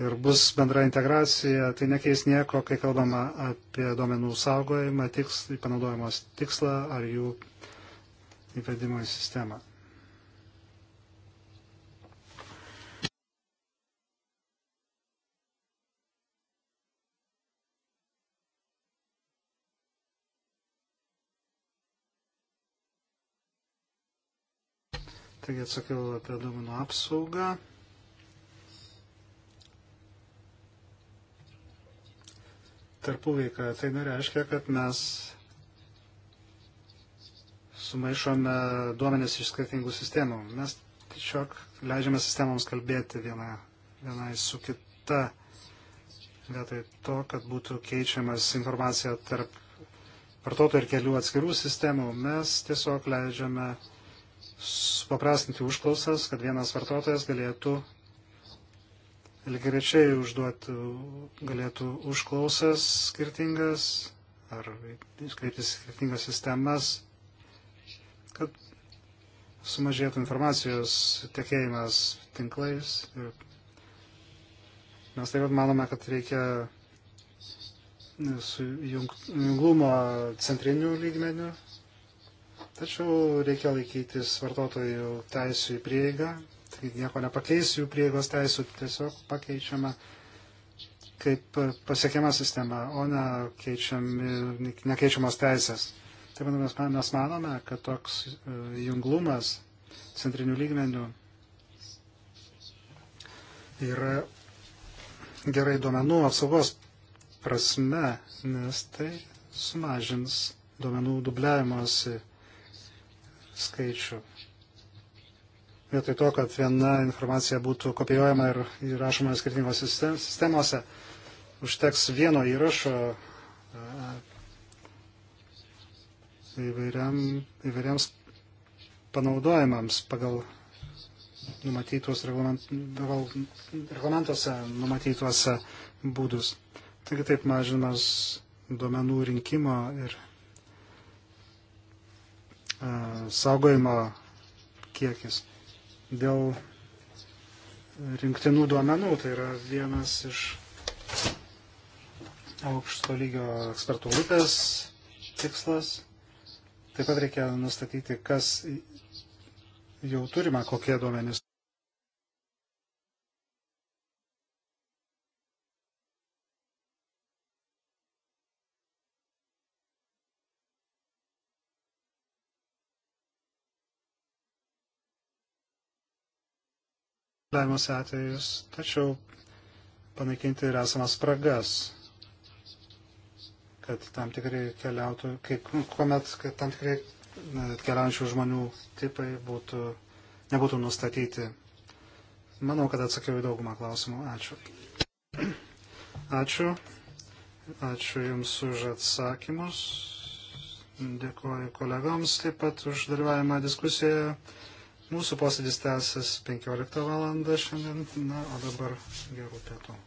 ir bus bendra integracija, tai nekeis nieko, kai kalbama apie duomenų saugojimą, tiks, panaudojamos tikslą ar jų įvedimo į sistemą. Taigi atsakiau apie duomenų apsaugą. tarpuveiką. Tai nereiškia, kad mes sumaišome duomenis iš skirtingų sistemų. Mes tiesiog leidžiame sistemoms kalbėti viena, vienai su kita, vietoj to, kad būtų keičiamas informacija tarp vartotojų ir kelių atskirų sistemų. Mes tiesiog leidžiame supaprastinti užklausas, kad vienas vartotojas galėtų lygiai užduotų, galėtų užklausas skirtingas ar kreiptis skirtingas sistemas, kad sumažėtų informacijos tekėjimas tinklais. Ir mes taip pat manome, kad reikia sujunglumo centrinių lygmenių, tačiau reikia laikytis vartotojų teisų į prieigą nieko nepakeis jų prieigos teisų, tiesiog pakeičiama kaip pasiekiama sistema, o ne keičiami, nekeičiamos teisės. Taip mes, mes manome, kad toks e, junglumas centrinių lygmenių yra gerai duomenų apsaugos prasme, nes tai sumažins duomenų dubliavimas skaičių vietoj to, kad viena informacija būtų kopijuojama ir įrašoma skirtingose sistemose, užteks vieno įrašo e, įvairiam, įvairiams panaudojimams pagal numatytus reglament, reglamentuose numatytuose būdus. Taigi taip mažinamas duomenų rinkimo ir a, e, saugojimo kiekis dėl rinktinų duomenų. Tai yra vienas iš aukšto lygio ekspertų grupės tikslas. Taip pat reikia nustatyti, kas jau turima, kokie duomenys. davimus atvejus, tačiau panaikinti ir esamas spragas, kad tam tikrai keliautų, kai, kuomet kad tam tikrai keliaujančių žmonių tipai būtų, nebūtų nustatyti. Manau, kad atsakiau į daugumą klausimų. Ačiū. Ačiū. Ačiū Jums už atsakymus. Dėkuoju kolegoms taip pat už dalyvavimą diskusijoje. Mūsų posėdis tęsis 15 val. šiandien, na, o dabar gerų pietų.